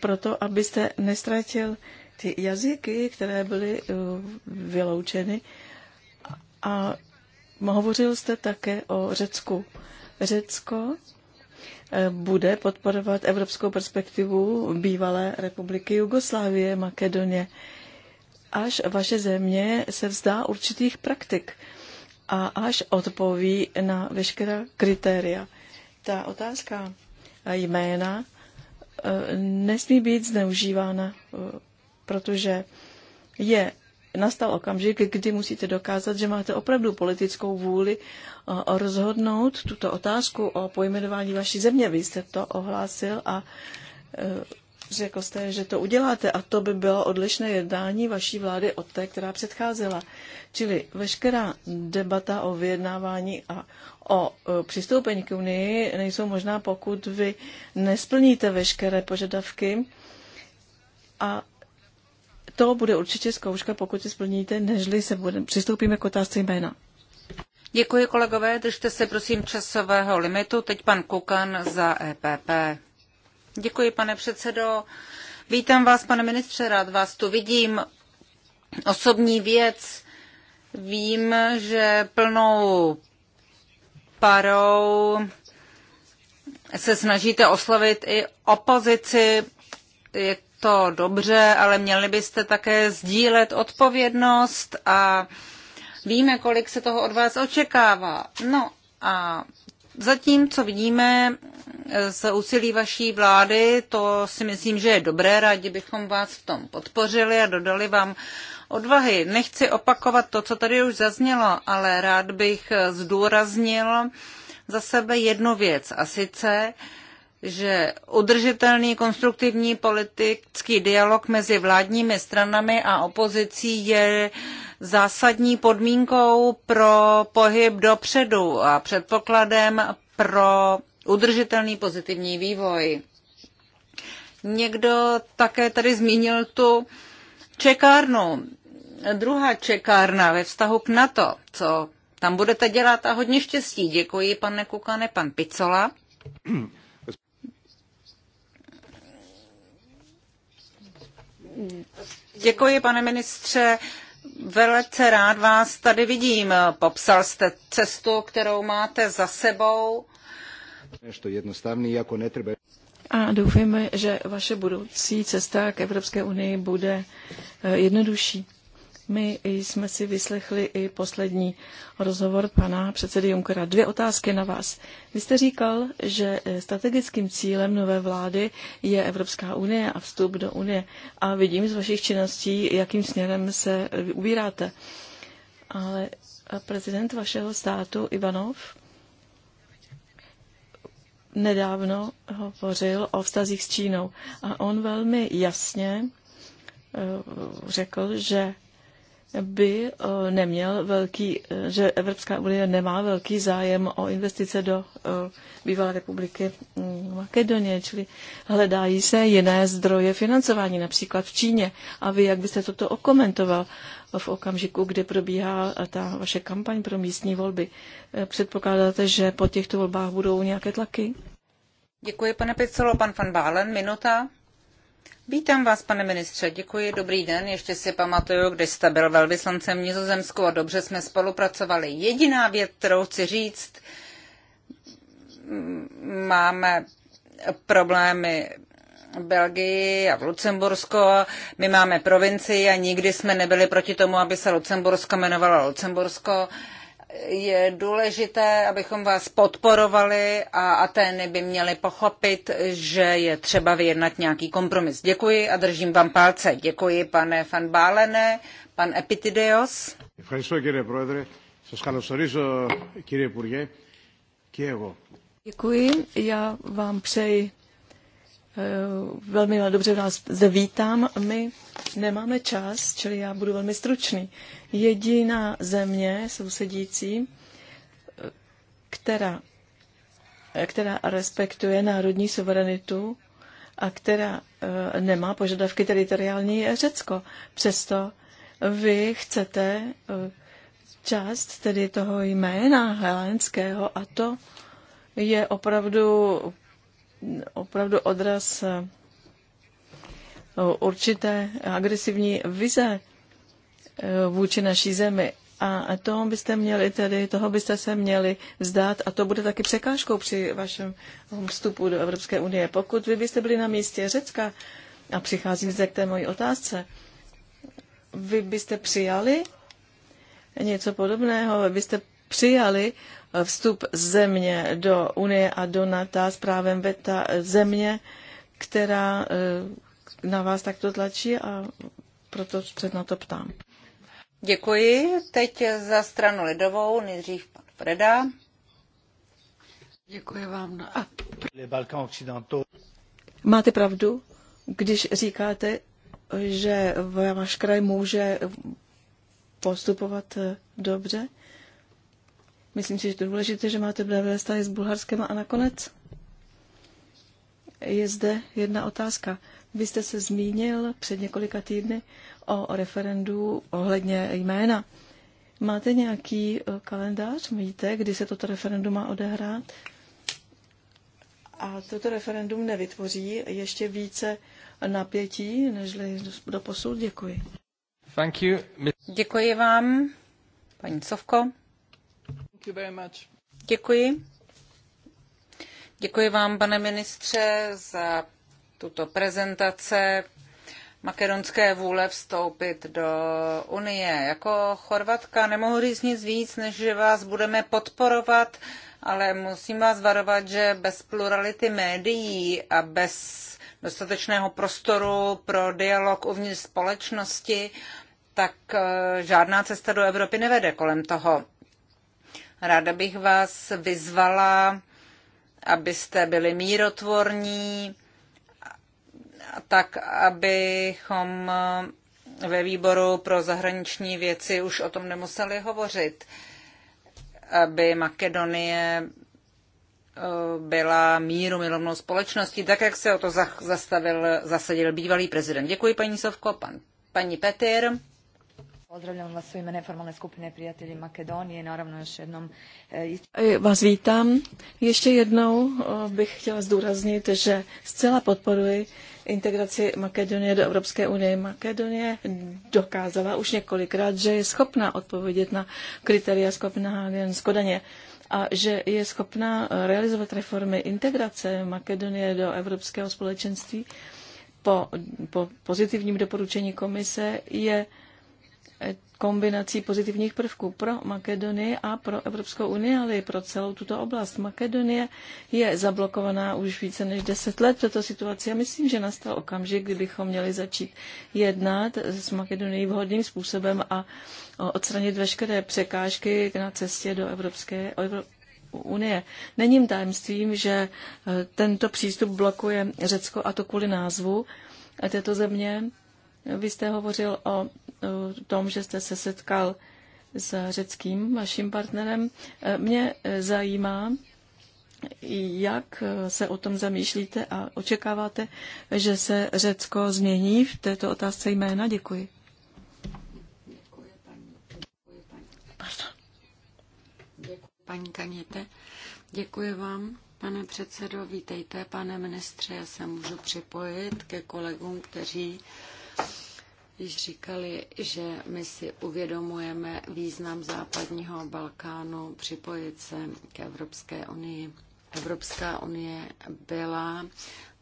Speaker 5: proto, abyste nestratil ty jazyky, které byly uh, vyloučeny. A hovořil jste také o Řecku. Řecko eh, bude podporovat evropskou perspektivu bývalé republiky Jugoslávie, Makedonie až vaše země se vzdá určitých praktik a až odpoví na veškerá kritéria. Ta otázka jména eh, nesmí být zneužívána, eh, protože je nastal okamžik, kdy musíte dokázat, že máte opravdu politickou vůli eh, rozhodnout tuto otázku o pojmenování vaší země. Vy jste to ohlásil a Řekl jste, že to uděláte a to by bylo odlišné jednání vaší vlády od té, která předcházela. Čili veškerá debata o vyjednávání a o e, přistoupení k Unii nejsou možná, pokud vy nesplníte veškeré požadavky a to bude určitě zkouška, pokud si splníte, nežli se budem, přistoupíme k otázce jména.
Speaker 1: Děkuji kolegové, držte se prosím časového limitu. Teď pan Kukan za EPP. Děkuji, pane předsedo. Vítám vás, pane ministře, rád vás tu vidím. Osobní věc. Vím, že plnou parou se snažíte oslovit i opozici. Je to dobře, ale měli byste také sdílet odpovědnost a víme, kolik se toho od vás očekává. No a Zatím, co vidíme z eh, úsilí vaší vlády, to si myslím, že je dobré. Rádi bychom vás v tom podpořili a dodali vám odvahy. Nechci opakovat to, co tady už zaznělo, ale rád bych eh, zdůraznil za sebe jednu věc a sice, že udržitelný konstruktivní politický dialog mezi vládními stranami a opozicí je zásadní podmínkou pro pohyb dopředu a předpokladem pro udržitelný pozitivní vývoj. Někdo také tady zmínil tu čekárnu. Druhá čekárna ve vztahu k NATO, co tam budete dělat a hodně štěstí. Děkuji, pan Nekukane, pan Picola. Děkuji, pane ministře. Velice rád vás tady vidím. Popsal jste cestu, kterou máte za sebou.
Speaker 3: Nešto jednostavný, jako netrebe.
Speaker 5: A doufejme, že vaše budoucí cesta k Evropské unii bude eh, jednodušší. My jsme si vyslechli i poslední rozhovor pana předsedy Junkera. Dvě otázky na vás. Vy jste říkal, že strategickým cílem nové vlády je Evropská unie a vstup do unie. A vidím z vašich činností, jakým směrem se ubíráte. Ale prezident vašeho státu Ivanov nedávno hovořil o vztazích s Čínou a on velmi jasně eh, řekl, že by eh, neměl velký, eh, že Evropská unie nemá velký zájem o investice do eh, bývalé republiky mm, Makedonie, čili hledají se jiné zdroje financování, například v Číně. A vy, jak byste toto okomentoval v okamžiku, kdy probíhá ta vaše kampaň pro místní volby? Předpokládáte, že po těchto volbách budou nějaké tlaky?
Speaker 1: Děkuji, pane Picolo. Pan van Bálen, minuta. Vítám vás, pane ministře, děkuji, dobrý den. Ještě si pamatuju, když jste byl velvyslancem v Nizozemsku a dobře jsme spolupracovali. Jediná věc, kterou chci říct, máme problémy v Belgii a v Lucembursku. My máme provincii a nikdy jsme nebyli proti tomu, aby se Lucembursko jmenovalo Lucembursko je důležité, abychom vás podporovali a Atény by měly pochopit, že je třeba vyjednat nějaký kompromis. Děkuji a držím vám palce. Děkuji, pane Van Bálene, pan Epitideos.
Speaker 5: Děkuji, já vám přeji Eh, velmi dobře vás zde vítám. My nemáme čas, čili já budu velmi stručný. Jediná země sousedící, eh, která, která respektuje národní suverenitu a která eh, nemá požadavky teritoriální, je Řecko. Přesto vy chcete část tedy toho jména helenského a to je opravdu opravdu odraz eh, určité agresivní vize eh, vůči naší zemi. A toho byste měli tedy, toho byste se měli vzdát a to bude taky překážkou při vašem vstupu do Evropské unie. Pokud vy byste byli na místě Řecka, a přicházím zde k té mojí otázce, vy byste přijali něco podobného, vy byste přijali eh, vstup země do Unie a do NATO s právem VETA země, která eh, na vás takto tlačí a proto se na to ptám.
Speaker 1: Děkuji. Teď za stranu lidovou, nejdřív pan Freda. Děkuji
Speaker 5: vám. No a... Máte pravdu, když říkáte, že váš kraj může postupovat eh, dobře? Myslím si, že to je důležité, že máte dobré vztahy s Bulharskem a nakonec je zde jedna otázka. Vy jste se zmínil před několika týdny o, referendu ohledně jména. Máte nějaký eh, kalendář? Víte, kdy se toto referendum má odehrát? A toto referendum nevytvoří ještě více napětí, než do posud? Děkuji. Thank you. Děkuji vám,
Speaker 1: paní Covko. Děkuji. Děkuji vám, pane ministře, za tuto prezentaci makedonské vůle vstoupit do Unie. Jako Chorvatka nemohu říct nic víc, než že vás budeme podporovat, ale musím vás varovat, že bez plurality médií a bez dostatečného prostoru pro dialog uvnitř společnosti, tak eh, žádná cesta do Evropy nevede kolem toho. Ráda bych vás vyzvala, abyste byli mírotvorní, tak abychom ve výboru pro zahraniční věci už o tom nemuseli hovořit, aby Makedonie eh, byla míru milovnou společností, tak jak se o to zastavil, zasadil bývalý prezident. Děkuji, paní Sovko, pan, paní Petr.
Speaker 4: Pozdravljam vas u ime neformalne skupine prijatelji Makedonije. Naravno još jednom...
Speaker 5: E, vás vítám. Ještě jednou e, bych chtěla zdůraznit, že zcela podporuji integraci Makedonie do Evropské unie. Makedonie dokázala už několikrát, že je schopná odpovědět na kritéria z Kopenhagen, z Kodaně a že je schopná realizovat reformy integrace Makedonie do Evropského společenství po, po pozitivním doporučení komise je kombinací pozitivních prvků pro Makedonii a pro Evropskou unii, ale i pro celou tuto oblast. Makedonie je zablokovaná už více než deset let této situace, a myslím, že nastal okamžik, kdybychom měli začít jednat s Makedonií vhodným způsobem a odstranit veškeré překážky na cestě do Evropské unie. Není tajemstvím, že eh, tento přístup blokuje Řecko a to kvůli názvu této země. Vy jste hovořil o tom, že jste se setkal s řeckým vaším partnerem. Mě zajímá, jak se o tom zamýšlíte a očekáváte, že se Řecko změní v této otázce jména? Děkuji. Děkuji,
Speaker 4: paní Kaněte. Děkuji vám, pane předsedo. Vítejte, pane ministře. Já se můžu připojit ke kolegům, kteří již říkali, že my si uvědomujeme význam západního Balkánu připojit se k Evropské unii. Evropská unie byla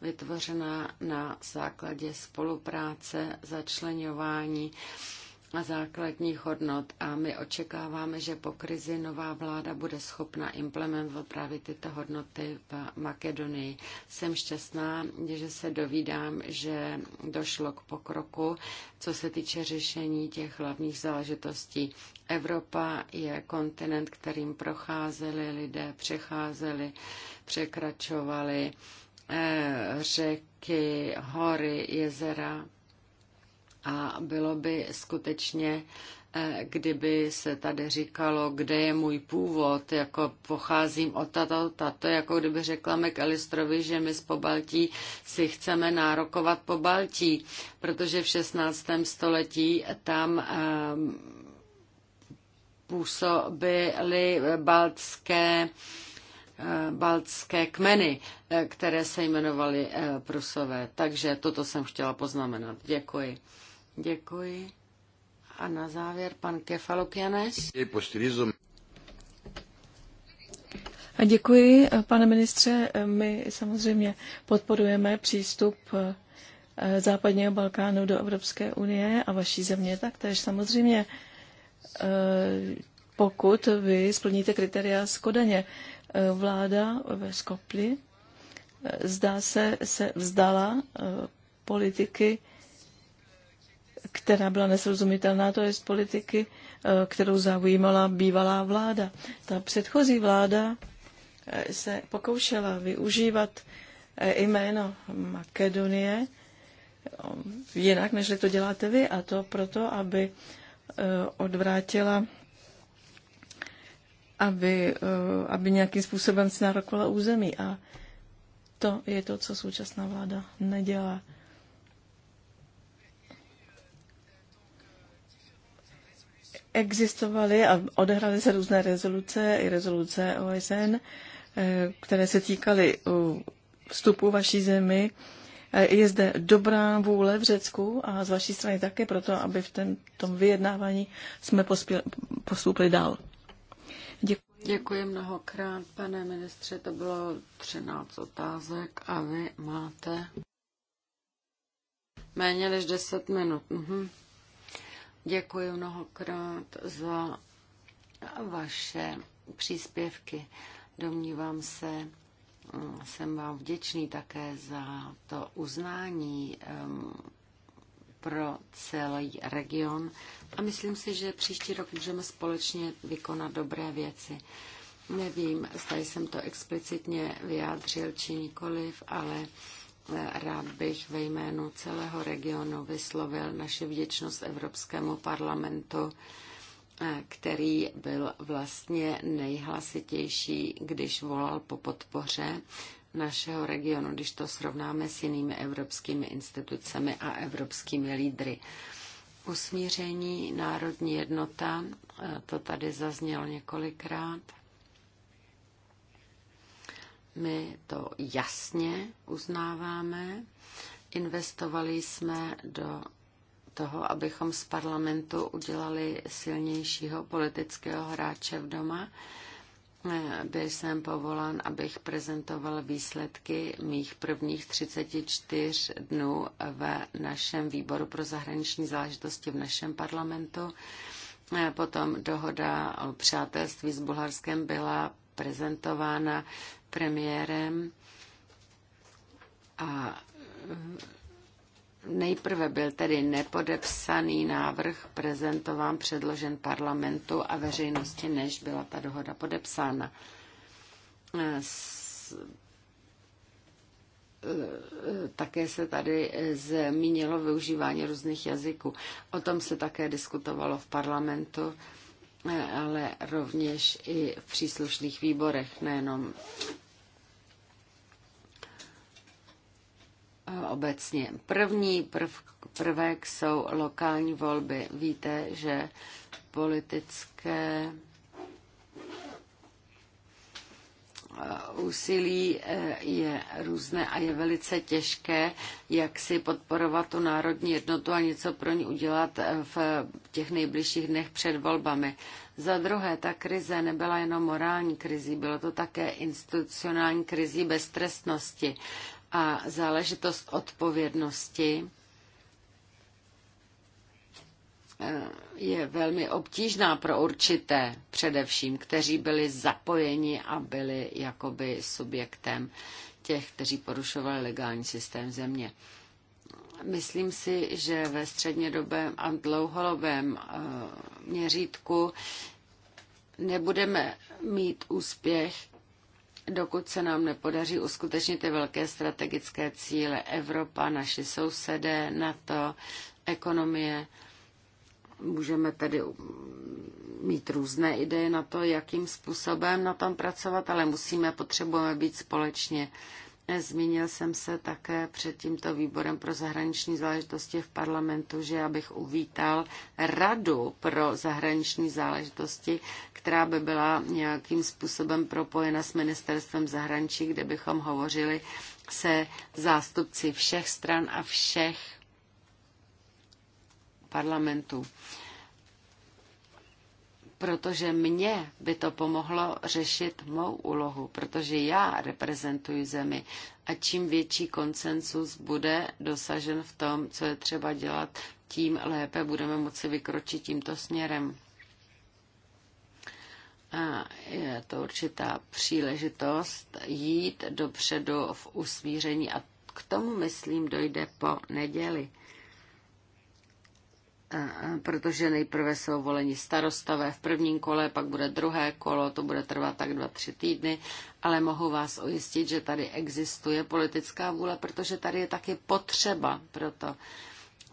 Speaker 4: vytvořena na základě spolupráce, začlenování a základních hodnot a my očekáváme, že po krizi nová vláda bude schopna implementovat právě tyto hodnoty v Makedonii. Jsem šťastná, že se dovídám, že došlo k pokroku, co se týče řešení těch hlavních záležitostí. Evropa je kontinent, kterým procházeli lidé, přecházeli, překračovali eh, řeky, hory, jezera, a bylo by skutečně, eh, kdyby se tady říkalo, kde je můj původ, jako pocházím od tato, tato, jako kdyby řekla McAllisterovi, že my z Pobaltí si chceme nárokovat Pobaltí, protože v 16. století tam eh, působily baltské eh, baltské kmeny, které se jmenovaly Prusové. Takže toto jsem chtěla poznamenat. Děkuji. Děkuji. A na závěr pan Kefalokianes.
Speaker 5: děkuji, pane ministře. My samozřejmě podporujeme přístup eh, západního Balkánu do Evropské unie a vaší země taktéž. Samozřejmě, eh, pokud vy splníte kritéria z Kodaně, eh, vláda ve Skopli zdá se, se vzdala politiky která byla nesrozumitelná, to je z politiky, eh, kterou zaujímala bývalá vláda. Ta předchozí vláda eh, se pokoušela využívat eh, jméno Makedonie jinak, než to děláte vy, a to proto, aby odvrátila aby, aby nějakým způsobem si nárokovala území. A to je to, co současná vláda nedělá. existovaly a odehrály se různé rezoluce, i rezoluce OSN, eh, které se týkaly eh, vstupu vaší zemi. Eh, je zde dobrá vůle v Řecku a z vaší strany také proto, aby v tém, tom vyjednávání jsme postoupili dál. Děkuji.
Speaker 4: Děkuji mnohokrát, pane ministře. To bylo 13 otázek
Speaker 5: a vy máte
Speaker 4: méně než 10 minut. Mhm. Děkuji mnohokrát za vaše příspěvky. Domnívám se, mm, jsem vám vděčný také za to uznání pro celý region a myslím si, že příští rok můžeme společně vykonat dobré věci. Nevím, zda jsem to explicitně vyjádřil či nikoliv, ale Rád bych ve jménu celého regionu vyslovil naši vděčnost Evropskému parlamentu, eh, který byl vlastně nejhlasitější, když volal po podpoře našeho regionu, když to srovnáme s jinými evropskými institucemi a evropskými lídry. Usmíření, národní jednota, eh, to tady zaznělo několikrát. My to jasně uznáváme. Investovali jsme do toho, abychom z parlamentu udělali silnějšího politického hráče v doma. Byl jsem povolán, abych prezentoval výsledky mých prvních 34 dnů ve našem výboru pro zahraniční záležitosti v našem parlamentu. Potom dohoda o přátelství s Bulharskem byla prezentována premiérem a Nejprve byl tedy nepodepsaný návrh prezentován, předložen parlamentu a veřejnosti, než byla ta dohoda podepsána. S... Také se tady zmínilo využívání různých jazyků. O tom se také diskutovalo v parlamentu ale rovněž i v příslušných výborech, nejenom obecně. První prv, prvek jsou lokální volby. Víte, že politické Eh, úsilí eh, je různé a je velice těžké, jak si podporovat tu národní jednotu a něco pro ní udělat eh, v těch nejbližších dnech před volbami. Za druhé, ta krize nebyla jenom morální krizí, bylo to také institucionální krizí beztrestnosti a záležitost odpovědnosti je velmi obtížná pro určité, především, kteří byli zapojeni a byli jakoby subjektem těch, kteří porušovali legální systém země. Myslím si, že ve střednědobém a dlouholobém eh, měřítku nebudeme mít úspěch, dokud se nám nepodaří uskutečnit ty velké strategické cíle Evropa, naši sousedé, NATO, ekonomie, Můžeme tedy um, mít různé ideje na to, jakým způsobem na tom pracovat, ale musíme, potřebujeme být společně. Eh, zmínil jsem se také před tímto výborem pro zahraniční záležitosti v parlamentu, že abych uvítal radu pro zahraniční záležitosti, která by byla nějakým způsobem propojena s ministerstvem zahraničí, kde bychom hovořili se zástupci všech stran a všech parlamentu. Protože mně by to pomohlo řešit mou úlohu, protože já reprezentuji zemi a čím větší konsensus bude dosažen v tom, co je třeba dělat, tím lépe budeme moci vykročit tímto směrem. A je to určitá příležitost jít dopředu v usmíření a k tomu, myslím, dojde po neděli protože nejprve jsou voleni starostové v prvním kole, pak bude druhé kolo, to bude trvat tak dva, tři týdny, ale mohu vás ujistit, že tady existuje politická vůle, protože tady je taky potřeba proto.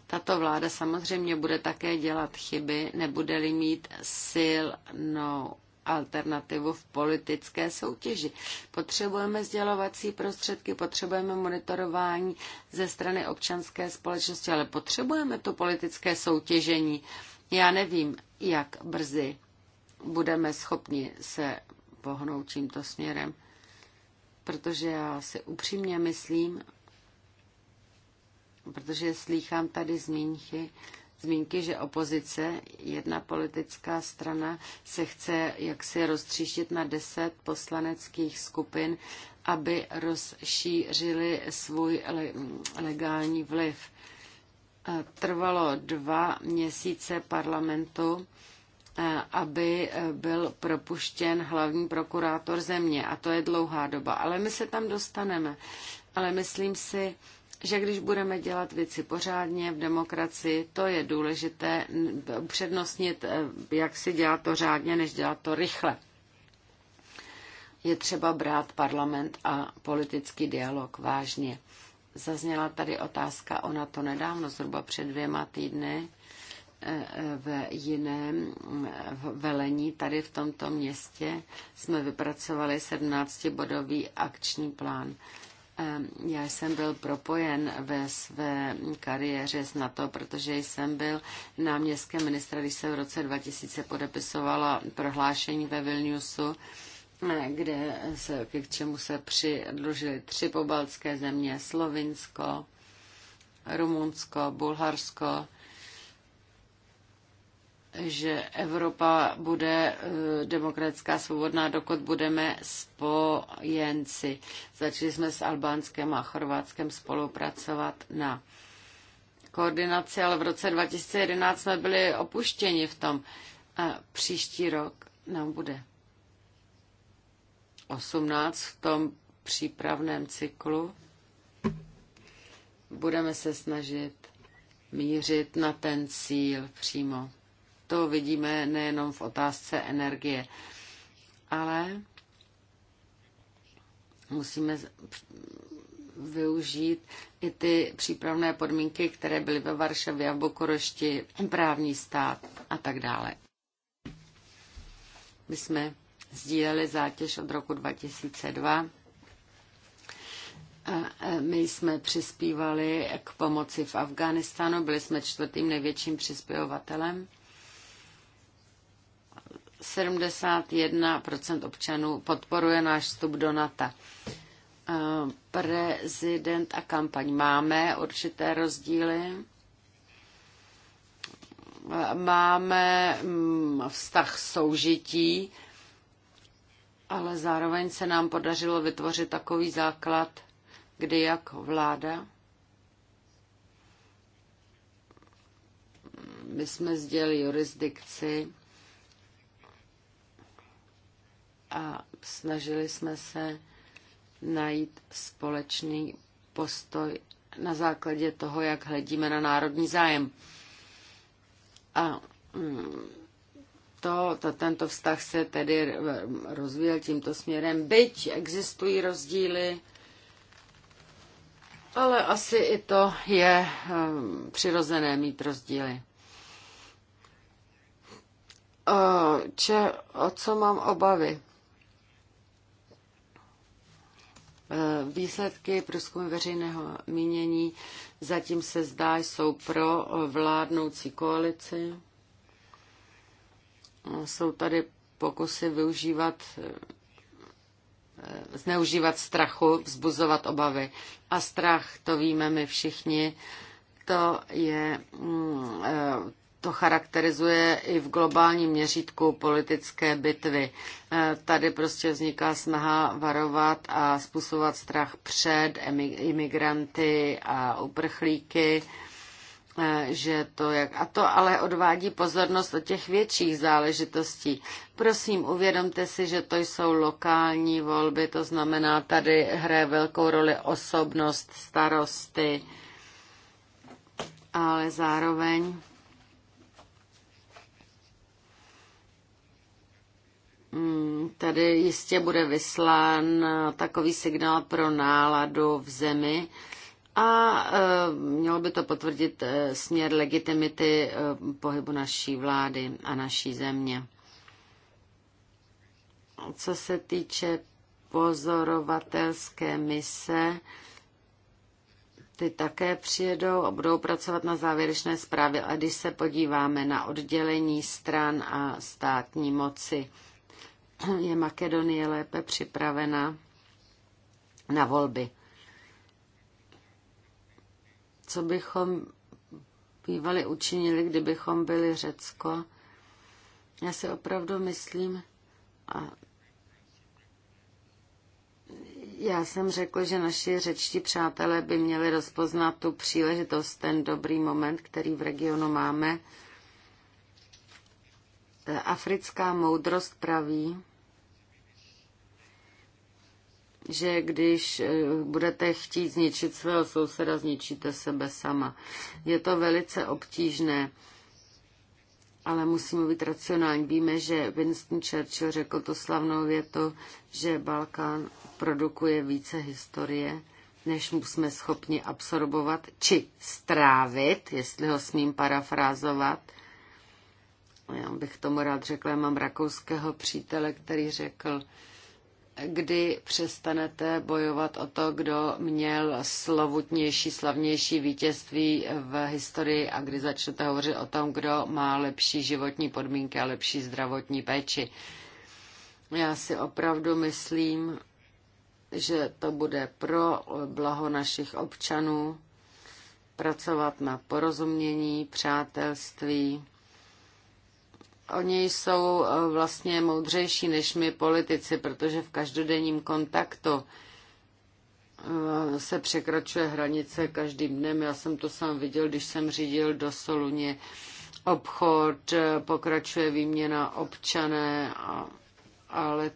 Speaker 4: Tato vláda samozřejmě bude také dělat chyby, nebude-li mít silnou alternativu v politické soutěži. Potřebujeme sdělovací prostředky, potřebujeme monitorování ze strany občanské společnosti, ale potřebujeme to politické soutěžení. Já nevím, jak brzy budeme schopni se pohnout tímto směrem, protože já si upřímně myslím, protože slýchám tady zmínky zmínky, že opozice, jedna politická strana, se chce jaksi roztříštit na deset poslaneckých skupin, aby rozšířili svůj legální vliv. E, trvalo dva měsíce parlamentu, e, aby e, byl propuštěn hlavní prokurátor země. A to je dlouhá doba. Ale my se tam dostaneme. Ale myslím si, že když budeme dělat věci pořádně v demokracii, to je důležité přednostnit, eh, jak si dělat to řádně, než dělat to rychle. Je třeba brát parlament a politický dialog vážně. Zazněla tady otázka, ona to nedávno, zhruba před dvěma týdny, eh, eh, v jiném velení tady v tomto městě jsme vypracovali 17-bodový akční plán. Já jsem byl propojen ve své kariéře s NATO, protože jsem byl náměstkem ministra, když se v roce 2000 podepisovala prohlášení ve Vilniusu, eh, kde se, k čemu se přidružily tři pobaltské země, Slovinsko, Rumunsko, Bulharsko že Evropa bude eh, demokratická svobodná, dokud budeme spojenci. Začali jsme s Albánskem a Chorvátskem spolupracovat na koordinaci, ale v roce 2011 jsme byli opuštěni v tom. A příští rok nám bude 18 v tom přípravném cyklu. Budeme se snažit mířit na ten cíl přímo to vidíme nejenom v otázce energie, ale musíme využít i ty přípravné podmínky, které byly ve Varšavě a v Bokorošti, právní stát a tak dále. My jsme sdíleli zátěž od roku 2002. E, my jsme přispívali k pomoci v Afghánistánu, byli jsme čtvrtým největším přispěvatelem 71% občanů podporuje náš vstup do NATO. Eh, prezident a kampaň máme určité rozdíly. Máme mm, vztah soužití, ale zároveň se nám podařilo vytvořit takový základ, kdy jak vláda, my jsme sdělili jurisdikci, a snažili jsme se najít společný postoj na základě toho, jak hledíme na národní zájem. A mm, to, to, tento vztah se tedy rozvíjel tímto směrem. Byť existují rozdíly, ale asi i to je um, přirozené mít rozdíly. O, če, o co mám obavy? Eh, výsledky průzkumu veřejného mínění zatím se zdá jsou pro vládnoucí koalici. Eh, jsou tady pokusy využívat eh, zneužívat strachu, vzbuzovat obavy. A strach, to víme my všichni, to je mm, to charakterizuje i v globálním měřítku politické bitvy. E, tady prostě vzniká snaha varovat a způsobovat strach před imigranty a uprchlíky, e, že to jak... A to ale odvádí pozornost od těch větších záležitostí. Prosím, uvědomte si, že to jsou lokální volby, to znamená, tady hraje velkou roli osobnost, starosty, ale zároveň Mm, tady jistě bude vyslán eh, takový signál pro náladu v zemi a eh, mělo by to potvrdit eh, směr legitimity pohybu naší vlády a naší země. Co se týče pozorovatelské mise, ty také přijedou a budou pracovat na závěrečné zprávě. A když se podíváme na oddělení stran a státní moci, je Makedonie lépe připravena na volby. Co bychom bývali učinili, kdybychom byli Řecko? Já si opravdu myslím, a já jsem řekl, že naši řečtí přátelé by měli rozpoznat tu příležitost, ten dobrý moment, který v regionu máme. Africká moudrost praví, že když eh, budete chtít zničit svého souseda, zničíte sebe sama. Je to velice obtížné, ale musíme být racionální. Víme, že Winston Churchill řekl to slavnou větu, že Balkán produkuje více historie, než jsme schopni absorbovat či strávit, jestli ho smím parafrázovat. Já bych tomu rád řekla, já mám rakouského přítele, který řekl, kdy přestanete bojovat o to, kdo měl slovutnější, slavnější vítězství v historii a kdy začnete hovořit o tom, kdo má lepší životní podmínky a lepší zdravotní péči. Já si opravdu myslím, že to bude pro blaho našich občanů pracovat na porozumění, přátelství, Oni jsou eh, vlastně moudřejší než my politici, protože v každodenním kontaktu eh, se překračuje hranice každým dnem. Já jsem to sám viděl, když jsem řídil do Soluně obchod, eh, pokračuje výměna občané, a, ale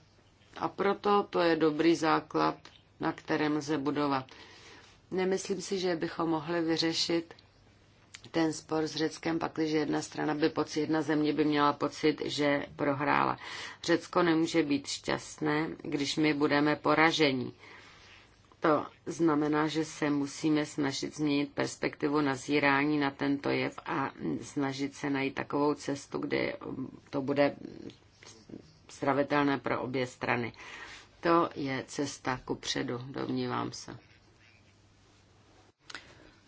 Speaker 4: a proto to je dobrý základ, na kterém lze budovat. Nemyslím si, že bychom mohli vyřešit ten spor s Řeckem, pakliže jedna strana by pocit, jedna země by měla pocit, že prohrála. Řecko nemůže být šťastné, když my budeme poražení. To znamená, že se musíme snažit změnit perspektivu nazírání na tento jev a snažit se najít takovou cestu, kde to bude stravitelné pro obě strany. To je cesta ku předu, domnívám
Speaker 1: se.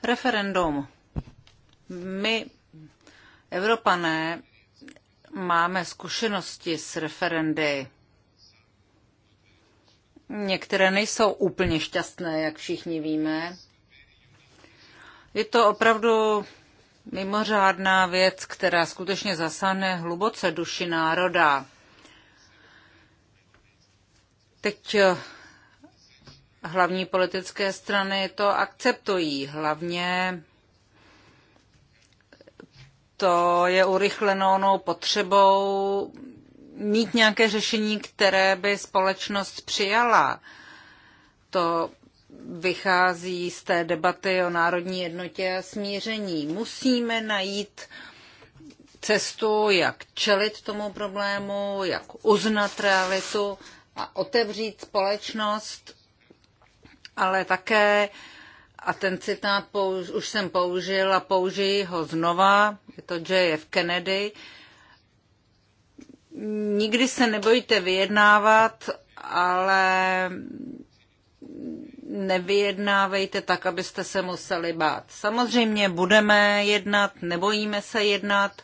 Speaker 1: Referendum my, Evropané, máme zkušenosti s referendy. Některé nejsou úplně šťastné, jak všichni víme. Je to opravdu mimořádná věc, která skutečně zasáhne hluboce duši národa. Teď eh, hlavní politické strany to akceptují, hlavně to je urychlenou no, potřebou mít nějaké řešení, které by společnost přijala. To vychází z té debaty o národní jednotě a smíření. Musíme najít cestu, jak čelit tomu problému, jak uznat realitu a otevřít společnost, ale také uh, a ten citát použ, už jsem použil a použiji ho znova. Je to J.F. Kennedy. Nikdy se nebojte vyjednávat, ale nevyjednávejte tak, abyste se museli bát. Samozřejmě budeme jednat, nebojíme se jednat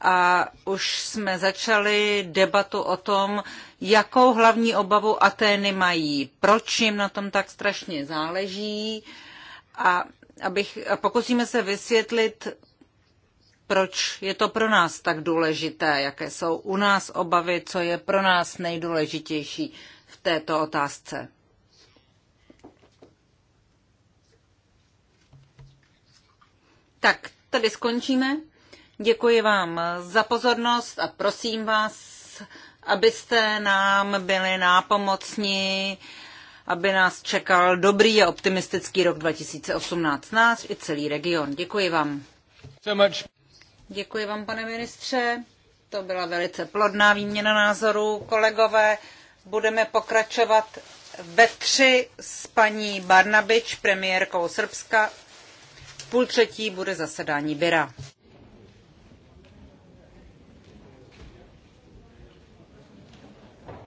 Speaker 1: a už jsme začali debatu o tom, jakou hlavní obavu Atény mají, proč jim na tom tak strašně záleží. Uh, a abych, a pokusíme se vysvětlit, proč je to pro nás tak důležité, jaké jsou u nás obavy, co je pro nás nejdůležitější v této otázce. Tak, tady skončíme. Děkuji vám za pozornost a prosím vás, abyste nám byli nápomocní aby nás čekal dobrý a optimistický rok 2018 nás i celý region. Děkuji vám. Děkuji vám, pane ministře. To byla velice plodná výměna názorů. Kolegové, budeme pokračovat ve tři s paní Barnabič, premiérkou Srbska. V půl třetí bude zasedání Byra.